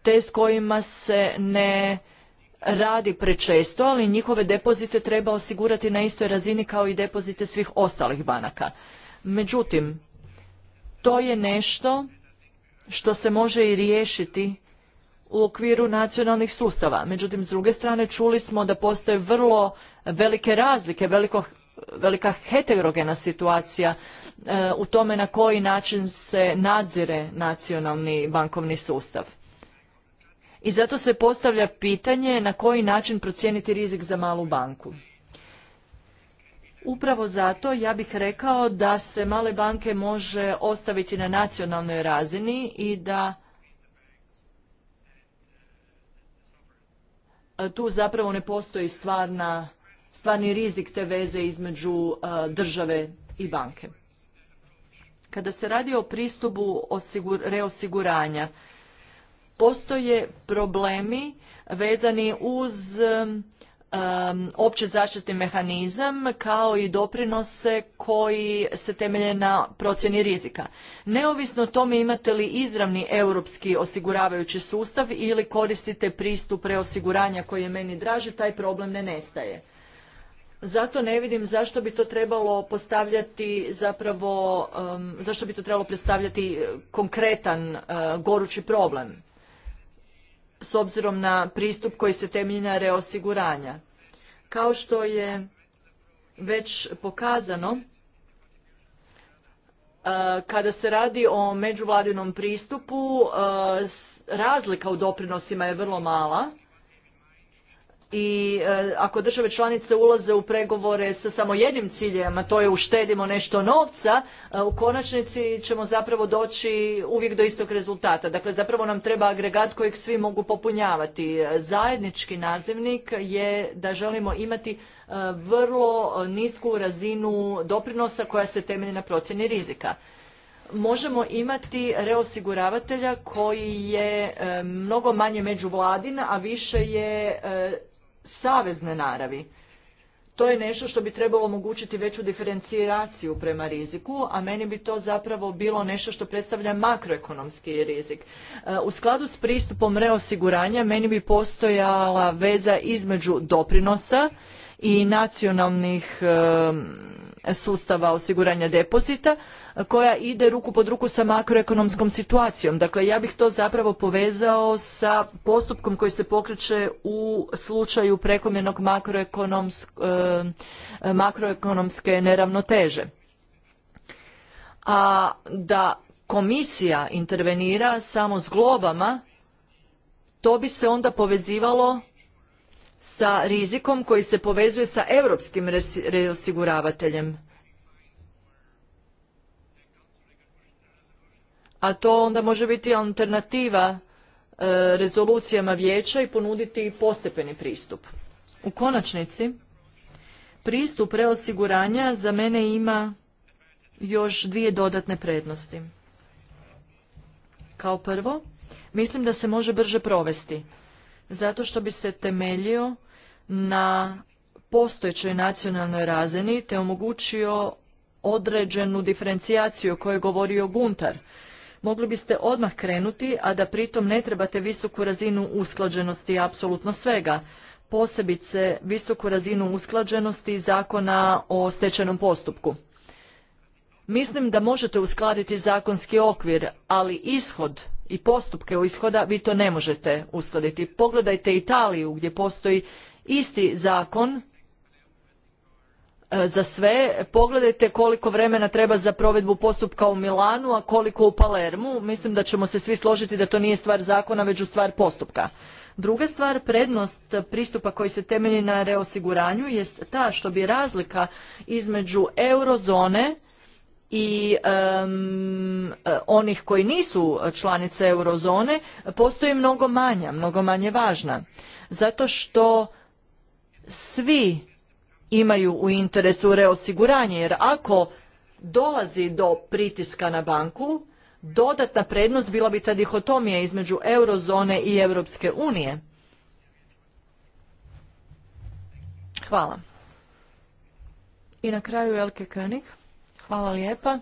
S3: te s kojima se ne radi prečesto, ali njihove depozite treba osigurati na istoj razini kao i depozite svih ostalih banaka. Međutim, to je nešto što se može i riješiti u okviru nacionalnih sustava. Međutim, s druge strane čuli smo da postoje vrlo velike razlike, velika heterogena situacija e, u tome na koji način se nadzire nacionalni bankovni sustav. I zato se postavlja pitanje na koji način procijeniti rizik za malu banku. Upravo zato ja bih rekao da se male banke može ostaviti na nacionalnoj razini i da e, tu zapravo ne postoji stvarna, stvarni rizik te veze između e, države i banke. Kada se radi o pristupu reosiguranja, postoje problemi vezani uz opće zaštitni mehanizam kao i doprinose koji se temelje na procjeni rizika. Neovisno o tome imate li izravni europski osiguravajući sustav ili koristite pristup preosiguranja koji je meni draži, taj problem ne nestaje. Zato ne vidim zašto bi to trebalo postavljati zapravo, zašto bi to trebalo predstavljati eh, konkretan eh, gorući problem s obzirom na pristup koji se temelji na reosiguranja. Kao što je već pokazano, e, kada se radi o međuvladinom pristupu, e, razlika u doprinosima je vrlo mala i e, ako države članice ulaze u pregovore sa samo jednim ciljem, a to je uštedimo nešto novca, e, u konačnici ćemo zapravo doći uvijek do istog rezultata. Dakle, zapravo nam treba agregat kojeg svi mogu popunjavati. Zajednički nazivnik je da želimo imati e, vrlo nisku razinu doprinosa koja se temelji na procjeni rizika možemo imati reosiguravatelja koji je mnogo manje međuvladin, a više je savezne naravi. To je nešto što bi trebalo omogućiti veću diferencijaciju prema riziku, a meni bi to zapravo bilo nešto što predstavlja makroekonomski rizik. E, u skladu s pristupom reosiguranja meni bi postojala veza između doprinosa i nacionalnih sustava osiguranja depozita koja ide ruku pod ruku sa makroekonomskom situacijom. Dakle, ja bih to zapravo povezao sa postupkom koji se pokreće u slučaju prekomjernog e, makroekonomske neravnoteže. A da komisija intervenira samo s globama, to bi se onda povezivalo sa rizikom koji se povezuje sa europskim reosiguravateljem. A to onda može biti alternativa e, rezolucijama vijeća i ponuditi postepeni pristup. U konačnici, pristup reosiguranja za mene ima još dvije dodatne prednosti. Kao prvo, mislim da se može brže provesti zato što bi se temeljio na postojećoj nacionalnoj razini te omogućio određenu diferencijaciju o kojoj je govorio Guntar. Mogli biste odmah krenuti, a da pritom ne trebate visoku razinu usklađenosti apsolutno svega, posebice visoku razinu usklađenosti zakona o stečenom postupku. Mislim da možete uskladiti zakonski okvir, ali ishod i postupke u ishoda, vi to ne možete uskladiti. Pogledajte Italiju gdje postoji isti zakon e, za sve. Pogledajte koliko vremena treba za provedbu postupka u Milanu, a koliko u Palermu. Mislim da ćemo se svi složiti da to nije stvar zakona, već u stvar postupka. Druga stvar, prednost pristupa koji se temelji na reosiguranju jest ta što bi razlika između eurozone i e, onih koji nisu članice eurozone postoji mnogo manja, mnogo manje važna. Zato što svi imaju u interesu reosiguranje, jer ako dolazi do pritiska na banku, dodatna prednost bila bi ta dihotomija između eurozone i Europske unije. Hvala. I na kraju Elke König. Hvala lijepa.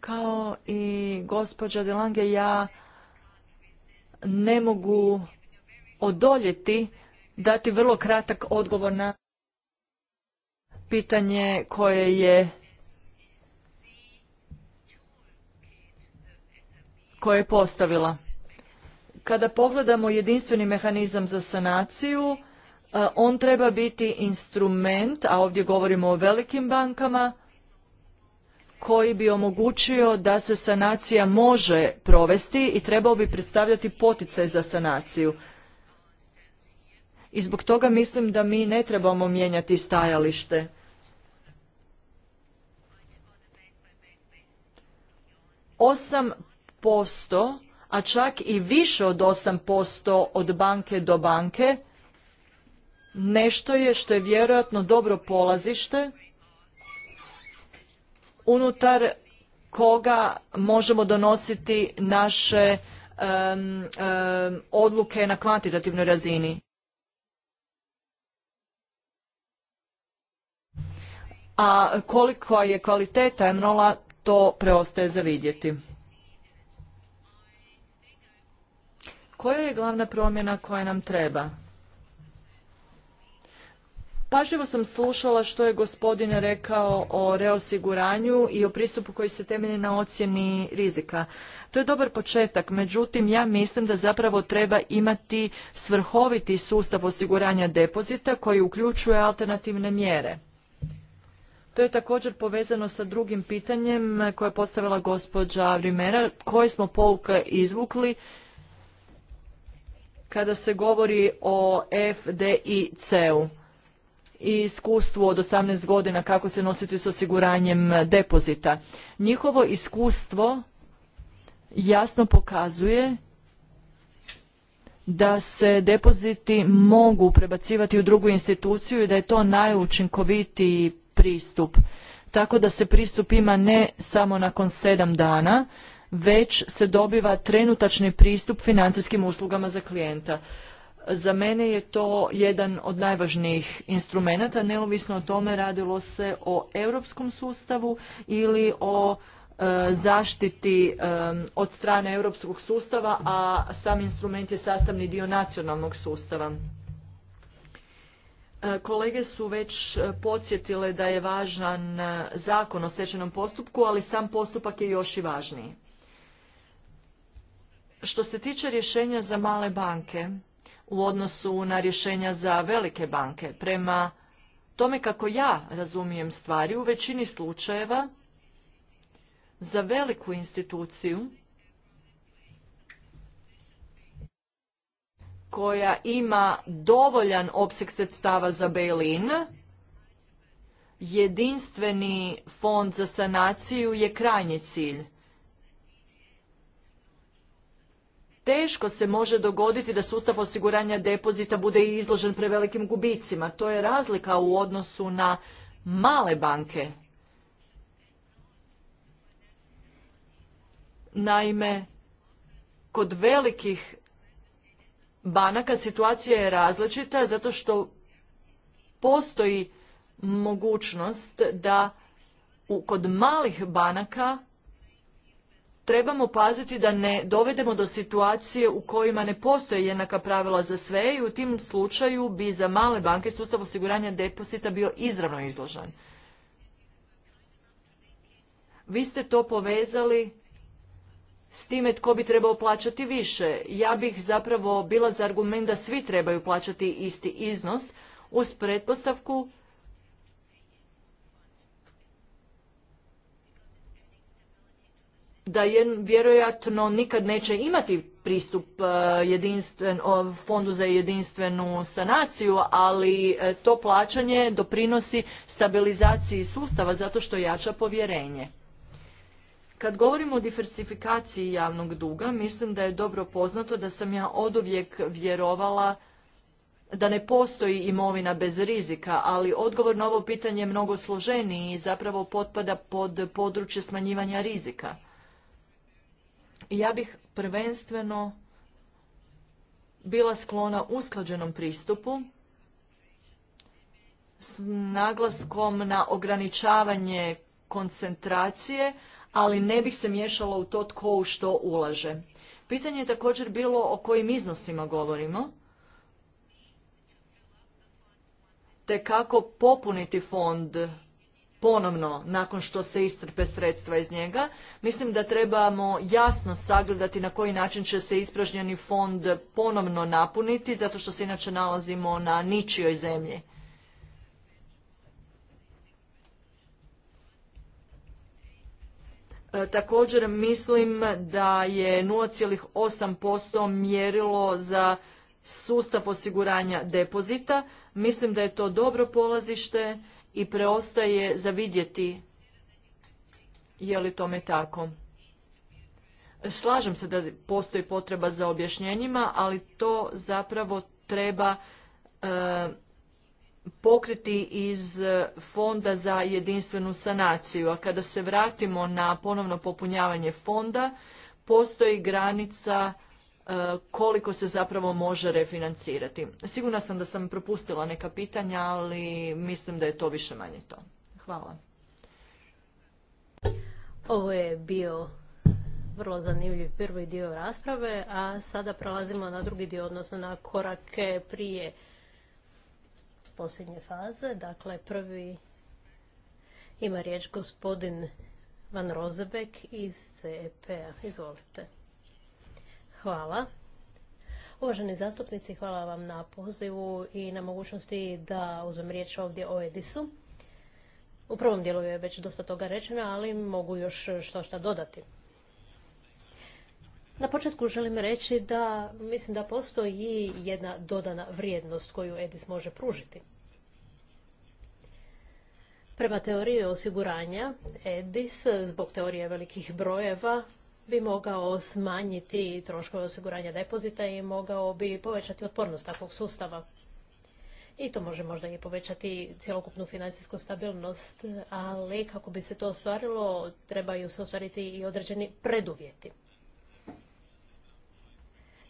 S3: Kao i gospođa Delange, ja ne mogu odoljeti dati vrlo kratak odgovor na pitanje koje je koje je postavila. Kada pogledamo jedinstveni mehanizam za sanaciju, eh, on treba biti instrument, a ovdje govorimo o velikim bankama, koji bi omogućio da se sanacija može provesti i trebao bi predstavljati poticaj za sanaciju. I zbog toga mislim da mi ne trebamo mijenjati stajalište. Osam posto, a čak i više od posto od banke do banke, nešto je što je vjerojatno dobro polazište unutar koga možemo donositi naše odluke na kvantitativnoj razini. A koliko je kvaliteta Emrola, to preostaje za vidjeti. Koja je glavna promjena koja nam treba? Pažljivo sam slušala što je gospodin rekao o reosiguranju i o pristupu koji se temelji na ocjeni rizika. To je dobar početak, međutim ja mislim da zapravo treba imati svrhoviti sustav osiguranja depozita koji uključuje alternativne mjere. To je također povezano sa drugim pitanjem koje je postavila gospođa Vrimera, koje smo pouke izvukli kada se govori o FDIC-u i iskustvu od 18 godina kako se nositi s osiguranjem depozita. Njihovo iskustvo jasno pokazuje da se depoziti mogu prebacivati u drugu instituciju i da je to najučinkovitiji pristup. Tako da se pristup ima ne samo nakon sedam dana, već se dobiva trenutačni pristup financijskim uslugama za klijenta. Za mene je to jedan od najvažnijih instrumenata, neovisno o tome radilo se o europskom sustavu ili o e, zaštiti e, od strane europskog sustava, a sam instrument je sastavni dio nacionalnog sustava. E, kolege su već podsjetile da je važan zakon o stečenom postupku, ali sam postupak je još i važniji. Što se tiče rješenja za male banke, u odnosu na rješenja za velike banke. Prema tome kako ja razumijem stvari, u većini slučajeva za veliku instituciju koja ima dovoljan opseg sredstava za bail-in, jedinstveni fond za sanaciju je krajnji cilj. teško se može dogoditi da sustav osiguranja depozita bude izložen prevelikim gubicima. To je razlika u odnosu na male banke. Naime, kod velikih banaka situacija je različita zato što postoji mogućnost da kod malih banaka trebamo paziti da ne dovedemo do situacije u kojima ne postoje jednaka pravila za sve i u tim slučaju bi za male banke sustav osiguranja depozita bio izravno izložen. Vi ste to povezali s time tko bi trebao plaćati više. Ja bih zapravo bila za argument da svi trebaju plaćati isti iznos uz pretpostavku da je vjerojatno nikad neće imati pristup e, jedinstven, fondu za jedinstvenu sanaciju, ali e, to plaćanje doprinosi stabilizaciji sustava zato što jača povjerenje. Kad govorimo o diversifikaciji javnog duga, mislim da je dobro poznato da sam ja oduvijek vjerovala da ne postoji imovina bez rizika, ali odgovor na ovo pitanje je mnogo složeniji i zapravo potpada pod područje smanjivanja rizika ja bih prvenstveno bila sklona usklađenom pristupu s naglaskom na ograničavanje koncentracije, ali ne bih se miješala u to tko u što ulaže. Pitanje je također bilo o kojim iznosima govorimo, te kako popuniti fond ponovno nakon što se istrpe sredstva iz njega. Mislim da trebamo jasno sagledati na koji način će se ispražnjeni fond ponovno napuniti, zato što se inače nalazimo na ničijoj zemlji. E, također mislim da je 0,8% mjerilo za sustav osiguranja depozita. Mislim da je to dobro polazište i preostaje za vidjeti je li tome tako. Slažem se da postoji potreba za objašnjenjima, ali to zapravo treba e, pokriti iz fonda za jedinstvenu sanaciju. A kada se vratimo na ponovno popunjavanje fonda, postoji granica E, koliko se zapravo može refinancirati. Sigurna sam da sam propustila neka pitanja, ali mislim da je to više manje to.
S2: Hvala. Ovo je bio vrlo zanimljiv prvi dio rasprave, a sada prelazimo na drugi dio, odnosno na korake prije posljednje faze. Dakle, prvi ima riječ gospodin Van Rozebek iz CEP-a. Izvolite. Hvala. Uvaženi zastupnici, hvala vam na pozivu i na mogućnosti da uzmem riječ ovdje o Edisu. U prvom dijelu je već dosta toga rečeno, ali mogu još što šta dodati. Na početku želim reći da mislim da postoji jedna dodana vrijednost koju EDIS može pružiti. Prema teoriji osiguranja, EDIS, zbog teorije velikih brojeva, bi mogao smanjiti troškove osiguranja depozita i mogao bi povećati otpornost takvog sustava. I to može možda i povećati cjelokupnu financijsku stabilnost, ali kako bi se to ostvarilo, trebaju se ostvariti i određeni preduvjeti.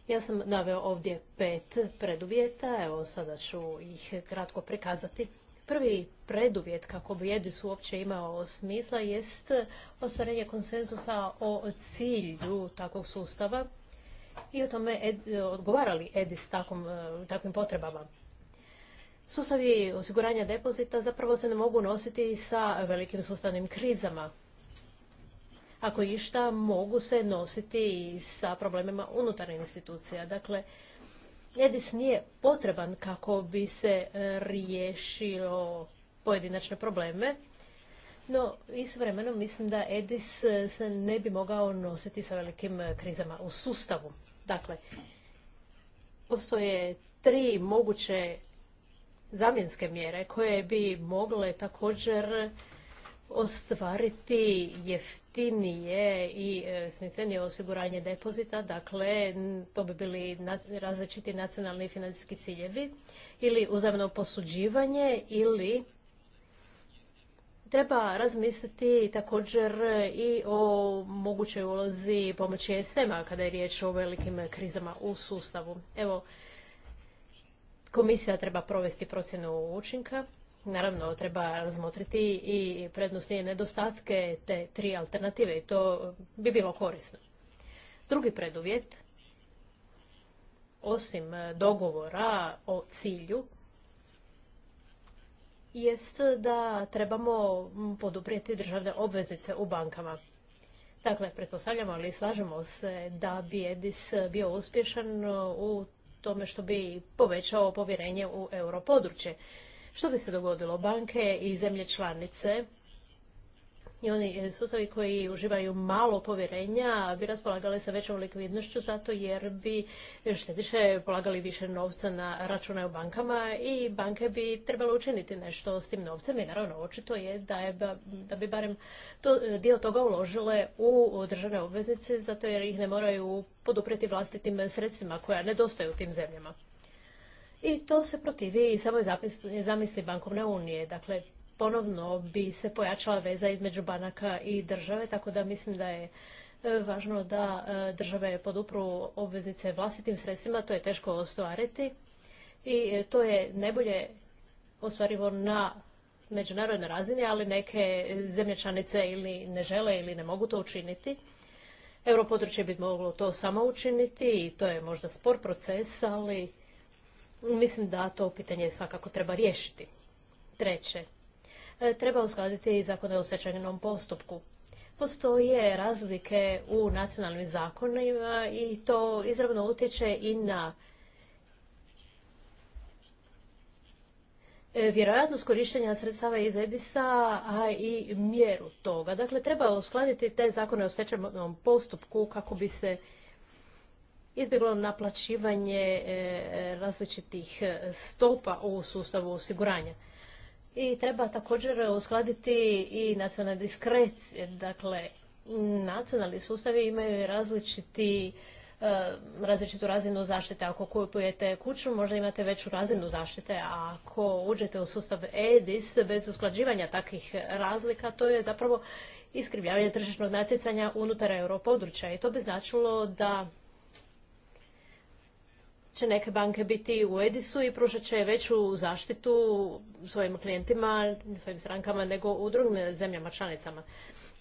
S2: Ja sam naveo ovdje pet preduvjeta, evo sada ću ih kratko prikazati. Prvi preduvjet kako bi Edis uopće imao smisla jest ostvarenje konsenzusa o cilju takvog sustava i o tome odgovarali Edis e, takvim potrebama. Sustavi osiguranja depozita zapravo se ne mogu nositi sa velikim sustavnim krizama. Ako išta, mogu se nositi i sa problemima unutar institucija. Dakle, EDIS nije potreban kako bi se e, riješilo pojedinačne probleme, no istovremeno mislim da EDIS e, se ne bi mogao nositi sa velikim e, krizama u sustavu. Dakle, postoje tri moguće zamjenske mjere koje bi mogle također ostvariti jeftinije i e, smislenije osiguranje depozita, dakle to bi bili različiti nacionalni i financijski ciljevi ili uzavno posuđivanje ili treba razmisliti također i o mogućoj ulozi pomoći SM-a kada je riječ o velikim krizama u sustavu. Evo, komisija treba provesti procjenu učinka Naravno, treba razmotriti i prednosti i nedostatke te tri alternative i to bi bilo korisno. Drugi preduvjet, osim dogovora o cilju, jest da trebamo poduprijeti državne obveznice u bankama. Dakle, pretpostavljamo ali slažemo se da bi EDIS bio uspješan u tome što bi povećao povjerenje u europodručje. Što bi se dogodilo? Banke i zemlje članice i oni sustavi koji uživaju malo povjerenja bi raspolagali sa većom likvidnošću zato jer bi štediše polagali više novca na račune u bankama i banke bi trebale učiniti nešto s tim novcem i naravno očito je da, da bi barem to, dio toga uložile u državne obveznice zato jer ih ne moraju podupreti vlastitim sredstvima koja nedostaju u tim zemljama i to se protivi i samoj zamisli bankovne unije. Dakle, ponovno bi se pojačala veza između banaka i države, tako da mislim da je e, važno da e, države podupru obveznice vlastitim sredstvima, to je teško ostvariti i e, to je najbolje ostvarivo na međunarodnoj razini, ali neke zemlje ili ne žele ili ne mogu to učiniti. Europodručje bi moglo to samo učiniti i to je možda spor proces, ali Mislim da to pitanje svakako treba riješiti. Treće, e, treba uskladiti zakone o stečajnom postupku. Postoje razlike u nacionalnim zakonima i to izravno utječe i na
S5: e, vjerojatnost
S2: korištenja sredstava iz EDIS-a, a i mjeru toga. Dakle, treba uskladiti te zakone o stečajnom postupku kako bi se izbjeglo naplaćivanje e, različitih e, stopa u sustavu osiguranja. I treba također uskladiti i nacionalne diskrecije. Dakle, nacionalni sustavi imaju različiti e, različitu razinu zaštite. Ako kupujete kuću, možda imate veću razinu zaštite, a ako uđete u sustav EDIS bez usklađivanja takvih razlika, to je zapravo iskrivljavanje tržišnog natjecanja unutar europodručja. I to bi značilo da će neke banke biti u Edisu i pružat će veću zaštitu svojim klijentima, svojim strankama nego u drugim zemljama članicama.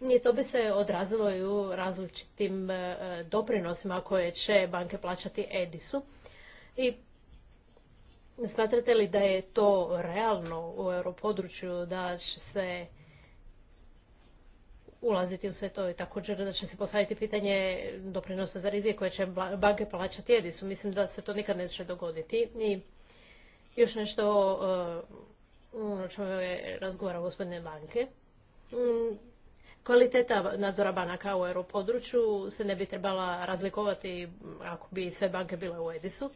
S2: I to bi se odrazilo i u različitim e, doprinosima koje će banke plaćati Edisu. I smatrate li da je to realno u europodručju, da će se ulaziti u sve to i također da će se postaviti pitanje doprinosa za rizik koje će banke plaćati Edisu. Mislim da se to nikad neće dogoditi. I još nešto o e, ono čemu je razgovarao gospodine banke. Mm, kvaliteta nadzora banaka u europodručju se ne bi trebala razlikovati ako bi sve banke bile u Edisu.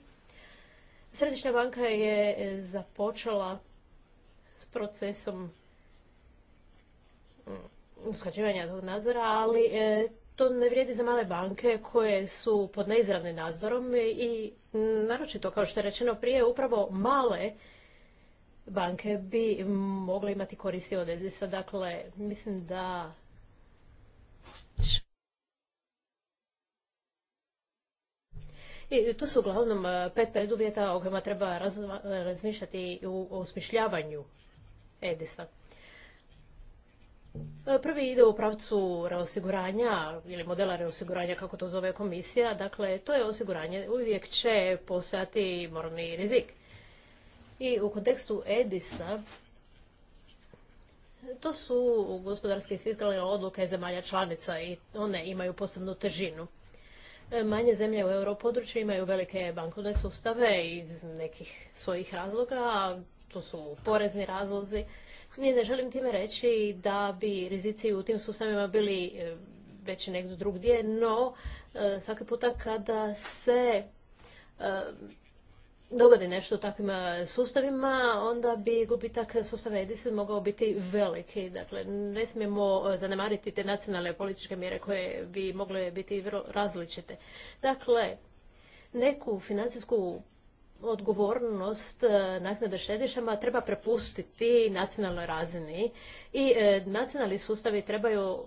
S2: Središnja banka je započela s procesom mm, usklađivanja tog nadzora, ali e, to ne vrijedi za male banke koje su pod neizravnim nadzorom i naročito, kao što je rečeno prije, upravo male banke bi mogle imati koristi od EZIS-a. Dakle, mislim da I to su uglavnom e, pet preduvjeta o kojima treba razmišljati u osmišljavanju Edisa. E, prvi ide u pravcu reosiguranja ili modela reosiguranja kako to zove komisija. Dakle, to je osiguranje. Uvijek će postojati moralni rizik. I u kontekstu Edisa to su gospodarske i fiskalne odluke zemalja članica i one imaju posebnu težinu. E, manje zemlje u europodručju imaju velike bankovne sustave iz nekih svojih razloga, to su porezni razlozi, ne, ne želim time reći da bi rizici u tim sustavima bili e, već negdje drugdje, no e, svaki puta kada se e, dogodi nešto u takvim sustavima, onda bi gubitak sustava Edison mogao biti veliki. Dakle, ne smijemo zanemariti te nacionalne političke mjere koje bi mogle biti vrlo različite. Dakle, neku financijsku odgovornost e, naknade štedišama treba prepustiti nacionalnoj razini i e, nacionalni sustavi trebaju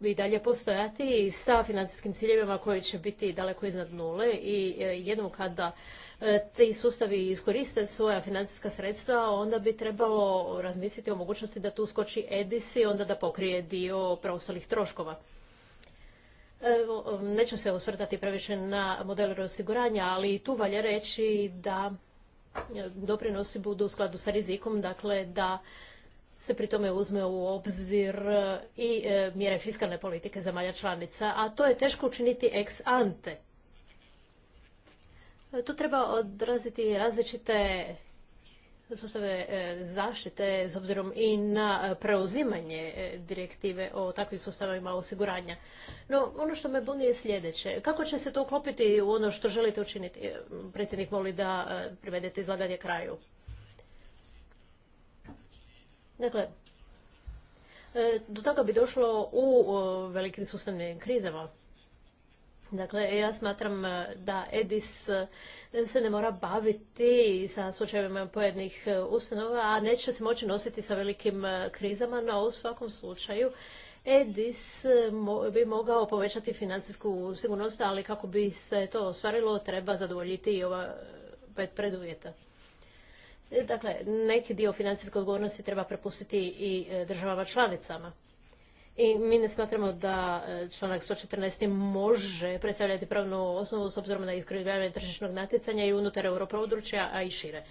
S2: i dalje postojati sa financijskim ciljevima koji će biti daleko iznad nule i e, jednom kada ti sustavi iskoriste svoja financijska sredstva, onda bi trebalo razmisliti o mogućnosti da tu skoči EDIS i onda da pokrije dio preostalih troškova neću se osvrtati previše na model osiguranja, ali tu valja reći da e, doprinosi budu u skladu sa rizikom, dakle da se pri tome uzme u obzir e, i e, mjere fiskalne politike zemalja članica, a to je teško učiniti ex ante. Tu treba odraziti različite sustave e, zaštite s obzirom i na e, preuzimanje e, direktive o takvim sustavima osiguranja. No, ono što me buni je sljedeće. Kako će se to uklopiti u ono što želite učiniti? Predsjednik moli da privedete izlaganje kraju. Dakle, do toga bi došlo u velikim sustavnim krizama. Dakle, ja smatram eh, da EDIS eh, se ne mora baviti sa slučajevima pojednih eh, ustanova, a neće se moći nositi sa velikim krizama, no u svakom slučaju EDIS bi mogao povećati financijsku sigurnost, ali kako bi se to ostvarilo treba zadovoljiti i ova pet preduvjeta. Dakle, neki dio financijske odgovornosti treba prepustiti i državama članicama. I mi ne smatramo da e, članak 114. može predstavljati pravnu osnovu s obzirom na iskrivljavanje tržišnog natjecanja i unutar europodručja, a i šire.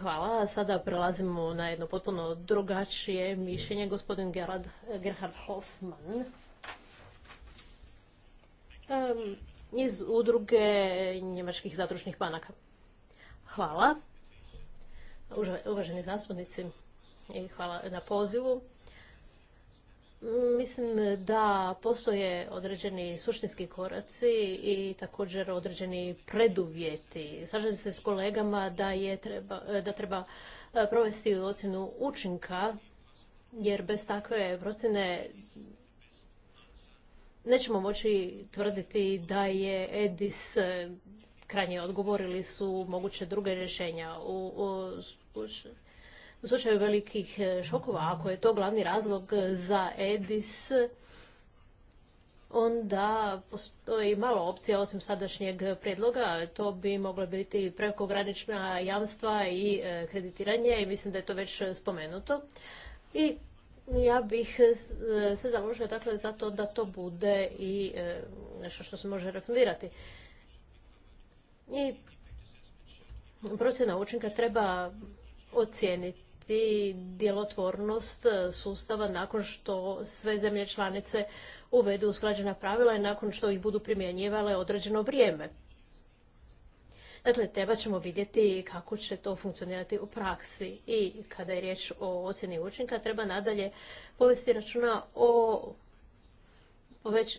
S2: Hvala. Sada prelazimo na jedno potpuno drugačije mišljenje. Gospodin Gerhard, Gerhard Hoffman iz udruge njemačkih zadružnih banaka. Hvala. Uvaženi zastupnici, i hvala na pozivu. Mislim da postoje određeni suštinski koraci i također određeni preduvjeti. Slažem se s kolegama da, je treba, da treba e, provesti ocjenu učinka, jer bez takve procjene nećemo moći tvrditi da je EDIS e, krajnje odgovorili su moguće druge rješenja. U, u, u slučaju velikih e, šokova, ako je to glavni razlog e, za EDIS, onda postoji malo opcija osim sadašnjeg predloga. To bi moglo biti prekogranična jamstva i e, kreditiranje i mislim da je to već spomenuto. I ja bih se založila dakle, za to da to bude i nešto što se može refundirati. I procjena učinka treba ocijeniti i djelotvornost sustava nakon što sve zemlje članice uvedu usklađena pravila i nakon što ih budu primjenjivale određeno vrijeme. Dakle, treba ćemo vidjeti kako će to funkcionirati u praksi i kada je riječ o ocjeni učinka, treba nadalje povesti računa o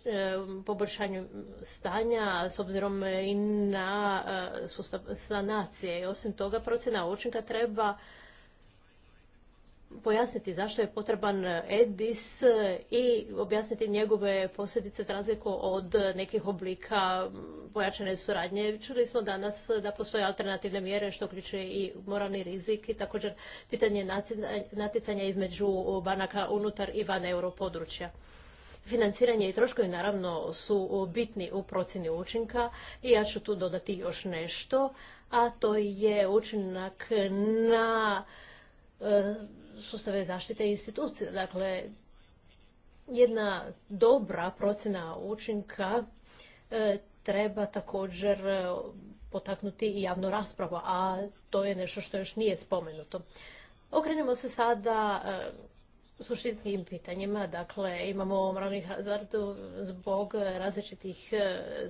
S2: e, poboljšanju stanja s obzirom i na e, sustav sanacije. I osim toga, procjena učinka treba pojasniti zašto je potreban EDIS i objasniti njegove posljedice za razliku od nekih oblika pojačane suradnje. Čuli smo danas da postoje alternativne mjere što uključuje i moralni rizik i također pitanje natjecanja između banaka unutar i van europodručja. Financiranje i troškovi naravno su bitni u procjeni učinka i ja ću tu dodati još nešto, a to je učinak na e, sustave zaštite institucije. Dakle, jedna dobra procjena učinka e, treba također e, potaknuti i javnu raspravu, a to je nešto što još nije spomenuto. Okrenimo se sada e, suštinskim pitanjima. Dakle, imamo moralni hazard zbog različitih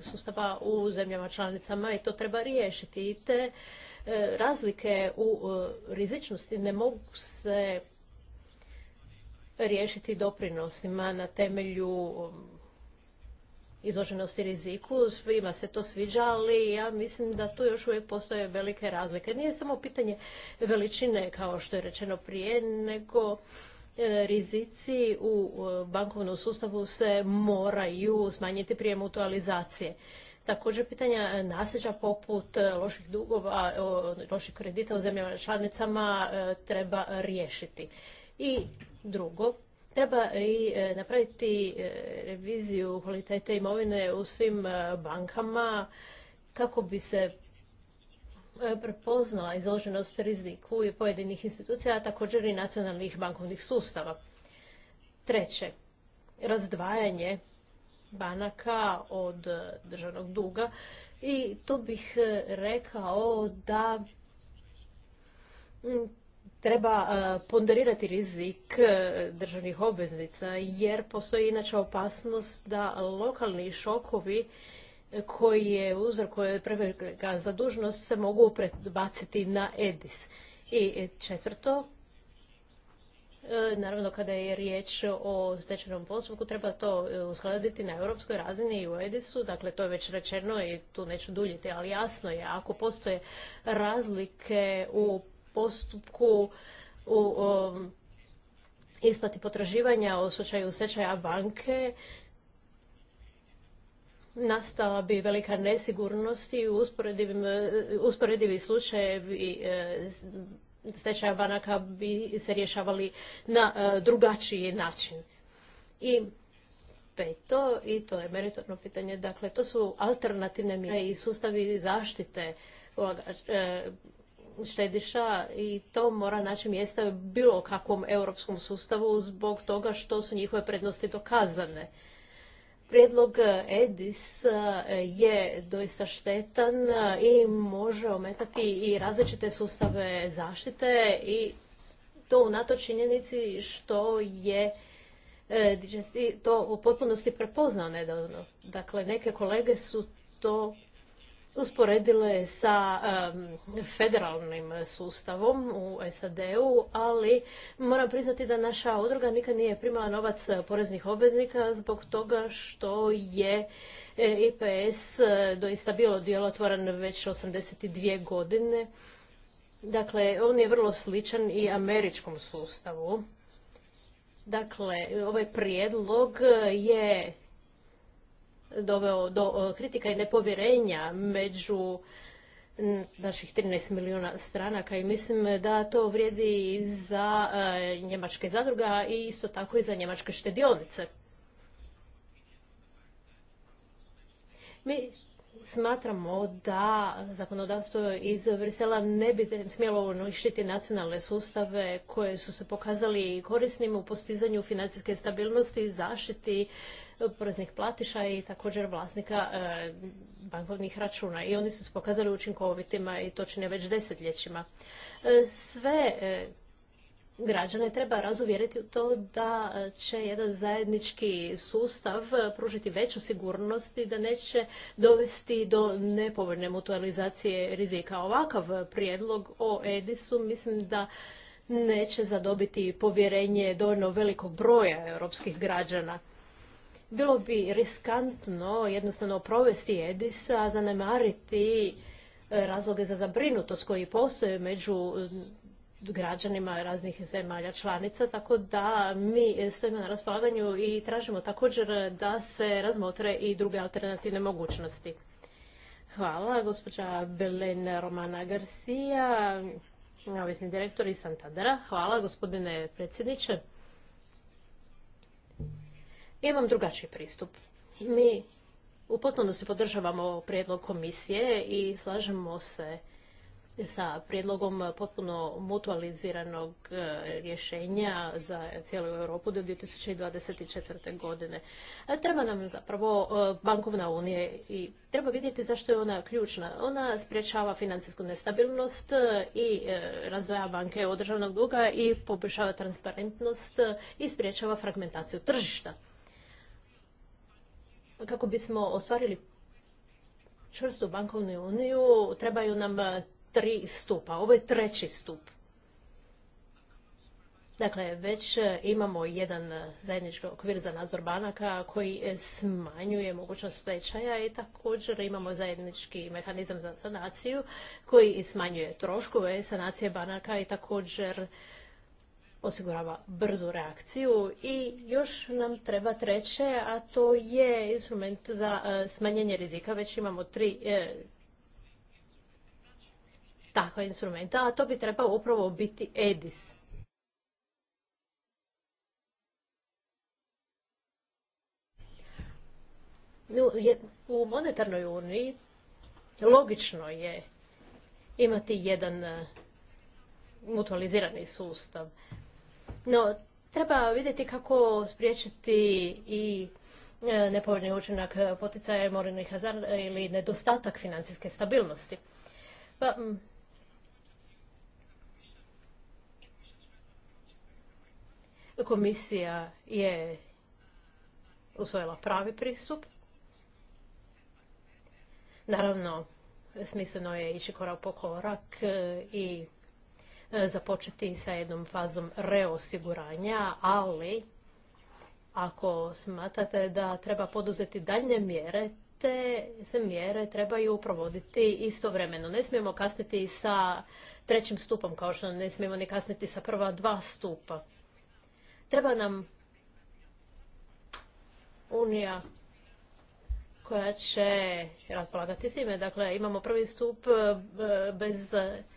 S2: sustava u zemljama članicama i to treba riješiti. I te E, razlike u e, rizičnosti ne mogu se riješiti doprinosima na temelju um, izloženosti riziku. Svima se to sviđa, ali ja mislim da tu još uvijek postoje velike razlike. Nije samo pitanje veličine, kao što je rečeno prije, nego e, rizici u bankovnom sustavu se moraju smanjiti prije mutualizacije. Također pitanja e, nasljeđa poput e, loših dugova, e, loših kredita u zemljama članicama treba riješiti. I drugo, treba i napraviti reviziju kvalitete imovine u svim bankama kako bi se prepoznala izloženost riziku i pojedinih institucija, a također i nacionalnih bankovnih sustava. Treće, razdvajanje banaka od e, državnog duga i tu bih e, rekao da mm, treba e, ponderirati rizik državnih obveznica jer postoji inače opasnost da lokalni šokovi koji uzrokuje prevelika dužnost se mogu prebaciti na EDIS. I četvrto, E, naravno, kada je riječ o stečenom postupku, treba to e, uskladiti na europskoj razini i u EDIS-u. Dakle, to je već rečeno i tu neću duljiti, ali jasno je, ako postoje razlike u postupku, u isplati potraživanja u slučaju stečaja banke, nastala bi velika nesigurnost i e, usporedivi slučajevi stečaja banaka bi se rješavali na e, drugačiji način. I peto, i to je meritorno pitanje, dakle to su alternativne mjere i sustavi zaštite e, štediša i to mora naći mjesta u bilo kakvom europskom sustavu zbog toga što su njihove prednosti dokazane. Prijedlog e, EDIS e, je doista štetan e, i može ometati i različite sustave zaštite i to u NATO činjenici što je to u potpunosti prepoznao nedavno. Dakle, neke kolege su to usporedile sa federalnim sustavom u SAD-u, ali moram priznati da naša udruga nikad nije primala novac poreznih obveznika zbog toga što je e, IPS doista bio djelotvoran već 82 godine. Dakle, on je vrlo sličan i američkom sustavu. Dakle, ovaj prijedlog je doveo do e, kritika i nepovjerenja među naših 13 milijuna stranaka i mislim da to vrijedi za e, njemačke zadruga i isto tako i za njemačke štedionice. Mi smatramo da zakonodavstvo iz Brisela ne bi smjelo uništiti nacionalne sustave koje su se pokazali korisnim u postizanju financijske stabilnosti, zaštiti poreznih platiša i također vlasnika e, bankovnih računa. I oni su se pokazali učinkovitima i to čine već desetljećima. E, sve e, građane treba razuvjeriti u to da e, će jedan zajednički sustav e, pružiti veću sigurnost i da neće dovesti do nepovoljne mutualizacije rizika. Ovakav prijedlog o Edisu mislim da neće zadobiti povjerenje dovoljno velikog broja europskih građana. Bilo bi riskantno jednostavno provesti EDIS-a a zanemariti e, razloge za zabrinutost koji postoje među građanima raznih zemalja članica, tako da mi stojimo na raspolaganju i tražimo također da se razmotre i druge alternativne mogućnosti. Hvala, gospođa Belen Romana Garcia, neovisni direktor iz Santadera. Hvala, gospodine predsjedniče. Imam drugačiji pristup. Mi u potpunosti podržavamo prijedlog komisije i slažemo se sa prijedlogom potpuno mutualiziranog e, rješenja za cijelu Europu do 2024. godine. E, treba nam zapravo e, bankovna unija i treba vidjeti zašto je ona ključna. Ona sprječava financijsku nestabilnost i razvoja banke od državnog duga i poboljšava transparentnost i sprječava fragmentaciju tržišta. Kako bismo ostvarili čvrstu bankovnu uniju trebaju nam tri stupa. Ovo je treći stup. Dakle, već e, imamo jedan e, zajednički okvir za nadzor banaka koji e, smanjuje mogućnost stečaja i također imamo zajednički mehanizam za sanaciju koji smanjuje troškove sanacije banaka i također osigurava brzu reakciju i još nam treba treće, a to je instrument za smanjenje rizika. Već imamo tri, takva instrumenta, a to bi trebao upravo biti EDIS. U monetarnoj uniji logično je imati jedan e, mutualizirani sustav. No, treba vidjeti kako spriječiti i e, nepovoljni učinak poticaja morinih hazarda ili nedostatak financijske stabilnosti. Pa, Komisija je usvojila pravi pristup. Naravno, smisleno je ići korak po korak e, i e, započeti sa jednom fazom reosiguranja, ali ako smatrate da treba poduzeti daljne mjere, te se mjere trebaju provoditi istovremeno. Ne smijemo kasniti sa trećim stupom, kao što ne smijemo ni kasniti sa prva dva stupa. Treba nam unija koja će raspolagati svime. Dakle, imamo prvi stup e, bez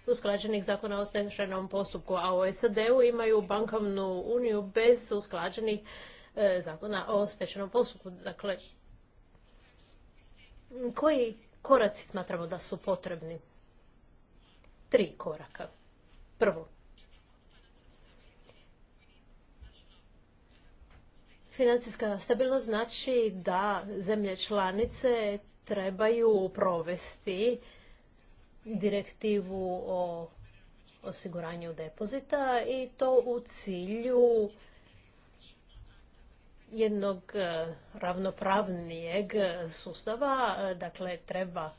S2: usklađenih zakona o stečajnom postupku, a u SAD-u imaju bankovnu uniju bez usklađenih e, zakona o stečajnom postupku. Dakle, koji koraci smatramo da su potrebni? Tri koraka. Prvo, Financijska stabilnost znači da zemlje članice trebaju provesti direktivu o osiguranju depozita i to u cilju jednog eh, ravnopravnijeg sustava, dakle treba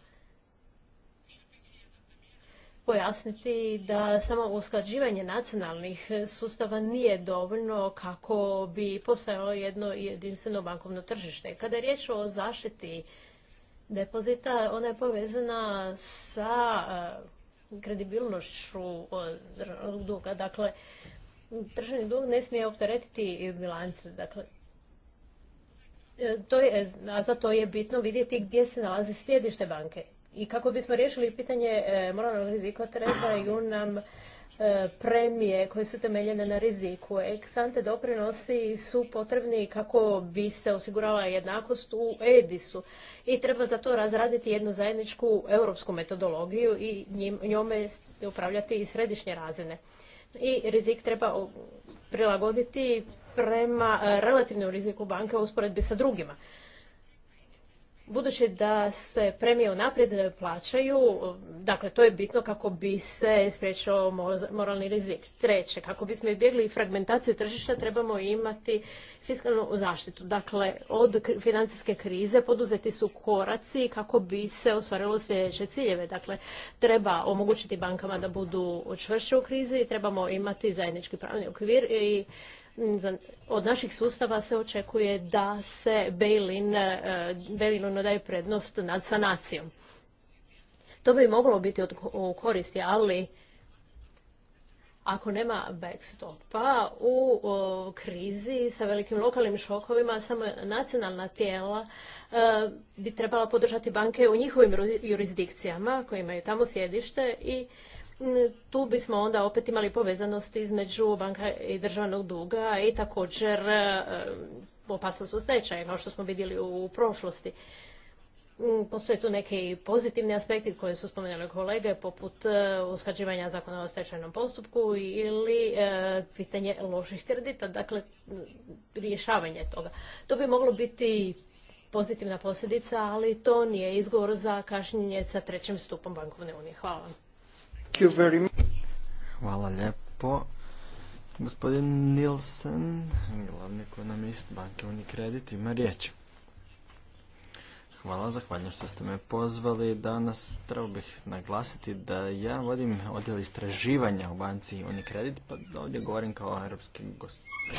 S2: pojasniti da samo usklađivanje nacionalnih sustava nije dovoljno kako bi postojalo jedno jedinstveno bankovno tržište. Kada je riječ o zaštiti depozita, ona je povezana sa e, kredibilnošću e, duga. Dakle, državni dug ne smije opteretiti bilance. Dakle, e, to je, a za to je bitno vidjeti gdje se nalazi sjedište banke. I kako bismo riješili pitanje e, moralnog rizika, trebaju nam e, premije koje su temeljene na riziku. Eksante doprinosi su potrebni kako bi se osigurala jednakost u EDIS-u i treba za to razraditi jednu zajedničku europsku metodologiju i njome upravljati i središnje razine. I rizik treba prilagoditi prema e, relativnom riziku banke u usporedbi sa drugima. Budući da se premije unaprijed plaćaju, dakle to je bitno kako bi se spriječio moralni rizik. Treće, kako bismo izbjegli fragmentaciju tržišta trebamo imati fiskalnu zaštitu. Dakle, od financijske krize poduzeti su koraci kako bi se ostvarilo sljedeće ciljeve. Dakle, treba omogućiti bankama da budu čvršće u krizi, trebamo imati zajednički pravni okvir i od naših sustava se očekuje da se bail-in, e, daje prednost nad sanacijom. To bi moglo biti u koristi, ali ako nema backstopa u krizi sa velikim lokalnim šokovima, samo nacionalna tijela e, bi trebala podržati banke u njihovim jurisdikcijama koje imaju tamo sjedište i tu bismo onda opet imali povezanost između banka i državnog duga i također e, opasnost od stečaja, kao što smo vidjeli u prošlosti. Mm, postoje tu neki pozitivni aspekti koje su spomenuli kolege, poput e, usklađivanja zakona o stečajnom postupku ili e, pitanje loših kredita, dakle mm, rješavanje toga. To bi moglo biti pozitivna posljedica, ali to nije izgovor za kašnjenje sa trećim stupom bankovne unije. Hvala vam.
S1: Hvala
S4: lijepo. Gospodin Nilsen, glavni ekonomist banke Unikredit, ima riječ. Hvala, zahvaljujem što ste me pozvali. Danas trebao bih naglasiti da ja vodim odjel istraživanja u banci Unikredit, pa ovdje govorim kao europski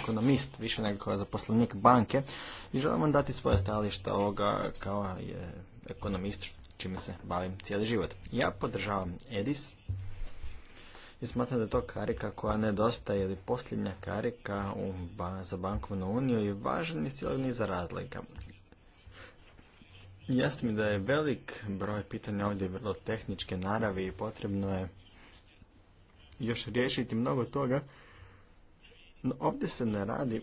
S4: ekonomist, više nego kao zaposlenik banke i želim vam dati svoje stajališta ovoga kao je ekonomist čime se bavim cijeli život. Ja podržavam EDIS, i smatram da je to karika koja nedostaje ili posljednja karika u za bankovnu uniju i važan je cijeli niz razlika. Jasno mi da je velik broj pitanja ovdje vrlo tehničke naravi i potrebno je još riješiti mnogo toga. No ovdje se ne radi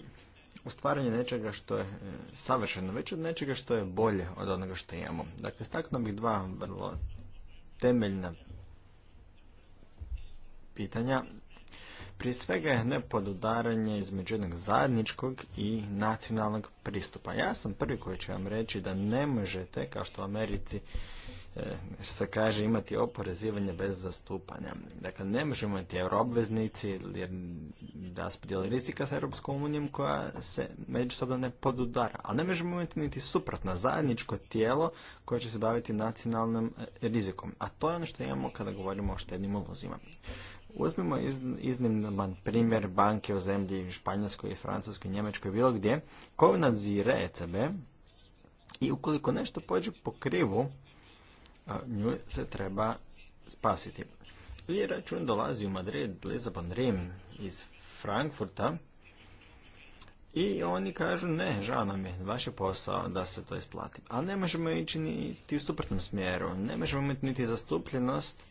S4: o stvaranju nečega što je e, savršeno, već od nečega što je bolje od onoga što imamo. Dakle, staknuo bih dva vrlo temeljna pitanja. Prije svega je nepodudaranje između jednog zajedničkog i nacionalnog pristupa. Ja sam prvi koji će vam reći da ne možete, kao što u Americi e, se kaže, imati oporezivanje bez zastupanja. Dakle, ne možemo imati euroobveznici ili raspodijeli rizika sa Europskom unijom koja se međusobno ne podudara. Ali ne možemo imati niti suprotno zajedničko tijelo koje će se baviti nacionalnim e, rizikom. A to je ono što imamo kada govorimo o štednim ulozima. Uzmimo izniman primjer banke u zemlji Španjolskoj, Francuskoj, Njemačkoj, bilo gdje, ko nadzire ECB i ukoliko nešto pođe po krivu, nju se treba spasiti. I račun dolazi u Madrid, Lisabon, Rim iz Frankfurta i oni kažu ne, žao nam je, vaš je posao da se to isplati. A ne možemo ići niti u suprotnom smjeru, ne možemo imati niti zastupljenost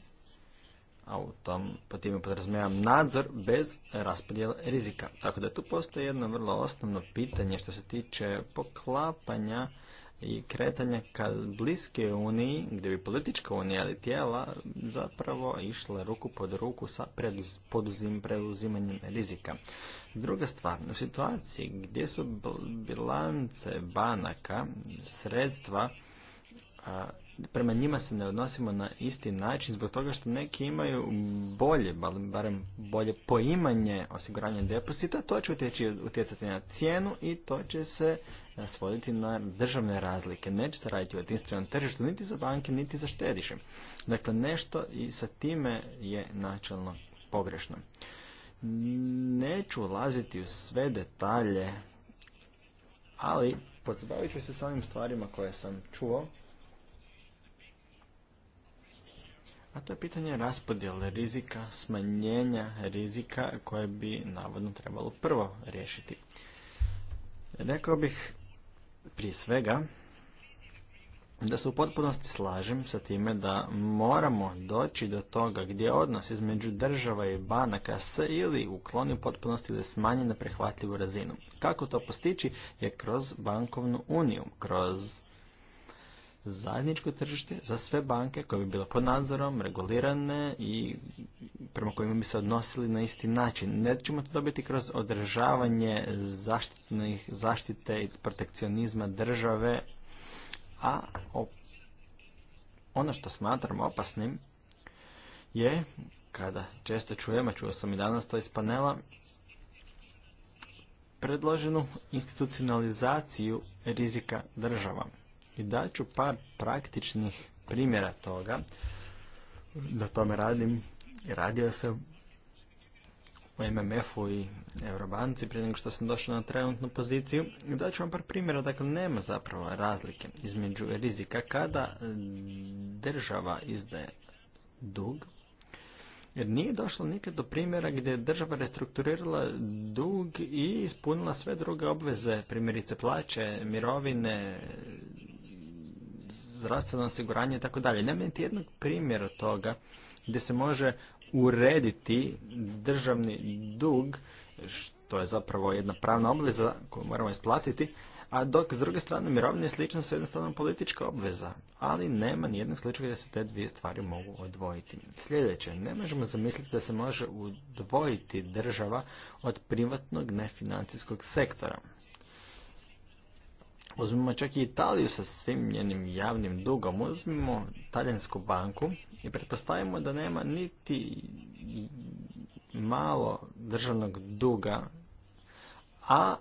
S4: a u tom po time podrazumijevam nadzor bez raspodjela rizika. Tako da tu postoji jedno vrlo osnovno pitanje što se tiče poklapanja i kretanja ka bliske uniji, gdje bi politička unija ili tijela zapravo išla ruku pod ruku sa poduzim, preuzimanjem rizika. Druga stvar, u situaciji gdje su bilance banaka, sredstva prema njima se ne odnosimo na isti način zbog toga što neki imaju bolje, barem bolje poimanje osiguranja depozita, to će utjecati na cijenu i to će se e, svoditi na državne razlike. Neće se raditi u jedinstvenom tržištu niti za banke, niti za štediše. Dakle, nešto i sa time je načelno pogrešno. Neću ulaziti u sve detalje, ali pozabavit ću se samim stvarima koje sam čuo a to je pitanje raspodjele rizika, smanjenja rizika koje bi navodno trebalo prvo riješiti. Rekao bih prije svega da se u potpunosti slažem sa time da moramo doći do toga gdje odnos između država i banaka se ili ukloni u potpunosti ili smanji na prehvatljivu razinu. Kako to postići je kroz bankovnu uniju, kroz zajedničko tržište za sve banke koje bi bile pod nadzorom, regulirane i prema kojima bi se odnosili na isti način. Nećemo to dobiti kroz održavanje zaštitnih, zaštite i protekcionizma države, a ono što smatram opasnim je, kada često čujemo, a čuo sam i danas to iz panela, predloženu institucionalizaciju rizika država. I daću par praktičnih primjera toga da tome radim. Radio sam u MMF-u i Eurobanci prije nego što sam došao na trenutnu poziciju. Da ću vam par primjera, dakle nema zapravo razlike između rizika kada država izdaje dug, jer nije došlo nikad do primjera gdje je država restrukturirala dug i ispunila sve druge obveze, primjerice plaće, mirovine, zdravstveno osiguranje i tako dalje. Nema niti jednog primjera toga gdje se može urediti državni dug, što je zapravo jedna pravna obveza koju moramo isplatiti, a dok s druge strane mirovine slično su jednostavno politička obveza, ali nema nijednog slučaja da se te dvije stvari mogu odvojiti. Sljedeće, ne možemo zamisliti da se može odvojiti država od privatnog nefinancijskog sektora. Uzmimo čak i Italiju sa svim njenim javnim dugom, uzmimo talijansku banku i pretpostavimo da nema niti malo državnog duga, a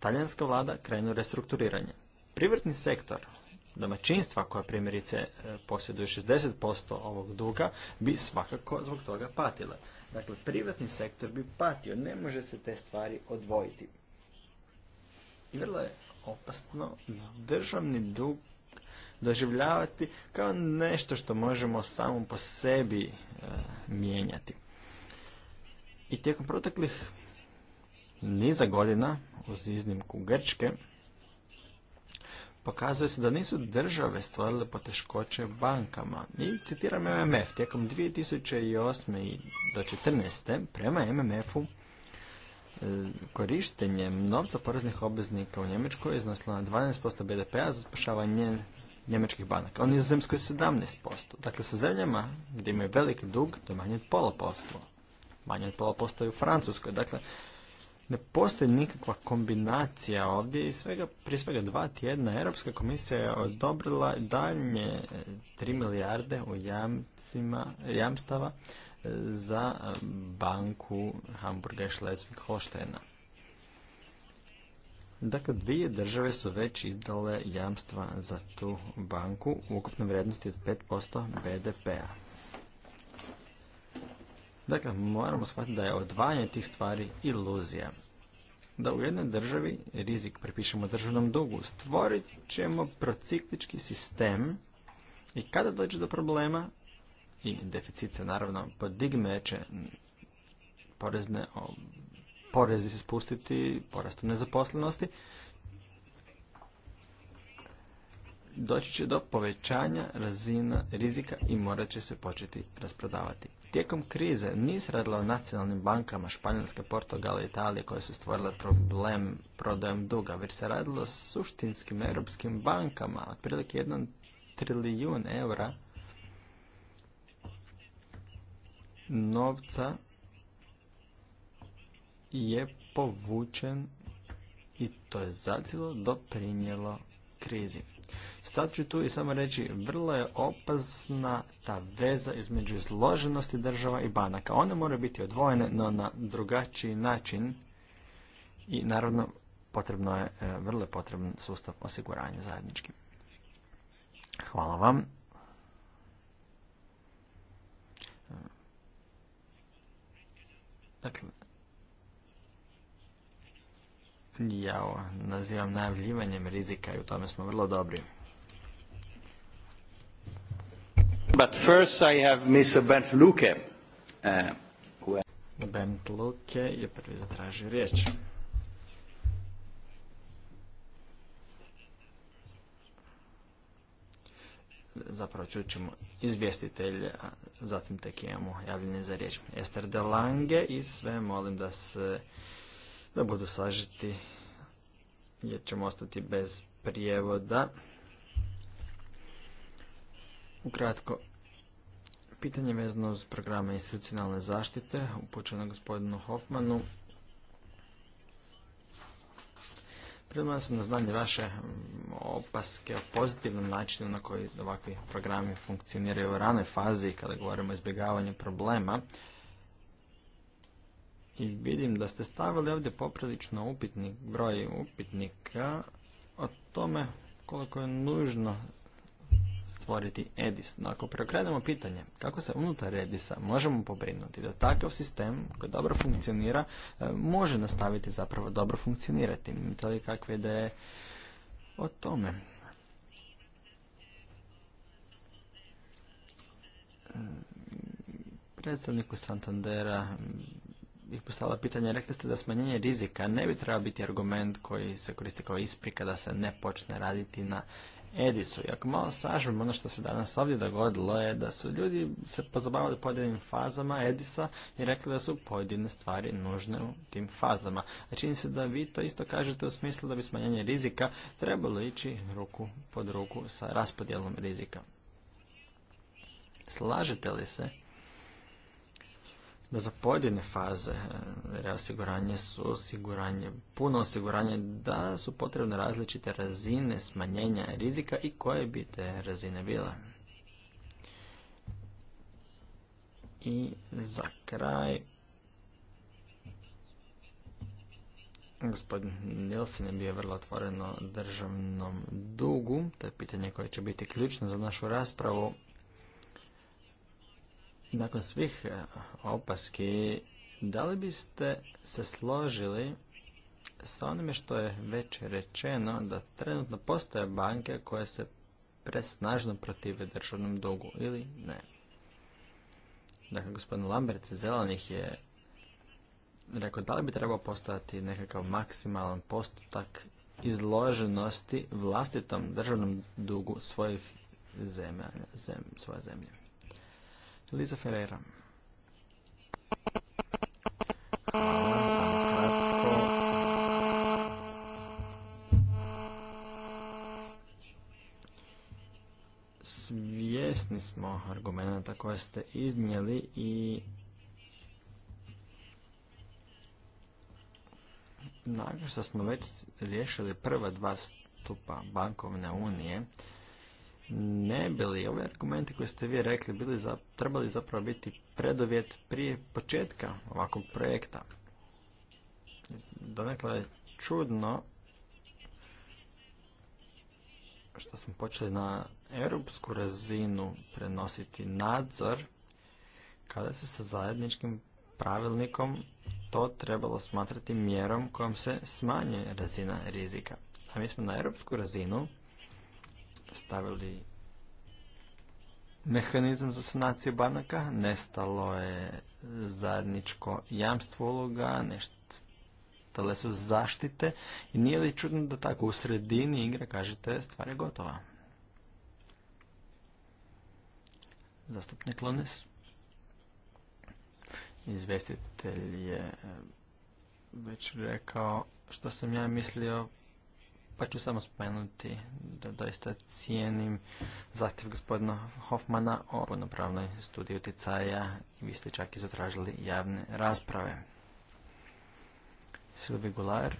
S4: talijanska vlada krenu restrukturiranje. Privatni sektor, domaćinstva koja primjerice e, posjeduju 60% ovog duga, bi svakako zbog toga patila. Dakle, privatni sektor bi patio, ne može se te stvari odvojiti. I vrlo je opasno državni dug doživljavati kao nešto što možemo samo po sebi e, mijenjati. I tijekom proteklih niza godina, uz iznimku Grčke, pokazuje se da nisu države stvorile poteškoće bankama. I citiram MMF, tijekom 2008. do 2014. prema MMF-u korištenje novca poreznih obveznika u Njemačkoj iznosilo na 12% BDP-a za spašavanje njemačkih banaka. On je za zemskoj 17%. Dakle, sa zemljama gdje imaju veliki dug, to je manje od pola posla. Manje od pola u Francuskoj. Dakle, ne postoji nikakva kombinacija ovdje i svega, prije svega dva tjedna Europska komisija je odobrila daljnje 3 milijarde u jamcima, jamstava za banku Hamburga i Schleswig-Holsteina. Dakle, dvije države su već izdale jamstva za tu banku u ukupnoj vrijednosti od 5% BDP-a. Dakle, moramo shvatiti da je odvajanje tih stvari iluzija. Da u jednoj državi rizik prepišemo državnom dugu, stvorit ćemo prociklički sistem i kada dođe do problema, i deficit se naravno podigme će porezne porezi se spustiti porastu nezaposlenosti doći će do povećanja razina rizika i morat će se početi rasprodavati. Tijekom krize nije se radila o nacionalnim bankama Španjolske, Portugala i Italije koje su stvorile problem prodajom duga, već se radilo o suštinskim europskim bankama, otprilike jedan trilijun eura novca je povučen i to je zacilo doprinijelo krizi. Stat ću tu i samo reći, vrlo je opasna ta veza između izloženosti država i banaka. One moraju biti odvojene, no na drugačiji način i naravno potrebno je, e, vrlo je potreban sustav osiguranja zajednički. Hvala vam. Dakle, ja ovo nazivam najavljivanjem rizika i u tome smo vrlo dobri. But first I have Mr. Bent Luke. Uh, Bent Luke je prvi zatražio riječ. zapravo ćemo izvjestitelj a zatim tek imamo javljenje za riječ Ester de Lange i sve molim da se da budu sažiti jer ćemo ostati bez prijevoda. Ukratko, pitanje vezano uz programa institucionalne zaštite upućeno gospodinu Hoffmanu prima dakle, sam na znanje vaše mm, opaske o pozitivnom načinu na koji ovakvi programi funkcioniraju u ranoj fazi kada govorimo o izbjegavanju problema. I vidim da ste stavili ovdje poprilično upitnik, broj upitnika o tome koliko je nužno stvoriti EDIS. No ako preokrenemo pitanje kako se unutar redisa možemo pobrinuti da takav sistem koji dobro funkcionira e, može nastaviti zapravo dobro funkcionirati. To li kakve ideje o tome? Predstavniku Santandera bih postavila pitanje, rekli ste da smanjenje rizika ne bi trebao biti argument koji se koristi kao isprika da se ne počne raditi na Edisu. I ako malo sažmem, ono što se danas ovdje dogodilo je da su ljudi se pozabavili pojedinim fazama Edisa i rekli da su pojedine stvari nužne u tim fazama. A čini se da vi to isto kažete u smislu da bi smanjenje rizika trebalo ići ruku pod ruku sa raspodjelom rizika. Slažete li se da za pojedine faze e, reosiguranje su osiguranje, puno osiguranje da su potrebne različite razine smanjenja rizika i koje bi te razine bile. I za kraj gospodin Nilsen je bio vrlo otvoreno državnom dugu, to je pitanje koje će biti ključno za našu raspravu nakon svih e, opaski, da li biste se složili sa onime što je već rečeno da trenutno postoje banke koje se presnažno protive državnom dugu ili ne? Dakle, gospodin Lambert zelanih je rekao da li bi trebao postojati nekakav maksimalan postotak izloženosti vlastitom državnom dugu svojih zemlja, zem, svoje zemlje. Liza Ferreira. Svjesni smo argumenta koje ste iznijeli i nakon što smo već riješili prva dva stupa bankovne unije, ne bi li ove argumente koje ste vi rekli bili za, trebali zapravo biti predovjet prije početka ovakvog projekta. Donekle je čudno što smo počeli na europsku razinu prenositi nadzor kada se sa zajedničkim pravilnikom to trebalo smatrati mjerom kojom se smanjuje razina rizika. A mi smo na europsku razinu stavili mehanizam za sanaciju banaka, nestalo je zajedničko jamstvo uloga, nestale su zaštite i nije li čudno da tako u sredini igre kažete stvar je gotova? Zastupnik Lones. Izvestitelj je već rekao što sam ja mislio pa ću samo spomenuti da doista cijenim zahtjev gospodina Hoffmana o punopravnoj studiji utjecaja i vi ste čak i zatražili javne rasprave. Silvi Gular,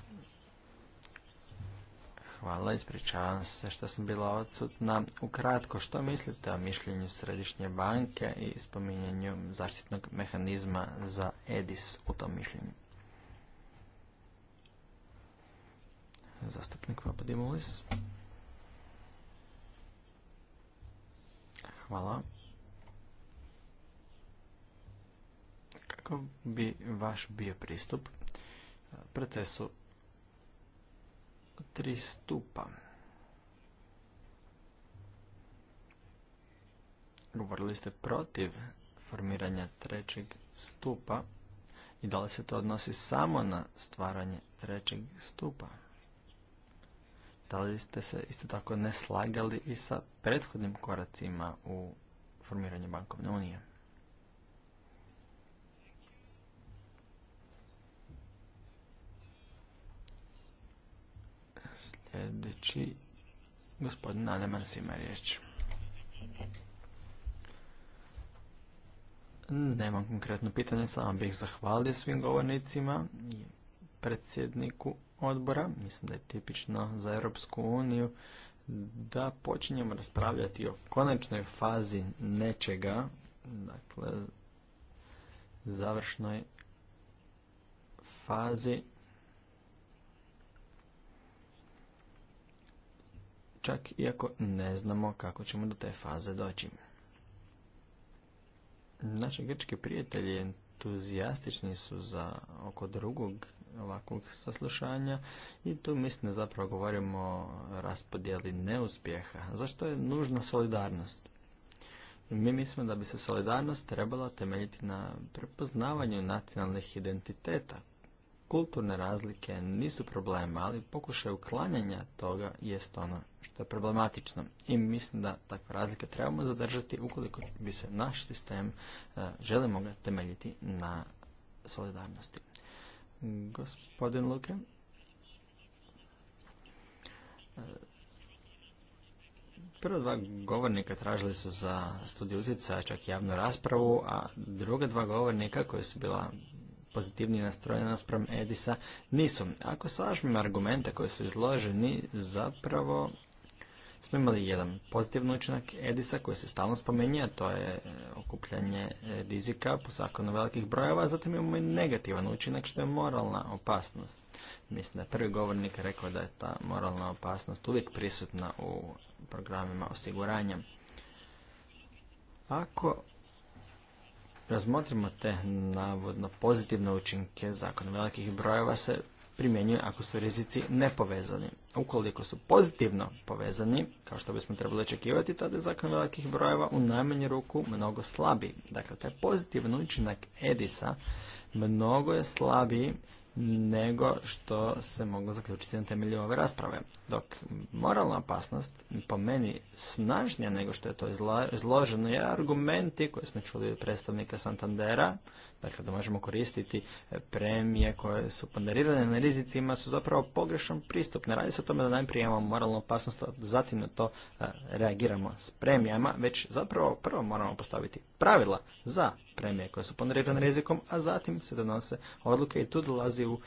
S4: hvala, ispričavam se što sam bila odsutna. Ukratko, što mislite o mišljenju Središnje banke i spominjenju zaštitnog mehanizma za EDIS u tom mišljenju? zastupnik Papadimulis. Hvala. Kako bi vaš bio pristup? pretesu su tri stupa. Govorili ste protiv formiranja trećeg stupa i da li se to odnosi samo na stvaranje trećeg stupa? da li ste se isto tako ne slagali i sa prethodnim koracima u formiranju bankovne unije? Sljedeći gospodin Aleman ima riječ. Nemam konkretno pitanje, samo bih zahvalio svim govornicima i predsjedniku odbora, mislim da je tipično za Europsku uniju, da počinjemo raspravljati o konačnoj fazi nečega, dakle, završnoj fazi čak iako ne znamo kako ćemo do te faze doći. Naši grčki prijatelji entuzijastični su za oko drugog ovakvog saslušanja i tu mislim da zapravo govorimo o raspodijeli neuspjeha. Zašto je nužna solidarnost? Mi mislimo da bi se solidarnost trebala temeljiti na prepoznavanju nacionalnih identiteta. Kulturne razlike nisu problema, ali pokušaj uklanjanja toga jest ono što je problematično. I mislim da takve razlike trebamo zadržati ukoliko bi se naš sistem, e, želimo ga temeljiti na solidarnosti gospodin Luke. E, Prva dva govornika tražili su za studiju utjecaja čak javnu raspravu, a druga dva govornika koja su bila pozitivnije nastrojena sprem Edisa nisu. Ako sažmem argumente koji su izloženi, zapravo smo imali jedan pozitivni učinak Edisa koji se stalno spominje, a to je e, okupljanje e, rizika po zakonu velikih brojeva, zatim imamo i negativan učinak što je moralna opasnost. Mislim da je prvi govornik rekao da je ta moralna opasnost uvijek prisutna u programima osiguranja. Ako razmotrimo te navodno pozitivne učinke zakona velikih brojeva se primjenjuje ako su rizici nepovezani. Ukoliko su pozitivno povezani, kao što bismo trebali očekivati, tada je zakon velikih brojeva u najmanju ruku mnogo slabiji. Dakle, taj pozitivni učinak Edisa mnogo je slabiji nego što se moglo zaključiti na temelju ove rasprave. Dok moralna opasnost po meni snažnija nego što je to izloženo je argumenti koje smo čuli od predstavnika Santandera Dakle, da možemo koristiti e, premije koje su ponderirane na rizicima su zapravo pogrešan pristup. Ne radi se o tome da najprije imamo moralnu opasnost, a zatim na to e, reagiramo s premijama, već zapravo prvo moramo postaviti pravila za premije koje su ponderirane rizikom, a zatim se donose odluke i tu dolazi u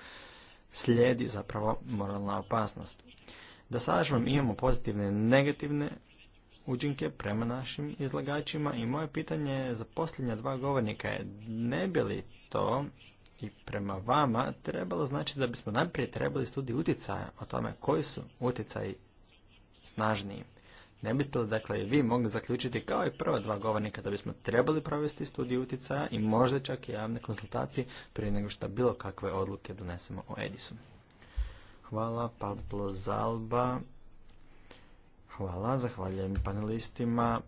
S4: slijedi zapravo moralna opasnost. Da sažmem imamo pozitivne i negativne učinke prema našim izlagačima i moje pitanje za posljednja dva govornika je ne bi li to i prema vama trebalo znači da bismo najprije trebali studiju utjecaja o tome koji su utjecaji snažniji. Ne biste li dakle i vi mogli zaključiti kao i prva dva govornika da bismo trebali provesti studiju utjecaja i možda čak i javne konsultacije prije nego što bilo kakve odluke donesemo o Edisu. Hvala Pablo Zalba Hvala, zahvaljujem panelistima.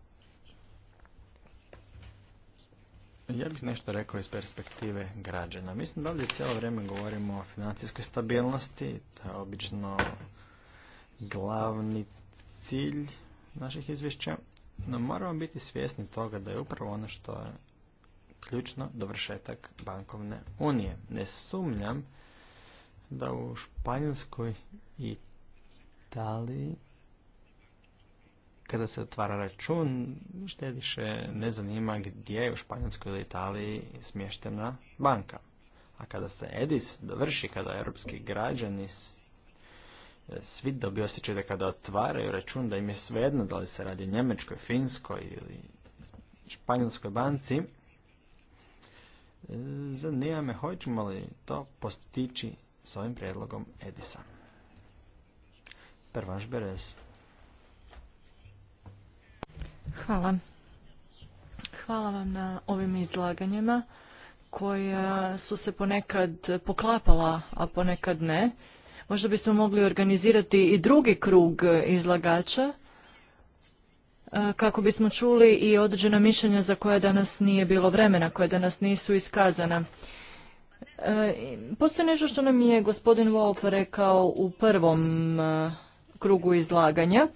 S4: Ja bih nešto rekao iz perspektive građana. Mislim da ovdje cijelo vrijeme govorimo o financijskoj stabilnosti, to je obično glavni cilj naših izvješća, no moramo biti svjesni toga da je upravo ono što je ključno dovršetak bankovne unije. Ne sumnjam da u Španjolskoj i Italiji kada se otvara račun, štediše ne zanima gdje je u Španjolskoj ili Italiji smještena banka. A kada se EDIS dovrši, kada europski građani e, svi dobiju osjećaj da kada otvaraju račun da im je svejedno da li se radi o Njemačkoj, Finskoj ili Španjolskoj banci, e, zanima me hoćemo li to postići s ovim prijedlogom Edisa. Per berez.
S3: Hvala. Hvala vam na ovim izlaganjima koja su se ponekad poklapala, a ponekad ne. Možda bismo mogli organizirati i drugi krug izlagača e, kako bismo čuli i određena mišljenja za koja danas nije bilo vremena, koja danas nisu iskazana. E, postoji nešto što nam je gospodin Wolf rekao u prvom e, krugu izlaganja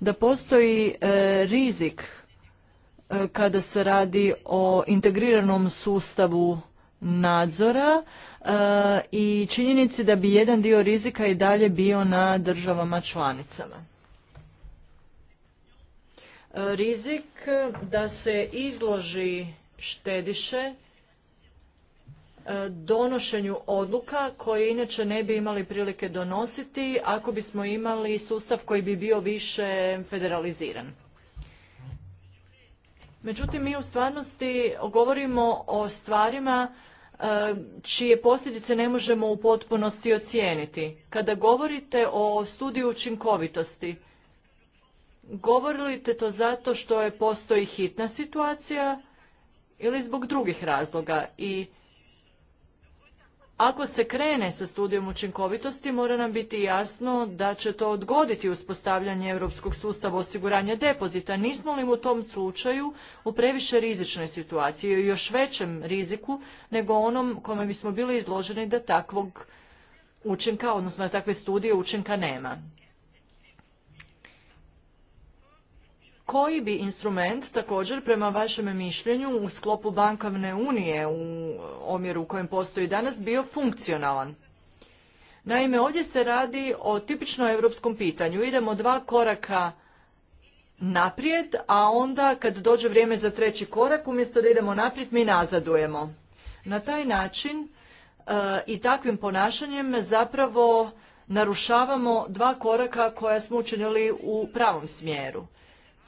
S3: da postoji e, rizik e, kada se radi o integriranom sustavu nadzora e, i činjenici da bi jedan dio rizika i dalje bio na državama članicama. rizik da se izloži štediše E, donošenju odluka koje inače ne bi imali prilike donositi ako bismo imali sustav koji bi bio više federaliziran. Međutim, mi u stvarnosti govorimo o stvarima e, čije posljedice ne možemo u potpunosti ocijeniti. Kada govorite o studiju učinkovitosti, govorite to zato što je postoji hitna situacija ili zbog drugih razloga i ako se krene sa studijom učinkovitosti, mora nam biti jasno da će to odgoditi uspostavljanje europskog sustava osiguranja depozita. Nismo li u tom slučaju u previše rizičnoj situaciji i još većem riziku nego onom kome bismo bili izloženi da takvog učinka, odnosno da takve studije učinka nema. koji bi instrument također prema vašem mišljenju u sklopu bankovne unije u omjeru u kojem postoji danas bio funkcionalan? Naime, ovdje se radi o tipično europskom pitanju. Idemo dva koraka naprijed, a onda kad dođe vrijeme za treći korak, umjesto da idemo naprijed, mi nazadujemo. Na taj način e, i takvim ponašanjem zapravo narušavamo dva koraka koja smo učinili u pravom smjeru.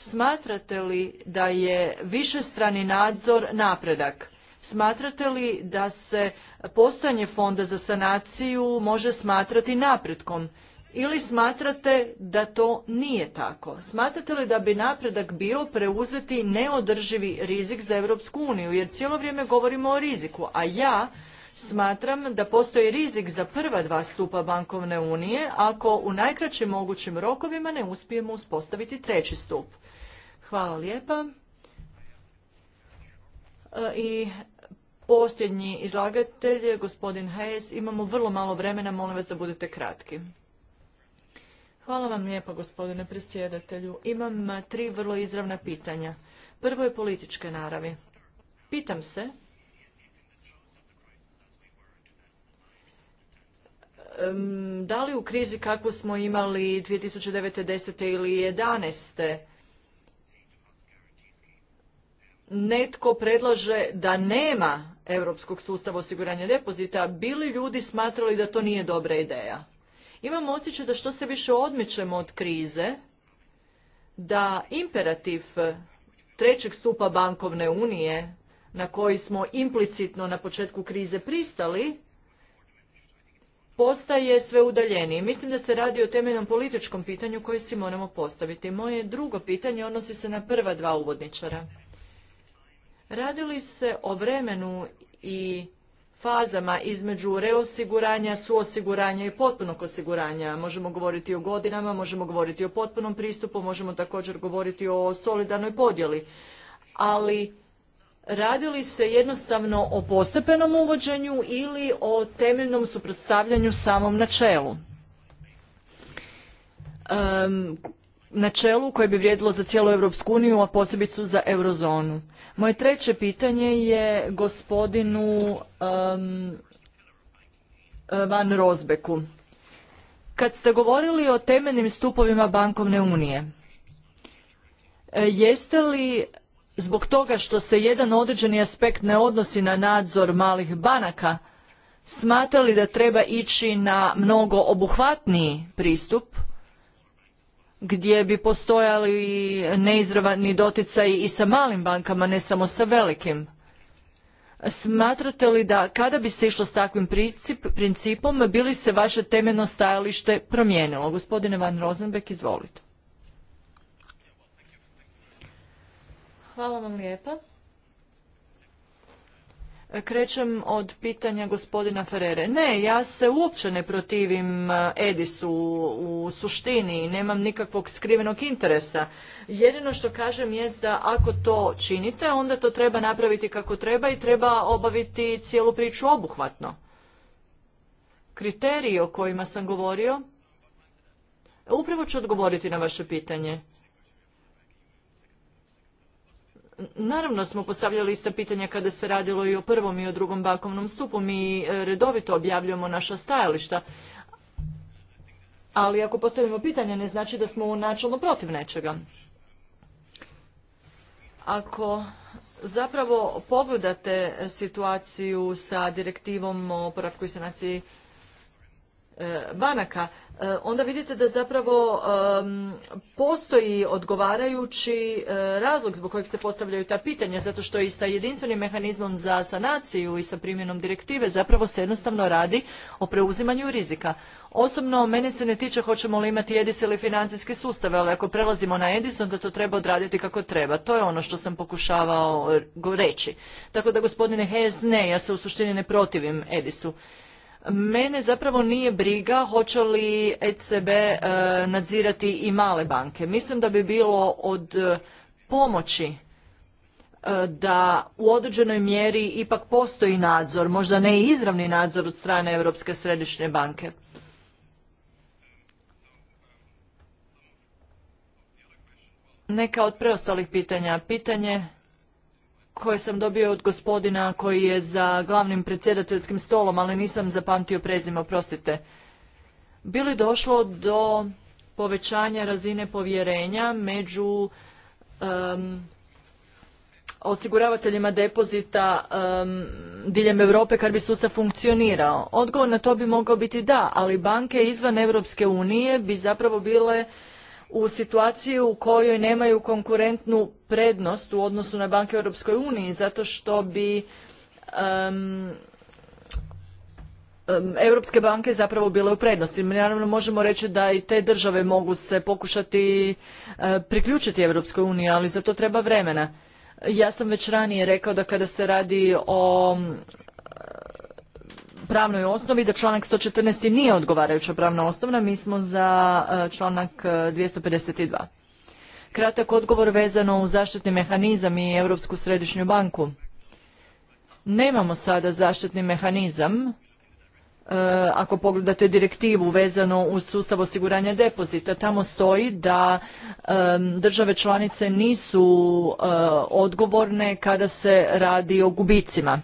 S3: Smatrate li da je višestrani nadzor napredak? Smatrate li da se postojanje fonda za sanaciju može smatrati napretkom? Ili smatrate da to nije tako? Smatrate li da bi napredak bio preuzeti neodrživi rizik za Europsku uniju? Jer cijelo vrijeme govorimo o riziku, a ja smatram da postoji rizik za prva dva stupa bankovne unije ako u najkraćim mogućim rokovima ne uspijemo uspostaviti treći stup. Hvala lijepa. E, I posljednji izlagatelj gospodin Hayes. Imamo vrlo malo vremena, molim vas da budete kratki. Hvala vam lijepa gospodine predsjedatelju. Imam e, tri vrlo izravna pitanja. Prvo je političke naravi. Pitam se da li u krizi kakvu smo imali 2009. 10. ili 11 netko predlaže da nema europskog sustava osiguranja depozita, bili ljudi smatrali da to nije dobra ideja. Imam osjećaj da što se više odmičemo od krize, da imperativ trećeg stupa bankovne unije, na koji smo implicitno na početku krize pristali, postaje sve udaljeniji. Mislim da se radi o temeljnom političkom pitanju koje si moramo postaviti. Moje drugo pitanje odnosi se na prva dva uvodničara. Radili se o vremenu i fazama između reosiguranja, suosiguranja i potpunog osiguranja. Možemo govoriti o godinama, možemo govoriti o potpunom pristupu, možemo također govoriti o solidarnoj podjeli. Ali radili se jednostavno o postepenom uvođenju ili o temeljnom suprotstavljanju samom načelu načelu koje bi vrijedilo za cijelu Europsku uniju, a posebicu za eurozonu. Moje treće pitanje je gospodinu Van Rozbeku. Kad ste govorili o temeljnim stupovima bankovne unije, e, jeste li zbog toga što se jedan određeni aspekt ne odnosi na nadzor malih banaka, smatrali da treba ići na mnogo obuhvatniji pristup gdje bi postojali neizravni doticaji i sa malim bankama, ne samo sa velikim. Smatrate li da kada bi se išlo s takvim principom, bi li se vaše temeljno stajalište promijenilo? Gospodine Van Rosenbeck, izvolite. Hvala vam lijepa. Krećem od pitanja gospodina Ferere. Ne, ja se uopće ne protivim e, Edisu u suštini, i nemam nikakvog skrivenog interesa. Jedino što kažem jest da ako to činite, onda to treba napraviti kako treba i treba obaviti cijelu priču obuhvatno. Kriteriji o kojima sam govorio, upravo ću odgovoriti na vaše pitanje. Naravno smo postavljali ista pitanja kada se radilo i o prvom i o drugom bakovnom stupu. Mi e, redovito objavljujemo naša stajališta. Ali ako postavimo pitanje ne znači da smo načelno protiv nečega. Ako zapravo pogledate situaciju sa direktivom o poravku i sanaciji E, banaka, e, onda vidite da zapravo postoji odgovarajući e, razlog zbog kojeg se postavljaju ta pitanja, zato što i sa jedinstvenim mehanizmom za sanaciju i sa primjenom direktive zapravo se jednostavno radi o preuzimanju rizika. Osobno, mene se ne tiče hoćemo li imati EDIS ili financijski sustav, ali ako prelazimo na EDIS, onda to treba odraditi kako treba. To je ono što sam pokušavao reći. Tako da, gospodine Hez, ne, ja se u suštini ne protivim edisu Mene zapravo nije briga hoće li ECB e, nadzirati i male banke. Mislim da bi bilo od e, pomoći e, da u određenoj mjeri ipak postoji nadzor, možda ne izravni nadzor od strane Europske središnje banke. Neka od preostalih pitanja. Pitanje koje sam dobio od gospodina koji je za glavnim predsjedateljskim stolom, ali nisam zapamtio prezime, oprostite. Bilo je došlo do povećanja razine povjerenja među osiguravateljima depozita diljem Europe kad bi sustav funkcionirao? Odgovor na to bi mogao biti da, ali banke izvan Europske unije bi zapravo bile u situaciju u kojoj nemaju konkurentnu prednost u odnosu na banke u Europskoj uniji, zato što bi europske banke zapravo bile u prednosti. Naravno možemo reći da i te države mogu se pokušati e, priključiti Europskoj uniji, ali za to treba vremena. Ja sam već ranije rekao da kada se radi o pravnoj osnovi da članak 114. nije odgovarajuća pravna osnovna, mi smo za e, članak 252. E, Kratak odgovor vezano u zaštitni mehanizam i Europsku središnju banku. Nemamo sada zaštitni mehanizam, e, ako pogledate direktivu vezano uz sustav osiguranja depozita, tamo stoji da države članice nisu odgovorne kada se radi o gubicima.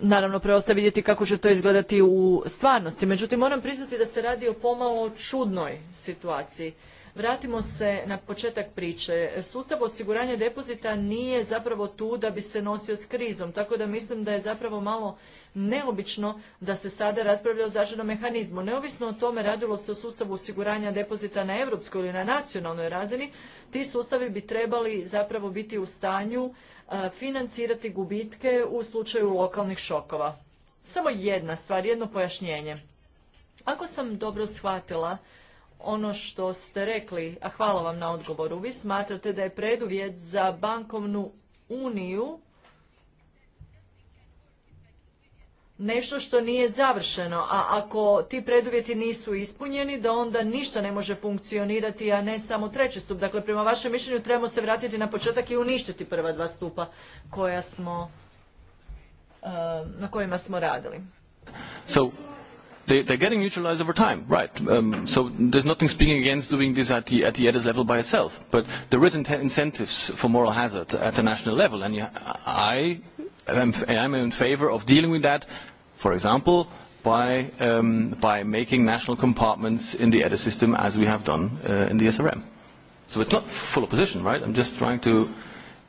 S3: Naravno, preostaje vidjeti kako će to izgledati u stvarnosti. Međutim, moram priznati da se radi o pomalo čudnoj situaciji. Vratimo se na početak priče. Sustav osiguranja depozita nije zapravo tu da bi se nosio s krizom, tako da mislim da je zapravo malo neobično da se sada raspravlja o zaživnom mehanizmu. Neovisno o tome radilo se o sustavu osiguranja depozita na europskoj ili na nacionalnoj razini, ti sustavi bi trebali zapravo biti u stanju financirati gubitke u slučaju lokalnih šokova. Samo jedna stvar, jedno pojašnjenje. Ako sam dobro shvatila ono što ste rekli, a hvala vam na odgovoru, vi smatrate da je preduvjet za bankovnu uniju nešto što nije završeno, a ako ti preduvjeti nisu ispunjeni, da onda ništa ne može funkcionirati, a ne samo treći stup. Dakle, prema vašem mišljenju trebamo se vratiti na početak i uništiti prva dva stupa koja smo, eh, na kojima smo radili.
S1: So, they, they're getting neutralized over time, right? Um, so there's nothing speaking against doing this at the, at the EDIS level by itself, but there is incentives for moral hazard at the national level, and you, I and I'm in favor of dealing with that, for example, by, um, by making national compartments in the EDA system as we have done uh, in the SRM. So it's not full opposition, right? I'm just trying to,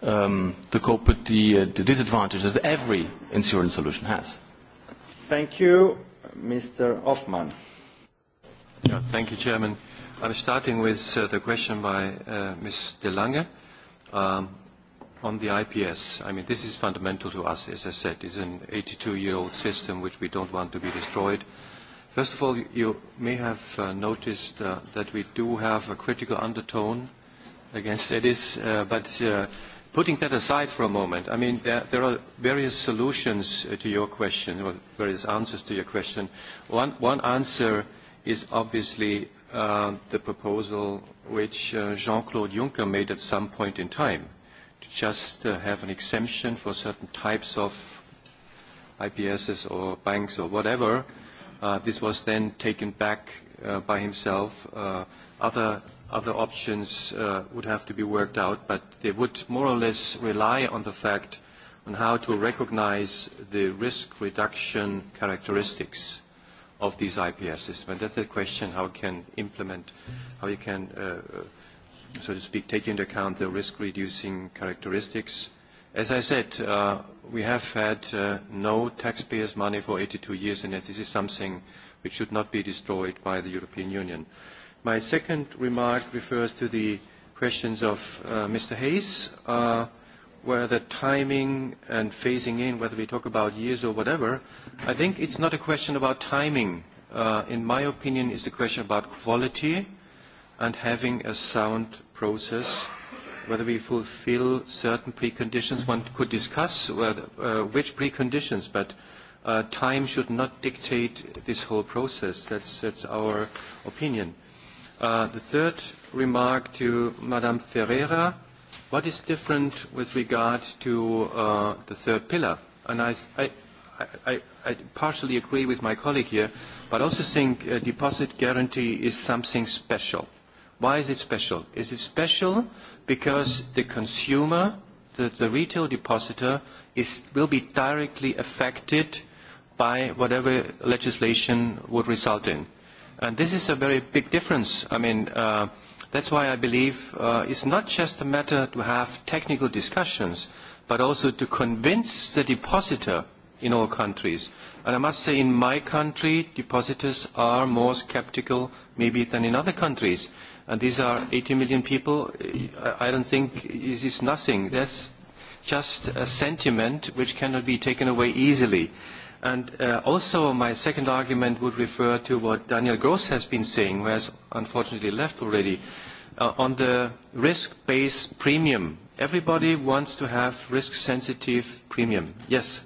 S1: um, to cope with the, uh, the disadvantages that every insurance solution has. Thank you, Mr. Hoffman. Yeah, thank you, Chairman. I'm starting with uh, the question by uh, Ms. De Lange. Um, on the IPS, I mean, this is fundamental to us, as I said. It's an 82-year-old system which we don't want to be destroyed. First of all, you may have uh, noticed uh, that we do have a critical undertone against EDIS, uh, but putting that aside for a moment, I mean, there, are various solutions to your question, or various answers to your question. One, answer is obviously the proposal which Jean-Claude Juncker made at some point in time just uh, have an exemption for certain types of IPSs or banks or whatever. Uh, this was then taken back uh, by himself. other, other options would have to be worked out, but they would more or less rely on the fact on how to recognize the risk reduction characteristics of these IPSs, but that's the question how can implement, how you can so to speak, take into account the risk-reducing characteristics. As I said, uh, we have had uh, no taxpayers' money for 82 years, and this is something which should not be destroyed by the European Union. My second remark refers to the questions of uh, Mr. Hayes, where the timing and phasing in, whether we talk about years or whatever. I think it's not a question about timing. in my opinion, it's a question about quality and having a sound process, whether we fulfill certain preconditions. One could discuss whether, uh, which preconditions, but uh, time should not dictate this whole process. That's, that's our opinion. Uh, the third remark to Madame Ferreira, what is different with regard to uh, the third pillar? And I, I, I, I partially agree with my colleague here, but also think a deposit guarantee is something special Why is it special? Is it special because the consumer, the, retail depositor, is, will be directly affected by whatever legislation would result in? And this is a very big difference. I mean, uh, that's why I believe uh, it's not just a matter to have technical discussions, but also to convince the depositor in all countries. And I must say in my country, depositors are more skeptical maybe than in other countries and these are 80 million people, I don't think it is nothing. is just a sentiment which cannot be taken away easily. And uh, also my second argument would refer to what Daniel Gross has been saying, who has unfortunately left already, uh, on the risk-based premium. Everybody wants to have risk-sensitive premium. Yes?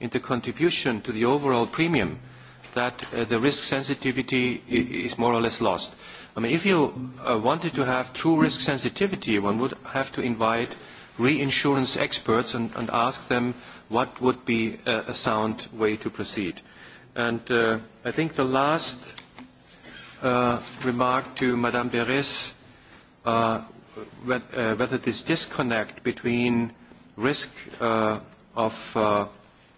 S1: in the contribution to the overall premium that uh, the risk sensitivity is more or less lost. I mean, if you uh, wanted to have true risk sensitivity, one would have to invite reinsurance experts and, ask them what would be a, sound way to proceed. And uh, I think the last remark to Madame Beres, whether this disconnect between risk of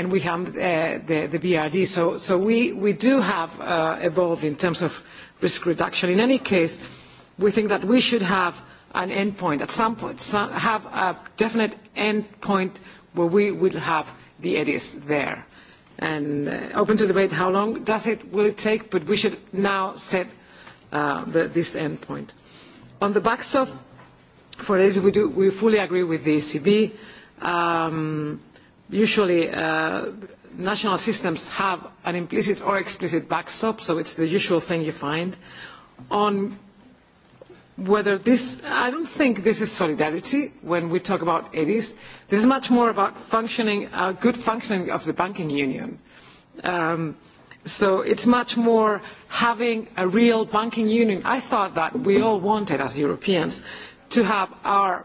S6: and we have uh, the, BRD. So, we, do have uh, evolved in terms of risk reduction. In any case, we think that we should have an end point at some point, have a definite end point where we will have the EDIs there. And uh, open to debate how long does it, will take, but we should now set this end point. On the backstop, for EDIs, we, fully agree with the ECB. Um, usually uh, national systems have an implicit or explicit backstop, so it's the usual thing you find. On whether this, I don't think this is solidarity when we talk about is. This is much more about functioning, uh, good functioning of the banking union. Um, so it's much more having a real banking union. I thought that we all wanted as Europeans to have our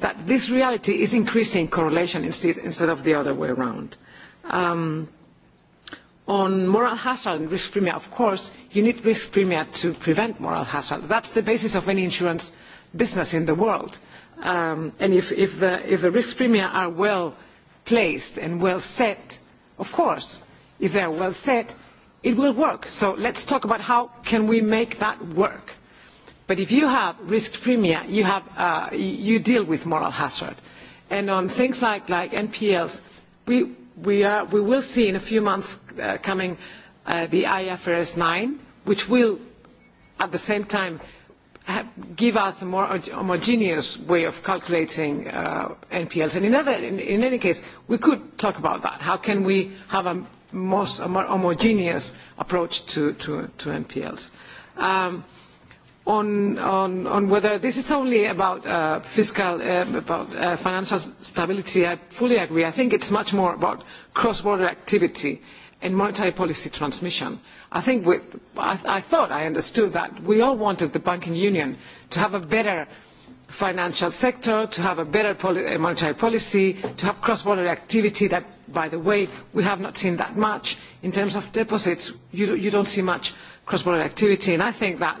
S6: that this reality is increasing correlation instead, instead of the other way around. Um, on moral hazard and risk premium, of course, you need risk premium to prevent moral hazard. That's the basis of any insurance business in the world. Um, and if, if, the, if the risk premium are well placed and well set, of course, if they are well set, it will work. So let's talk about how can we make that work But if you have risk premia, you, have, uh, you deal with moral hazard. And on um, things like, NPLs, we, we, are, we will see in a few months uh, coming uh, the IFRS 9, which will at the same time give us a more homogeneous way of calculating NPLs. And in, other, in, any case, we could talk about that. How can we have a, most, a more homogeneous approach to, to, to NPLs? Um, on, whether this is only about uh, fiscal, uh, about uh, financial stability, I fully agree. I think it's much more about cross-border activity and monetary policy transmission. I think with, I, thought I understood that we all wanted the banking union to have a better financial sector, to have a better monetary policy, to have cross-border activity that, by the way, we have not seen that much. In terms of deposits, you, you don't see much cross-border activity, and I think that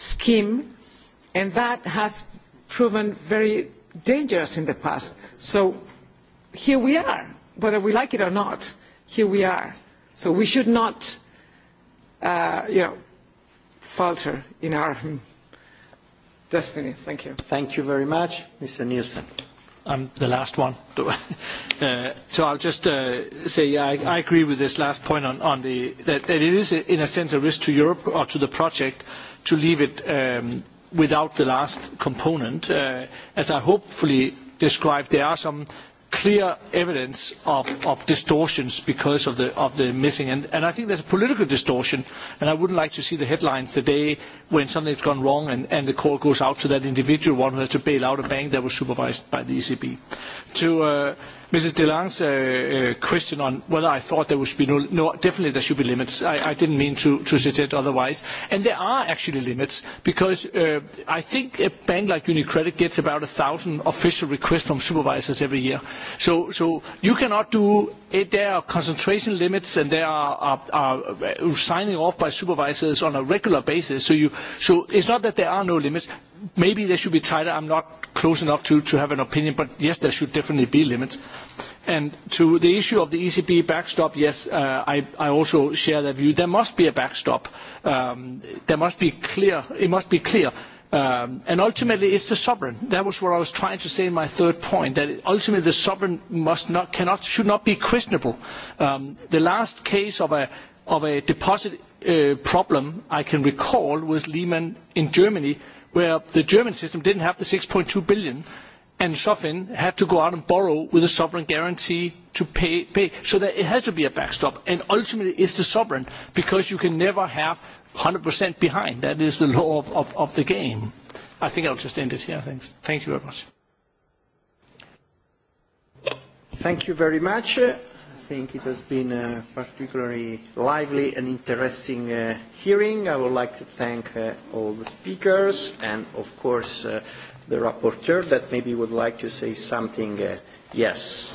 S6: scheme and that has proven very dangerous in the past. so here we are whether we like it or not here we are. so we should not uh, you know, falter in our hmm, destiny. thank you. thank you
S5: very much. mr nielsen. I'm um, the last one. <laughs> uh, so I'll just uh, say I, I agree with this last point on, on the, that, that it is in a sense a risk to Europe or to the project to leave it um, without the last component. Uh, as I hopefully described, there are some clear evidence of, of distortions because of the, of the missing. And, I think there's a political distortion, and I wouldn't like to see the headlines the day when something's gone wrong and, and the call goes out to that individual one who has to bail out a bank that was supervised by the ECB. To... Uh, Mrs. DeLange's Lange's uh, uh, question on whether I thought there should be no, no definitely there should be limits. I, I didn't mean to, to suggest otherwise. And there are actually limits because uh, I think a bank like UniCredit gets about a thousand official requests from supervisors every year. So, so you cannot do it. Eh, there are concentration limits and there are, are, signing off by supervisors on a regular basis. So, you, so it's not that there are no limits maybe they should be tighter. I'm not close enough to, have an opinion, but yes, there should definitely be limits. And to the issue of the ECB backstop, yes, uh, I, I also share that view. There must be a backstop. Um, must clear. It must be clear. Um, and ultimately, it's the sovereign. That was what I was trying to say in my third point, that ultimately the sovereign must not, cannot, should not be questionable. Um, the last case of a, deposit uh, problem I can recall was Lehman in Germany, where the German system didn't have the 6.2 billion and SOFIN had to go out and borrow with a sovereign guarantee to pay. pay. So there it has to be a backstop. And ultimately, it's the sovereign because you can never have 100% behind. That is the law of, the game. I think I'll just end it here. Thanks. Thank you very much.
S4: Thank you very much think it has been a particularly lively and interesting uh, hearing. I would like to thank uh, all the speakers and, of course, uh, the rapporteur that maybe would like to say something. Uh, yes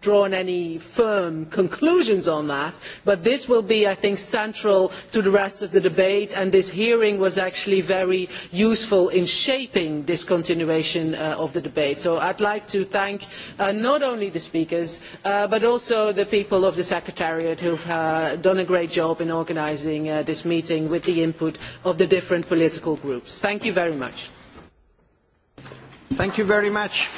S7: drawn any firm conclusions on that but this will be i think central to the rest of the debate and this hearing was actually very useful in shaping this continuation uh, of the debate so i'd like to thank uh, not only the speakers uh, but also the people of the secretariat who've done a great job in organizing this meeting with the input of the different political groups thank you very much thank you very much